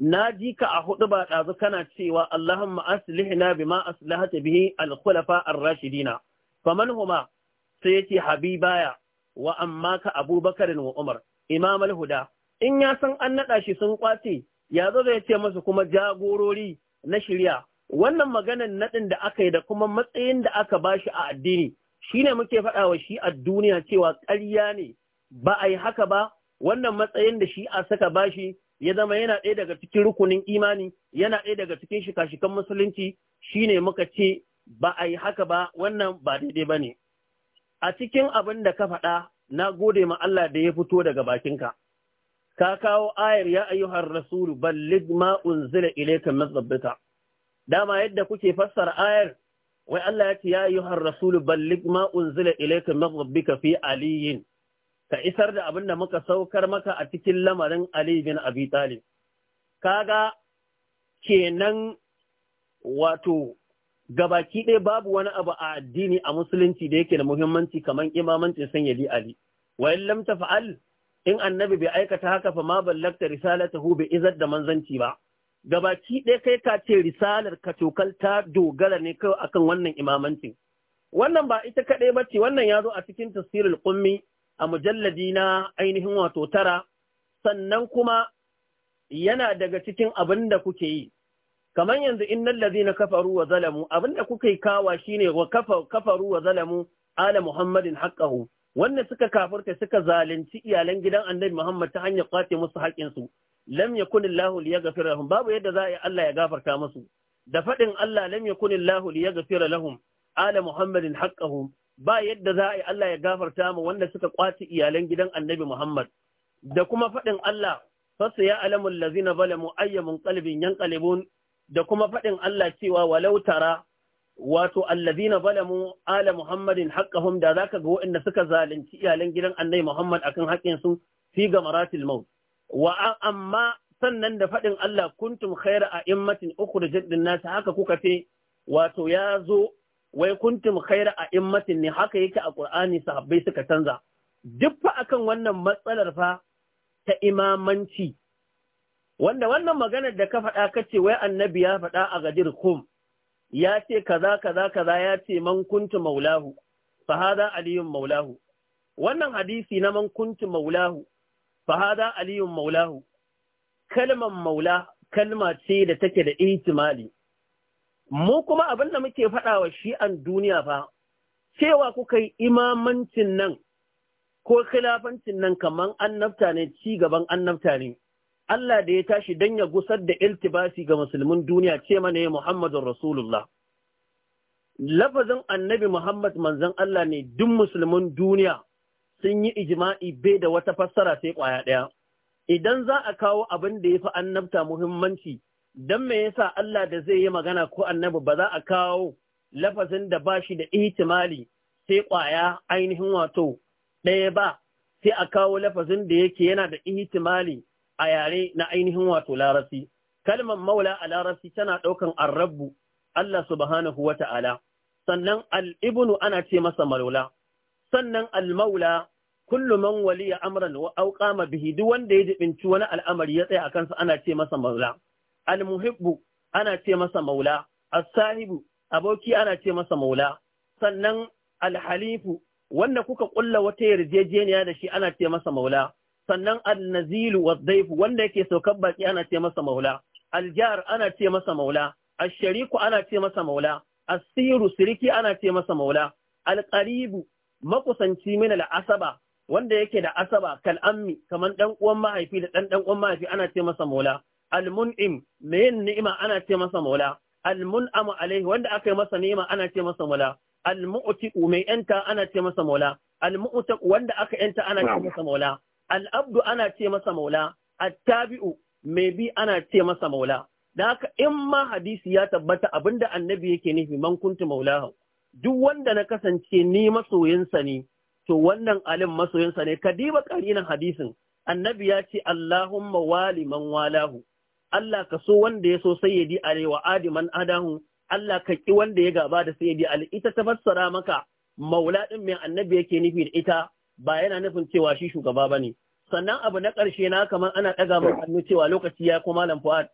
Na ji ka a huɗu ba ɗazu kana cewa Allahumma aslihna bima aslahata bihi al-khulafa ar-rashidina. Faman huma sai ya yace habibaya wa amma ka abubakar wa umar imam al-huda in ya san an naɗa shi sun kwace ya zo zai ce masa kuma jagorori na shirya wannan maganan naɗin da aka yi da kuma matsayin da aka ba shi a addini shine muke faɗa wa shi a duniya cewa ƙarya ne ba a yi haka ba wannan matsayin da shi a saka ba shi ya zama yana ɗaya daga cikin rukunin imani yana ɗaya daga cikin shika-shikan musulunci shine muka ce ba a yi haka ba wannan ba daidai ba ne. a cikin abin da ka faɗa na gode ma Allah da ya fito daga bakinka. Ka kawo ayar ya ayyuhar rasulu ballig ma unzila ilayka min Dama yadda kuke fassara ayar wai Allah ya ce ya ayyuhar rasulu ballig ma unzila ilayka min fi aliyin. Ka isar da abin da muka saukar maka a cikin lamarin Ali bin Abi Talib. Kaga kenan wato gabaki ɗaya babu wani abu a addini a musulunci da yake da muhimmanci kamar imamancin sanya li ali wa in lam tafa'al in annabi bai aikata haka fa ma ballagta risalatahu bi Izad da manzanci ba gabaki ɗaya kai ka ce risalar ka tokal ta dogara ne kawai akan wannan imamancin wannan ba ita kaɗai ba ce wannan ya zo a cikin tafsirul qummi a mujalladi na ainihin wato tara sannan kuma yana daga cikin abin da kuke yi kamar yanzu innal ladhina kafaru wa zalamu abinda kuka yi kawa shine wa kafaru wa zalamu ala muhammadin haqqahu Wannan suka kafirta suka zalunci iyalan gidan annabi muhammad ta hanyar kwace musu haƙƙin su lam yakun allah liyaghfir lahum babu yadda za a yi allah ya gafarta musu da faɗin allah lam yakun allah liyaghfir lahum ala muhammadin haqqahu ba yadda za a yi allah ya gafarta mu wanda suka kwace iyalan gidan annabi muhammad da kuma faɗin allah fasu ya alamul lazina zalamu ayyamun qalbin yanqalibun da kuma faɗin Allah cewa walau tara wato allazina zalamu ala muhammadin haqqahum da zaka ga waɗanda suka zalunci iyalan gidan annabi muhammad akan haƙƙin su fi gamaratil maut wa amma sannan da faɗin Allah kuntum khayra a'immatin ukhrijat lin-nas haka kuka ce wato ya zo wai kuntum khayra immatin ne haka yake a ƙur'ani sahabbai suka canza duk fa akan wannan matsalar fa ta imamanci wanda wannan maganar da ka faɗa ka ce wai annabi ya faɗa a gajir kum ya ce kaza kaza kaza ya ce man kuntu maulahu fa aliyun maulahu wannan hadisi na man kuntu maulahu fa aliyun maulahu kalman maula kalma ce da take da ihtimali mu kuma abin da muke faɗa wa an duniya fa cewa kuka yi imamancin nan ko khilafancin nan kamar annabta ne ci gaban annabta ne Allah da ya tashi don ya gusar da iltibasi ga musulmin duniya ce mana ya Muhammadun Rasulullah lafazin annabi Muhammad manzon Allah ne duk musulmin duniya sun yi ijima'i bai da wata fassara sai kwaya ɗaya. Idan za a kawo abin da ya fi annabta muhimmanci, don me yasa Allah da zai yi magana ko annabi ba za a kawo lafazin da ba shi da ihtimali sai kwaya ainihin wato ɗaya ba, sai a kawo lafazin da yake yana da ihtimali a yare na ainihin wato larabci kalmar maula a larabci tana ɗaukan arrabu Allah subhanahu wa ta'ala sannan al'ibnu ana ce masa maula sannan al'Maula, maula waliya amran wa auqama bihi duk wanda ya jibinci wani al'amari ya tsaya a ana ce masa maula al-muhibbu ana ce masa maula as aboki ana ce masa maula sannan al-halifu wanda kuka ƙulla wata yarjejeniya da shi ana ce masa maula sannan annazilu waddaifu wanda yake saukar baki ana ce masa maula aljar ana ce masa maula ashariku ana ce masa maula asiru siriki ana ce masa maula Alkaribu makusanci min Asaba wanda yake da asaba kal ammi kaman dan uwan mahaifi da dan dan uwan mahaifi ana ce masa maula almun'im mai ni'ma ana ce masa maula almun'amu alai wanda aka yi masa nima ana ce masa maula almu'tiqu mai yanta ana ce masa maula almu'taq wanda aka yanta ana ce masa maula al'abdu ana ce masa maula, attabi'u mai bi ana ce masa maula. Da haka in ma hadisi ya tabbata abinda annabi yake nufi man maula maulahu. Duk wanda na kasance ni masoyinsa ne, to wannan alin masoyinsa ne, ka diba ƙarinan hadisin, annabi ya ce Allahumma wali man walahu. Allah ka so wanda ya so sayyidi alewa adiman adahu, Allah ka ƙi wanda ya gaba da sayyadi ali ita ta fassara maka maula ɗin mai annabi yake nufi da ita ba yana nufin cewa shi shugaba ba ne. Sannan abu na ƙarshe na kamar ana ɗaga min hannu cewa lokaci ya kuma malam Fuad.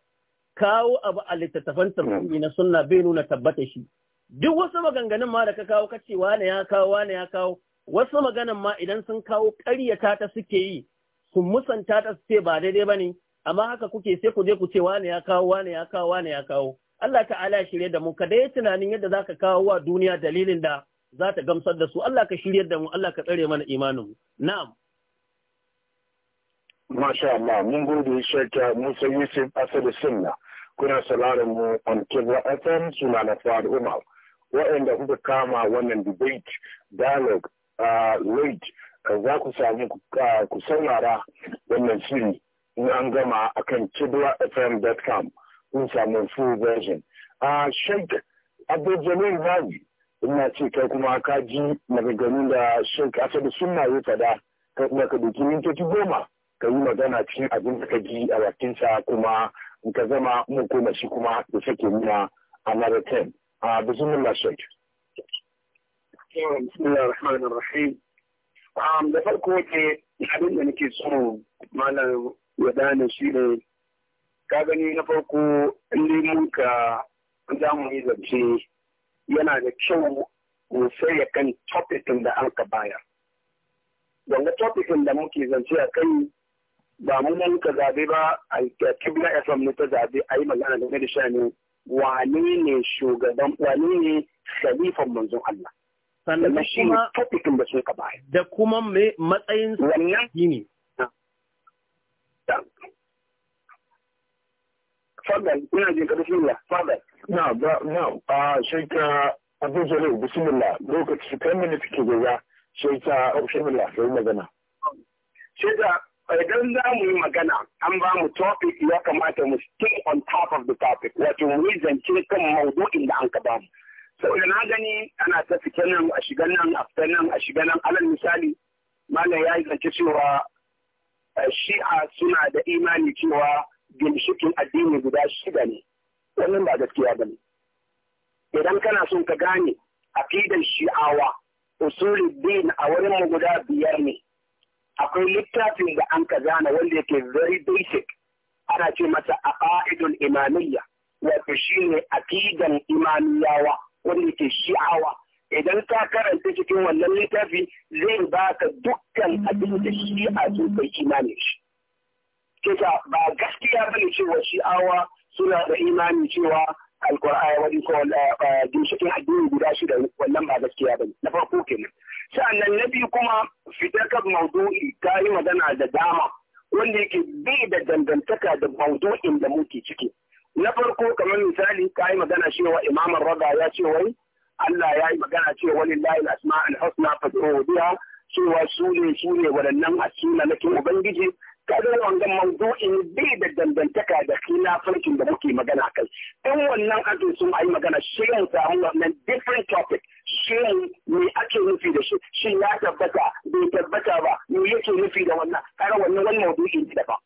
Kawo abu a littattafan tafsiri na sunna bai nuna tabbata shi. Duk wasu maganganun ma da ka kawo ka wane ya kawo wane ya kawo. Wasu maganan ma idan sun kawo ƙaryata ta suke yi su musanta ta su ce ba daidai ba ne. Amma haka kuke sai ku je ku ce wane ya kawo wane ya kawo wane ya kawo. Allah ta'ala shirye da mu ka dai tunanin yadda za ka kawo wa duniya dalilin da za ta gamsar da su Allah ka shiryar da mu Allah ka tsare mana imanin mu na'am Masha Allah, mun gode shakka Musa Yusuf Asadu Sunna, kuna salarin mu on Kibra FM suna na Fuad Umar. Waɗanda kuka kama wannan debate, dialogue, uh, late, za ku samu ku saurara wannan shiri in an gama akan kiblafm.com kun samu full version. Uh, Sheikh Abdul Jamil ina ce kai kuma ka ji maganganun da shek asadu sunna ya fada ka kuma ka doki mintoci goma ka yi magana cikin abin da ka ji a bakinsa kuma ka zama mun koma shi kuma da sake nuna another ten a ah, bismillah shek um, da farko ke abin da nake so malam ya dana shi ne ka gani na farko in mun ka za mu yi zance yana da kyau musai ya kan topikin da an ka bayar. Wanda topikin da muke zance a kai ba mu nan ka zabe ba a kibla FM ne ta zabe a yi magana game da shani wane ne shugaban wane ne shalifan manzon Allah. Sannan shi topikin da suka bayar. Da kuma matsayin sa ne. Fadal, ina je ka bismillah, fadal. Na, ba, na, a shaika uh, Abu Jalil, bismillah, lokaci su kai mini take goza, shaika uh, bismillah, kai magana. Shaika, uh, idan za mu yi magana, an ba mu topic ya kamata mu stay on top of the topic, wato mu yi zance kan maudu'in da an ka bamu. Saboda na gani ana ta fita nan a shiga nan a fita nan a shiga nan alal misali malam ya yi zance cewa shi'a suna da imani cewa ginshikin addini guda shida ne wannan ba gaskiya ba ne idan kana son ka gane a fidan shi'awa usuli din a wurin mu guda biyar ne akwai littafin da an ka gane wanda yake very basic ana ce masa a ƙa'idun imaniyya, wato shine fidan imaniyawa wanda yake shi'awa idan ka karanta cikin wannan littafi zai baka dukkan abin da shi'a a kai imani shi kisa ba gaskiya bane cewa shi'awa suna da imani cewa alkur'ani wani ko eh, eh, ginshikin addini guda shida wannan ba gaskiya ne, na farko kenan sa'annan na biyu kuma fitar kan maudu'i ta yi magana da dama wanda yake bai da dangantaka da maudu'in da muke ciki na farko kamar misali ta yi magana cewa imamar Raga ya ce wai Allah ya yi magana cewa wani layin asma al-husna fad'u biha cewa su ne su ne waɗannan asuna na ubangiji kaga wannan mawdu'in bai da dangantaka da khilafancin da muke magana kai in wannan ajin sun ayi magana shi mu samu wannan different topic shi me ake nufi da shi shi ya tabbata bai tabbata ba me yake nufi da wannan kaga wannan wannan mawdu'in daban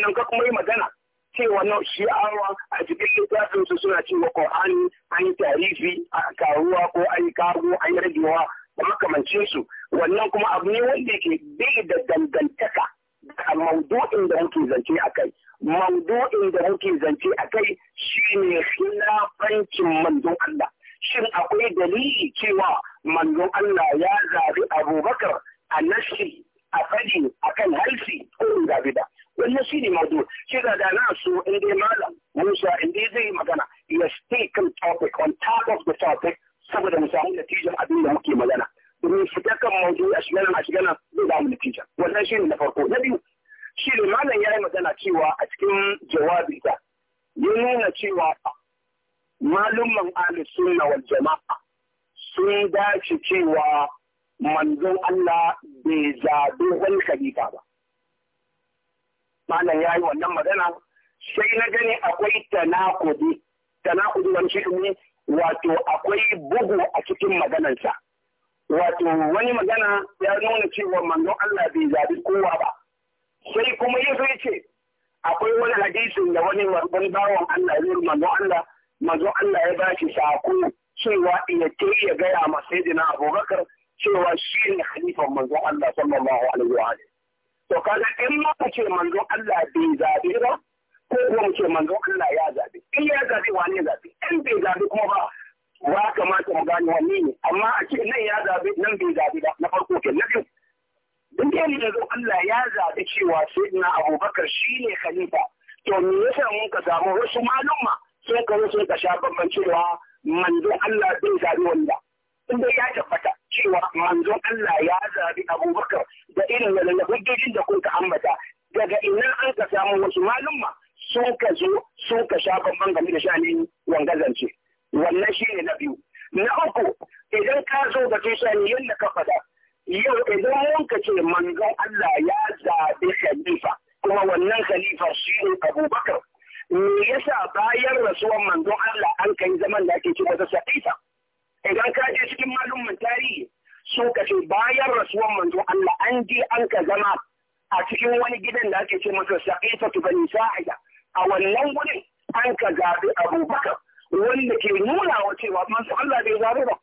nan ka kuma yi magana cewa na shi'awa a cikin littafin su suna cewa Qur'ani an yi tarifi a karuwa ko an yi kago an yi ragewa da makamancin su wannan kuma abu ne wanda yake bai da dangantaka da maudu'in da muke zance a kai. Maudu'in da muke zance a kai shine ne khilafancin manzon Allah. Shin akwai dalili cewa manzon Allah ya zabi Abubakar a nashi a fadi a kan halsi ko in zabi da. Wannan shi ne maudu. Shi da da na so in dai malam Musa in dai zai magana ya stay kan topic on top of the topic saboda mu samu natijan abin da muke magana. mu shiga kan maudu a shiga a shiga nan zai ba mu wannan shi ne na farko na biyu shi ne malam ya yi magana cewa a cikin jawabinsa ya nuna cewa malumman ahli sunna wal jama'a sun dace cewa manzon Allah bai zaɓi wani khalifa ba malam ya yi wannan magana sai na gani akwai tanakudi tanakudi wani shi ne wato akwai bugu a cikin maganansa wato wani magana ya nuna cewa manzon Allah bai zabi kowa ba sai kuma yazo ce akwai wani hadisin da wani wani bawan Allah ya manzon Allah manzon Allah ya ba shi sako cewa ya ce ya ya ma sayyidina Abubakar cewa shi ne halifan manzon Allah sallallahu alaihi wa alihi to kaga in ma ce manzon Allah bai zabi ba ko kuma mu ce manzon Allah ya zabi in ya zabi wani ya zabe in bai zabi kuma ba ba kamata mu gane wani ne amma a ce nan ya zabe nan bai zabe ba na farko ke na biyu duk ni yanzu Allah ya zabe cewa sayyidina Abubakar shine khalifa to me yasa mun ka samu wasu malumma sun ka zo sun ka sha bamban cewa manzo Allah bai zabe wanda inda ya tabbata cewa manzo Allah ya zabi Abubakar da irin wannan hujjojin da kun ka ambata daga ina an ka samu wasu malumma sun ka zo sun ka sha bamban game da shani wangazance wannan shi ne na biyu na uku idan ka zo ga tushen yadda ka fada yau idan mun ka ce manzon Allah ya zaɓi khalifa kuma wannan khalifa shi ne abubakar me yasa bayan rasuwan manzon Allah an kai zaman da ake ce wata sa'ifa idan ka je cikin malumin tarihi su ka ce bayan rasuwan manzon Allah an je an ka zama a cikin wani gidan da ake ce masa sa'ifa tu bani sa'ida a wannan wurin an ka zaɓi abubakar wanda ke nuna wa cewa manzo Allah bai zaro ba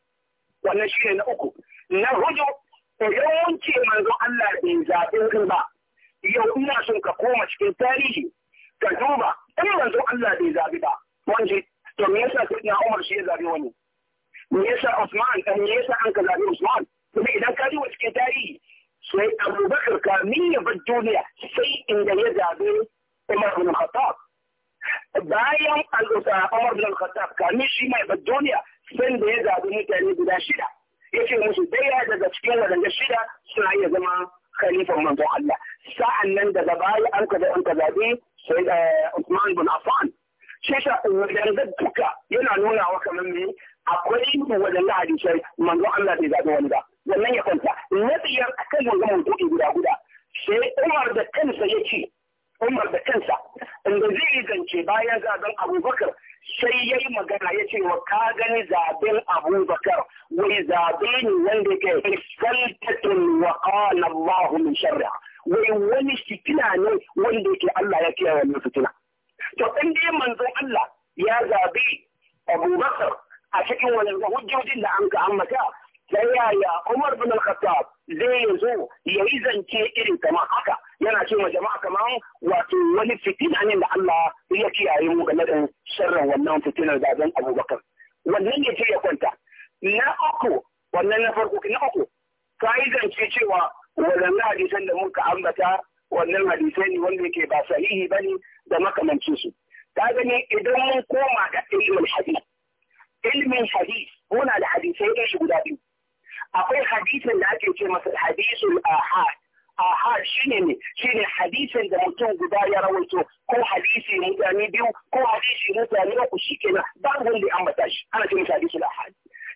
wannan shine na uku na hudu idan wanke manzo Allah bai zaɓi wurin ba yau ina son ka koma cikin tarihi ka duba in manzo Allah bai zaɓi ba wanje to me yasa sai na Umar shi ya zaɓi wani me yasa Usman dan eh, me yasa an ka zaɓi Usman kuma idan ka duba cikin tarihi sai Abu Bakar kamin ya bar duniya sai inda ya zaɓi Umar bin Khattab bayan Umar bin Khattab kamin shi mai duniya sai da ya zaɓi mutane guda shida yake musu daya daga cikin waɗanda shida suna iya zama khalifan manzon Allah sa'an nan daga baya an kaza an kaza bi sai da eh, Uthman bin Affan shi sa waɗanda duka yana nuna wa kamar me akwai waɗanda hadisai manzon Allah bai zaɓi wani ba wannan ya kwanta na biyar akan wannan mutum guda guda sai Umar da kansa ya Umar da kansa inda zai zance bayan zaben Abubakar sai ya yi magana ya ce wa ka gani zaben Abubakar wai zabe ne wanda yake saltatun wa qala Allahu min sharri wai wani fitina ne wanda ke Allah ya kiyaye wannan fitina to in dai manzon Allah ya zaɓi Abubakar a cikin wannan hujjojin da an ka ambata ta yaya Umar bin Al-Khattab zai zo ya yi zance irin kamar haka yana ce ma jama'a kamar wato wani fitina ne da Allah ya kiyaye mu game da sharrin wannan fitinar zaben Abubakar wannan ne ce ya kwanta na uku wannan na farko na uku kai zance cewa wannan hadisan da muka ambata wannan hadisai ne wanda yake ba sahihi bane da makamancin su ka gani idan mun koma ga ilmin hadisi, ilmin hadisi muna da hadisai ɗaya guda biyu akwai hadisin da ake ce masa hadisul ahad aha shine ne shine hadisin da mutum guda ya rawaito ko hadisi mutane biyu ko hadisi mutane uku shikenan babu wanda ya ambata shi ana ce masa hadisul ahad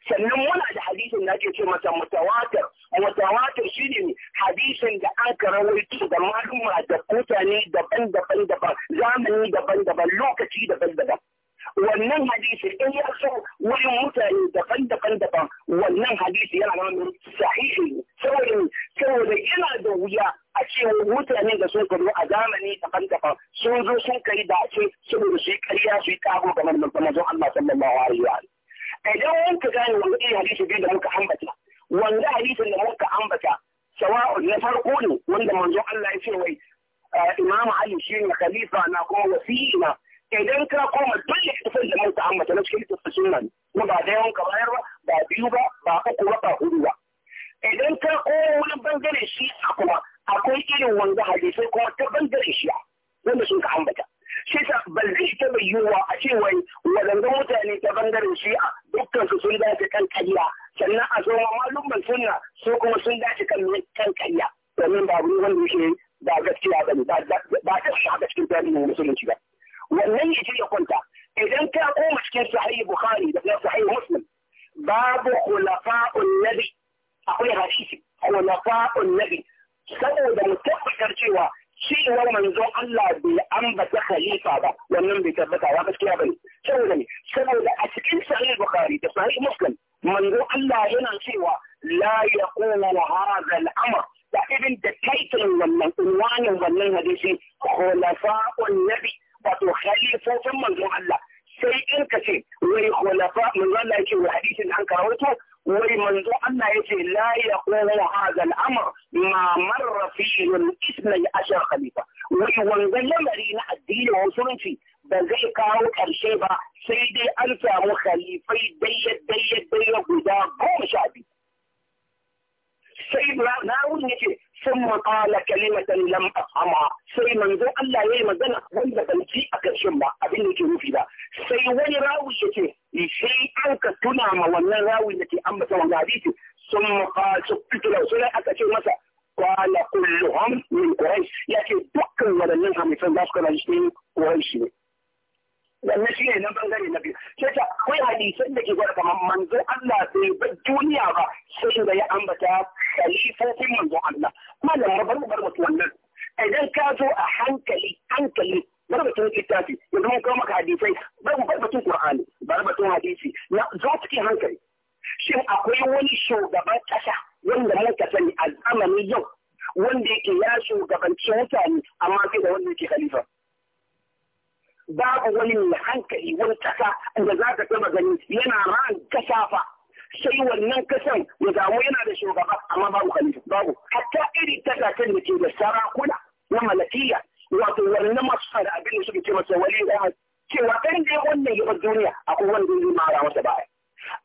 sannan muna da hadisin da ake ce masa mutawatir mutawatir shine ne hadisin da an rawaito da maluma da mutane daban-daban daban zamani daban-daban lokaci daban-daban wannan hadisi in ya so wurin mutane daban-daban daban wannan hadisi yana nan sahihi saboda saboda yana da wuya a cewa mutane da sun karu a zamani daban-daban sun zo sun kai dace saboda su yi ƙarya su yi kago ga manzon Allah sallallahu alaihi wa idan mun ka gane wani irin hadisi biyu da muka ambata wanda hadisin da muka ambata sawa'un na farko ne wanda manzon Allah ya ce wai ah, Imam Ali shi ne khalifa na kuma Wasi'ina. idan ka koma dole ka san da manta amma na cikin littafin sunna ne ba da yawan ka bayar ba ba biyu ba ba uku ba ba hudu ba idan ka koma wani bangare shi a kuma akwai irin wanda hadisai kuma ta bangare shi wanda sun ka ambata shi ta ban zai ta bai yiwuwa a ce wai wadanda mutane ta bangaren shi'a dukkan su sun dace kan kariya sannan a zoma malumman sunna su kuma sun dace kan kan kariya domin ba wani wanda yake ba gaskiya ba ne ba ta shi cikin tarihin musulunci ba wannan ya je kwanta idan ka koma cikin sahih bukhari da sahih muslim babu khulafa'un nabi akwai hadisi khulafa'un nabi saboda mu tabbatar cewa cewa manzon Allah bai ambata khalifa ba wannan bai tabbata ba gaskiya bane saboda ne saboda a cikin sahih bukhari da sahih muslim manzon Allah yana cewa la yaqulu hadha al-amr da irin da title wannan unwanin wannan hadisi khulafa'un nabi wato khalifofin manzon Allah sai in ka ce wai khulafa manzon Allah yake wa hadisin an karawato wai manzo Allah yake la yaqumu hadha al-amr ma marra fihi al-ithnay ashar khalifa wai wanzan lamari na addini wa musulunci ba zai kawo karshe ba sai dai an samu khalifai dayyad dayyad dayyad guda goma sha biyu sai na wurin yake Sun قال كلمة لم أفهمها sai manzo Allah ya yi magana wanda ban ci a ƙarshen ba abin da ke rufi ba sai wani rawi ya ce eh, sai an ka tuna ma wannan rawi da ke ambata wanga hadisi sun mafasu fitilau sai aka ce masa kwala kulluhum min quraish ya ce dukkan waɗannan hamisan za su kana cikin quraish ne wannan shi ne na bangare na biyu sai ta akwai hadisan da ke gwada kamar manzo Allah bai bar duniya ba sai da ya ambata khalifofin manzo Allah malam mu bar mutu wannan idan ka zo a hankali hankali bar batun littafi kawo maka hadisai bar mu batun Qur'ani bar batun hadisi na zo cikin hankali shin akwai wani shugaban kasa wanda muka sani a zamanin yau wanda yake ya shugabanci mutane amma sai da wanda yake khalifa babu wani mai hankali wani kasa da za ka taba gani yana ran kasafa sai wannan kasan ya damu yana da shugaba amma babu khalifa babu hatta iri kasashen da ke da sarakuna na malakiya wato wannan masu da abin da suke ce masa wali ahad cewa kan da wannan ya duniya akwai wanda zai mara masa baya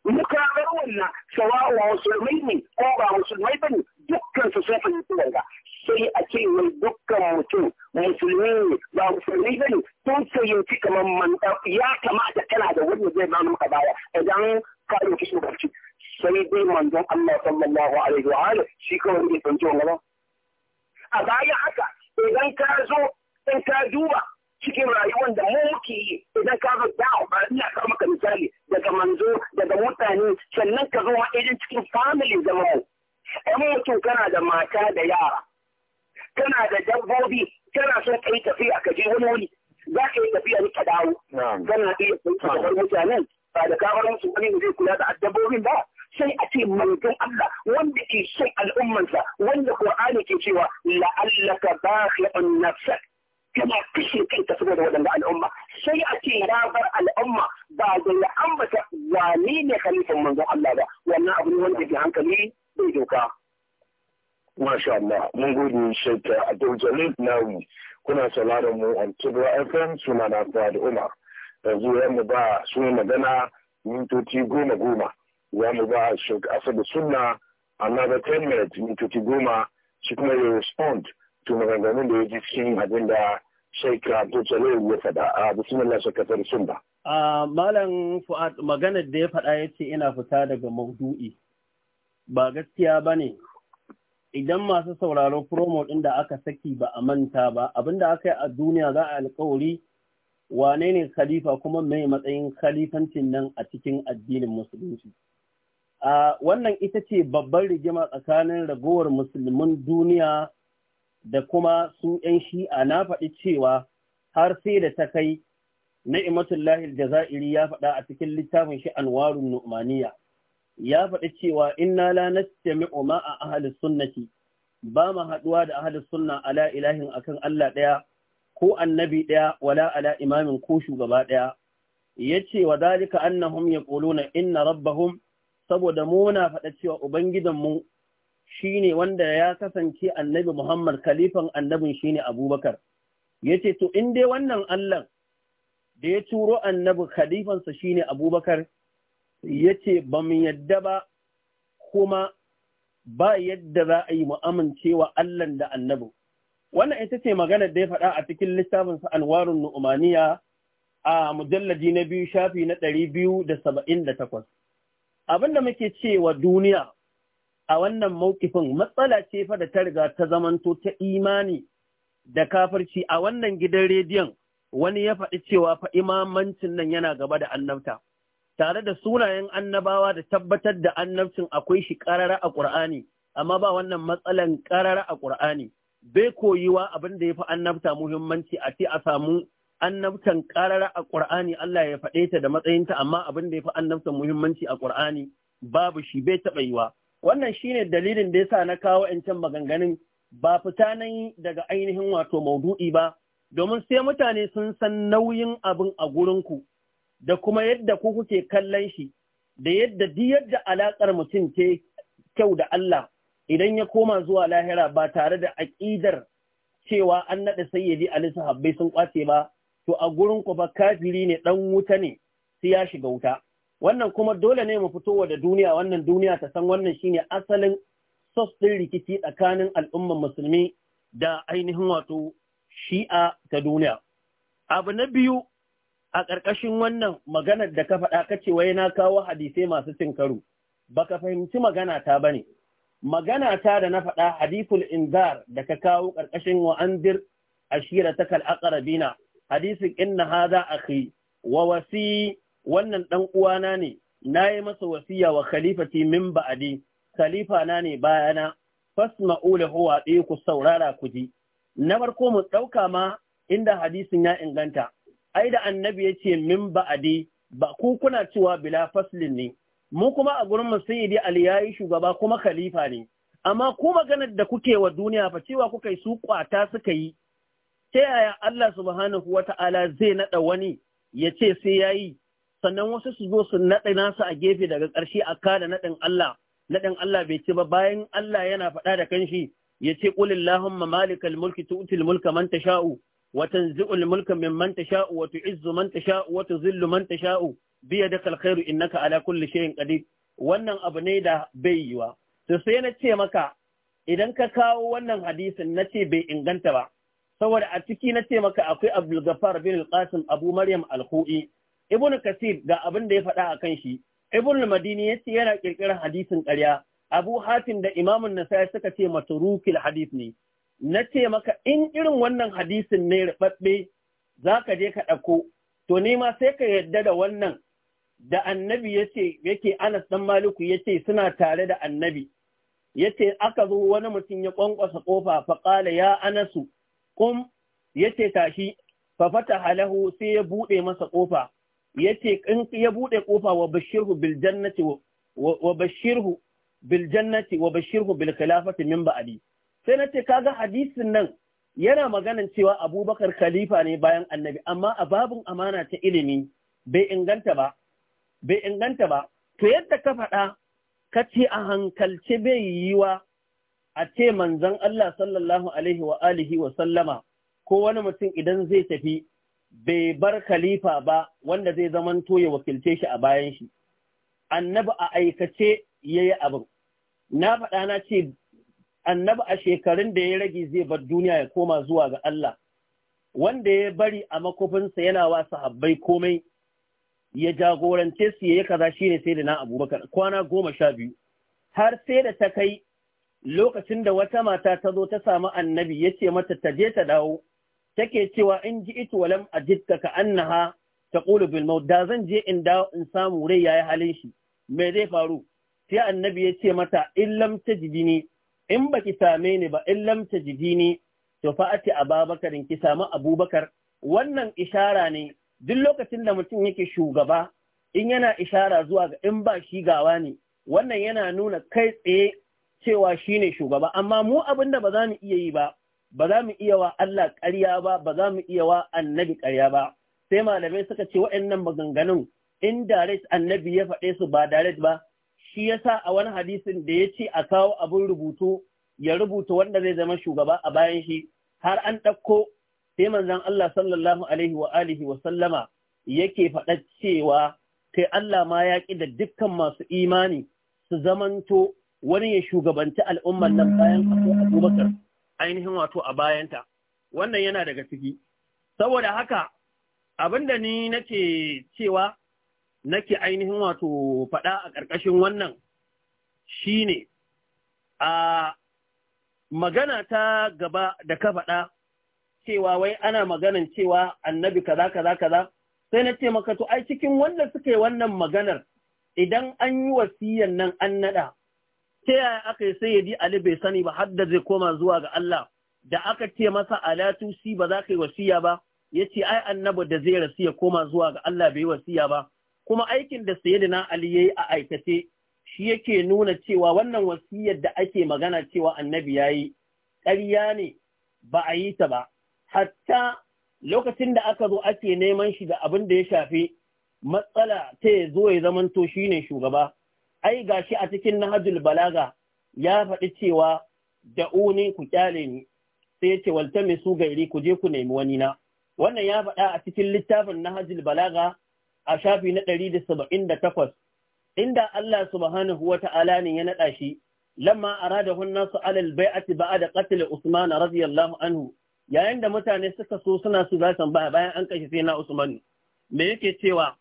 mukarar wannan sawa'u musulmai ne ko ba musulmai bane dukkan su sun fahimci wanga sai a ce wai dukkan mutum musulmi ne ba musulmi ba ne tun fahimci kamar ya kamata kana da wanda zai ba maka baya idan ka ɗauki barci. sai dai manzon Allah sallallahu alaihi wa alihi shi kawai ne fahimci wannan ba a baya haka idan ka zo in ka duba cikin rayuwar da mu muke yi idan ka zo da ba ina ka maka misali daga manzo daga mutane sannan ka zo ma irin cikin family zama mu ɗan mutum kana da mata da yara kana da dabbobi kana son kai tafiya ka je wani wani za ka yi tafiya ne ka dawo kana iya kai ka bar ba da kamar musu wani zai kula da dabbobin ba sai a ce manzon Allah wanda ke shan al'ummansa wanda Qur'ani ke cewa la'allaka bakhi'un nafsak kana kashe kanka saboda waɗanda al'umma sai a ce ya bar al'umma ba da ya ambata wane ne khalifan manzon Allah ba wannan abu ne wanda ke hankali bai doka Masha Allah, mun gode Sheikh a Jalil Nawi. Kuna sauraron mu on Kibra FM suna na da Umar. Yanzu ya mu ba su magana mintoci goma goma. Ya mu ba asa da Sunna another 10 minutes mintoci goma shi kuma ya respond to maganganun da ya ji cikin abinda da Sheikh Abdul Jalil ya faɗa. A ah, bismillah Sheikh suna. Ah, Malam Fuad maganar da ya faɗa ya ce ina fita daga maudu'i. Ba gaskiya ba ne, idan masu sauraro promo ɗin da aka saki ba a manta ba abinda aka yi a duniya za a alkawari wane ne khalifa kuma mai matsayin khalifancin nan a cikin addinin musulunci a wannan ita ce babbar rigima tsakanin ragowar musulmin duniya da kuma su 'yan shi'a na faɗi cewa har sai da ta kai na'imatullahi jazairi ya faɗa a cikin littafin shi anwarun nu'maniya ya faɗi cewa inna la nastami'u ma a ahli sunnati ba mu haɗuwa da ahli sunna ala ilahin akan Allah ɗaya ko annabi ɗaya wala ala imamin ko shugaba ɗaya yace wa dalika annahum yaquluna inna rabbahum saboda mu na faɗa cewa ubangidan mu shine wanda ya kasance annabi Muhammad khalifan annabin shine Abubakar yace to in dai wannan Allah da ya turo annabi khalifansa shine Abubakar ya ce ba mu yadda ba kuma ba yadda za a yi mu amincewa Allah da annabi. Wannan ita ce magana da ya faɗa a cikin sa alwarun nu'umaniya a mujallaji na biyu shafi na ɗari biyu da saba'in da takwas. Abin da muke cewa duniya a wannan mawkifin matsala ce fa da ta riga ta zamanto ta imani da kafirci a wannan gidan rediyon wani ya faɗi cewa fa imamancin nan yana gaba da annabta. tare da sunayen annabawa da tabbatar da annabcin akwai shi ƙarara a ƙur'ani amma ba wannan matsalan ƙarara a ƙur'ani bai koyiwa abin da ya fi annabta muhimmanci a ce a samu annabtan ƙarara a ƙur'ani Allah ya faɗe ta da matsayinta amma abin da ya fi annabtan muhimmanci a ƙur'ani babu shi bai taɓa yiwa wannan shine dalilin da ya sa na kawo yancan maganganun ba fita nan daga ainihin wato maudu'i ba domin sai mutane sun san nauyin abin a gurinku da kuma yadda ku kuke kallon shi da yadda duk yadda alaƙar mutum ce kyau da Allah idan ya koma zuwa lahira ba tare da aƙidar cewa an naɗa sayyidi Ali sahabbai sun kwace ba to a gurin ku ba kafiri ne ɗan wuta ne sai ya shiga wuta wannan kuma dole ne mu fitowa da duniya wannan duniya ta san wannan shine asalin sos ɗin rikici tsakanin al'umman musulmi da ainihin wato shi'a ta duniya abu na biyu a ƙarƙashin wannan maganar da ka faɗa ka ce wai na kawo hadisai masu cin baka fahimci magana ta bane magana ta da na faɗa hadithul inzar da ka kawo ƙarƙashin wa ta ashiratakal aqrabina hadisin inna hadha akhi wa wasi wannan dan uwana ne nayi masa wasiya wa khalifati min ba'di khalifa na ne bayana fasma'u lahu wa ku saurara ku ji na farko mu dauka ma inda hadisin ya inganta ai da annabi yace min ba'adi ba ku kuna cewa bila faslin ne mu kuma a gurin musayyidi ali yayi shugaba kuma khalifa ne amma ku maganar da kuke wa duniya fa cewa kuka yi su kwata suka yi ta yaya Allah subhanahu wata'ala zai nada wani ya ce sai yayi sannan wasu su zo su nada nasu a gefe daga ƙarshe a kada nadin Allah nadin Allah bai ci ba bayan Allah yana faɗa da kanshi ya ce qul malikal mulki tu'til mulka man tasha'u وتنزع الملك ممن تشاء وتعز من تشاء وتذل من تشاء بيدك الخير ka على كل شيء قدير wannan abu ne da bai yiwa to sai na ce maka idan ka kawo wannan hadisin na ce bai inganta ba saboda a ciki na ce maka akwai Abdul Ghaffar bin qasim Abu Maryam Al-Khu'i Ibn Kasir ga abin da ya faɗa akan shi Ibn Madini ce yana ƙirƙirar hadisin ƙarya Abu Hatim da imamin An-Nasa'i suka ce maturukil hadis ne na ce maka in irin wannan hadisin ne rubabbe za ka je ka ɗauko to ne ma sai ka yadda da wannan da annabi ya ce yake anas dan maliku ya ce suna tare da annabi ya ce aka zo wani mutum ya ƙwanƙwasa ƙofa faƙala ya anasu kum ya ce tashi fafata halahu sai ya buɗe masa ƙofa ya ce in ya buɗe ƙofa wa bashirhu bil jannati wa bashirhu bil jannati wa bashirhu bil min ba'di sai na ce kaga hadisin nan yana maganan cewa abubakar khalifa ne bayan annabi amma a babin amana ta ilimi bai inganta ba bai inganta ba to yadda ka faɗa ka ce a hankalce bai wa a ce manzon Allah sallallahu alaihi wa alihi wa sallama ko wani mutum idan zai tafi bai bar khalifa ba wanda zai zamanto ya wakilce shi a bayan shi annabi a aikace yayi abin na faɗa na ce annabi a shekarun da ya rage zai bar duniya ya koma zuwa ga Allah wanda ya bari a makofinsa yana wa sahabbai komai ya jagorance su yi kaza ne sai da na Abubakar kwana goma sha biyu har sai da ta kai lokacin da wata mata ta zo ta samu annabi ya ce mata ta je ta dawo take cewa in ji ita walam jitta ka annaha ta ƙulu bilmau da zan je in dawo in samu rai ya yi halin shi me zai faru sai annabi ya ce mata in lam ne. in ba ki same ni ba in lam ni to fa ati Babakarin ki samu abubakar wannan ishara ne duk lokacin da mutum yake shugaba in yana ishara zuwa ga in ba shi gawa ne wannan yana nuna kai tsaye cewa shi ne shugaba amma mu abin da ba za mu iya yi ba ba za mu iya wa Allah ƙarya ba ba za mu iya wa annabi ƙarya ba sai malamai suka ce waɗannan maganganun in direct annabi ya faɗe su ba direct ba shi yasa a wani hadisin da ya ce a kawo abin rubutu ya rubuta wanda zai zama shugaba a bayan shi har an ɗauko sai manzon Allah sallallahu alaihi wa alihi wa sallama yake faɗa cewa kai Allah ma ya ƙi da dukkan masu imani su zamanto wani ya shugabanci al'ummar nan bayan Abubakar ainihin wato a bayanta wannan yana daga ciki saboda haka abin da ni nake cewa nake ainihin wato faɗa a ƙarƙashin wannan shine a magana ta gaba da ka faɗa cewa wai ana maganan cewa annabi kaza kaza kaza sai na ce maka to ai cikin wanda suka yi wannan maganar idan an yi wasiyan nan an naɗa ta yaya aka yi sai ya di Ali bai sani ba har zai koma zuwa ga Allah da aka ce masa alatusi si ba za ka yi wasiya ba ya ce ai annabi da zai rasu ya koma zuwa ga Allah bai wasiya ba kuma aikin da na Ali yayi a aikace shi yake nuna cewa wannan wasiyar da ake magana cewa annabi ya yi, ƙarya ne ba a yi ta ba hatta lokacin da aka zo ake neman shi da abin da ya shafi matsala ta ya zo ya zamanto shine shugaba ai gashi a cikin nahajul balaga ya faɗi cewa da uni ku kyale ni sai ya ce waltamisu gairi ku je ku nemi wani na wannan ya faɗa a cikin littafin nahajul balaga a shafi na ɗari da saba'in da takwas inda Allah subhanahu wa ta'ala ne ya naɗa shi lamma hunna su alal bai'ati da qatl Usman radiyallahu anhu yayin da mutane suka so suna su za baya bayan an kashe sai na Usman me yake cewa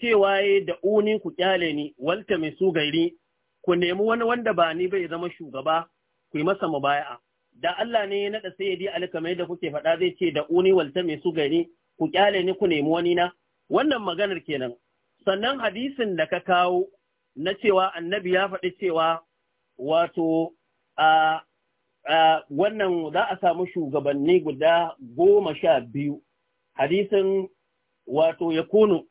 cewa ya da uni ku kyale ni walta mai su gari. ku nemi wani wanda ba ni bai zama shugaba ku yi masa mubaya'a da Allah ne ya naɗa sai ya Ali kamar da kuke faɗa zai ce da uni walta mai su gari, ku kyale ni ku nemi wani na wannan maganar kenan sannan hadisin da ka kawo na cewa annabi ya faɗi cewa wato a wannan za a samu shugabanni guda goma sha biyu hadisin wato ya kunu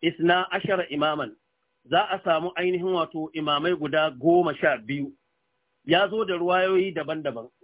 isna ashara imaman za a samu ainihin wato imamai guda goma sha biyu ya zo da ruwayoyi daban-daban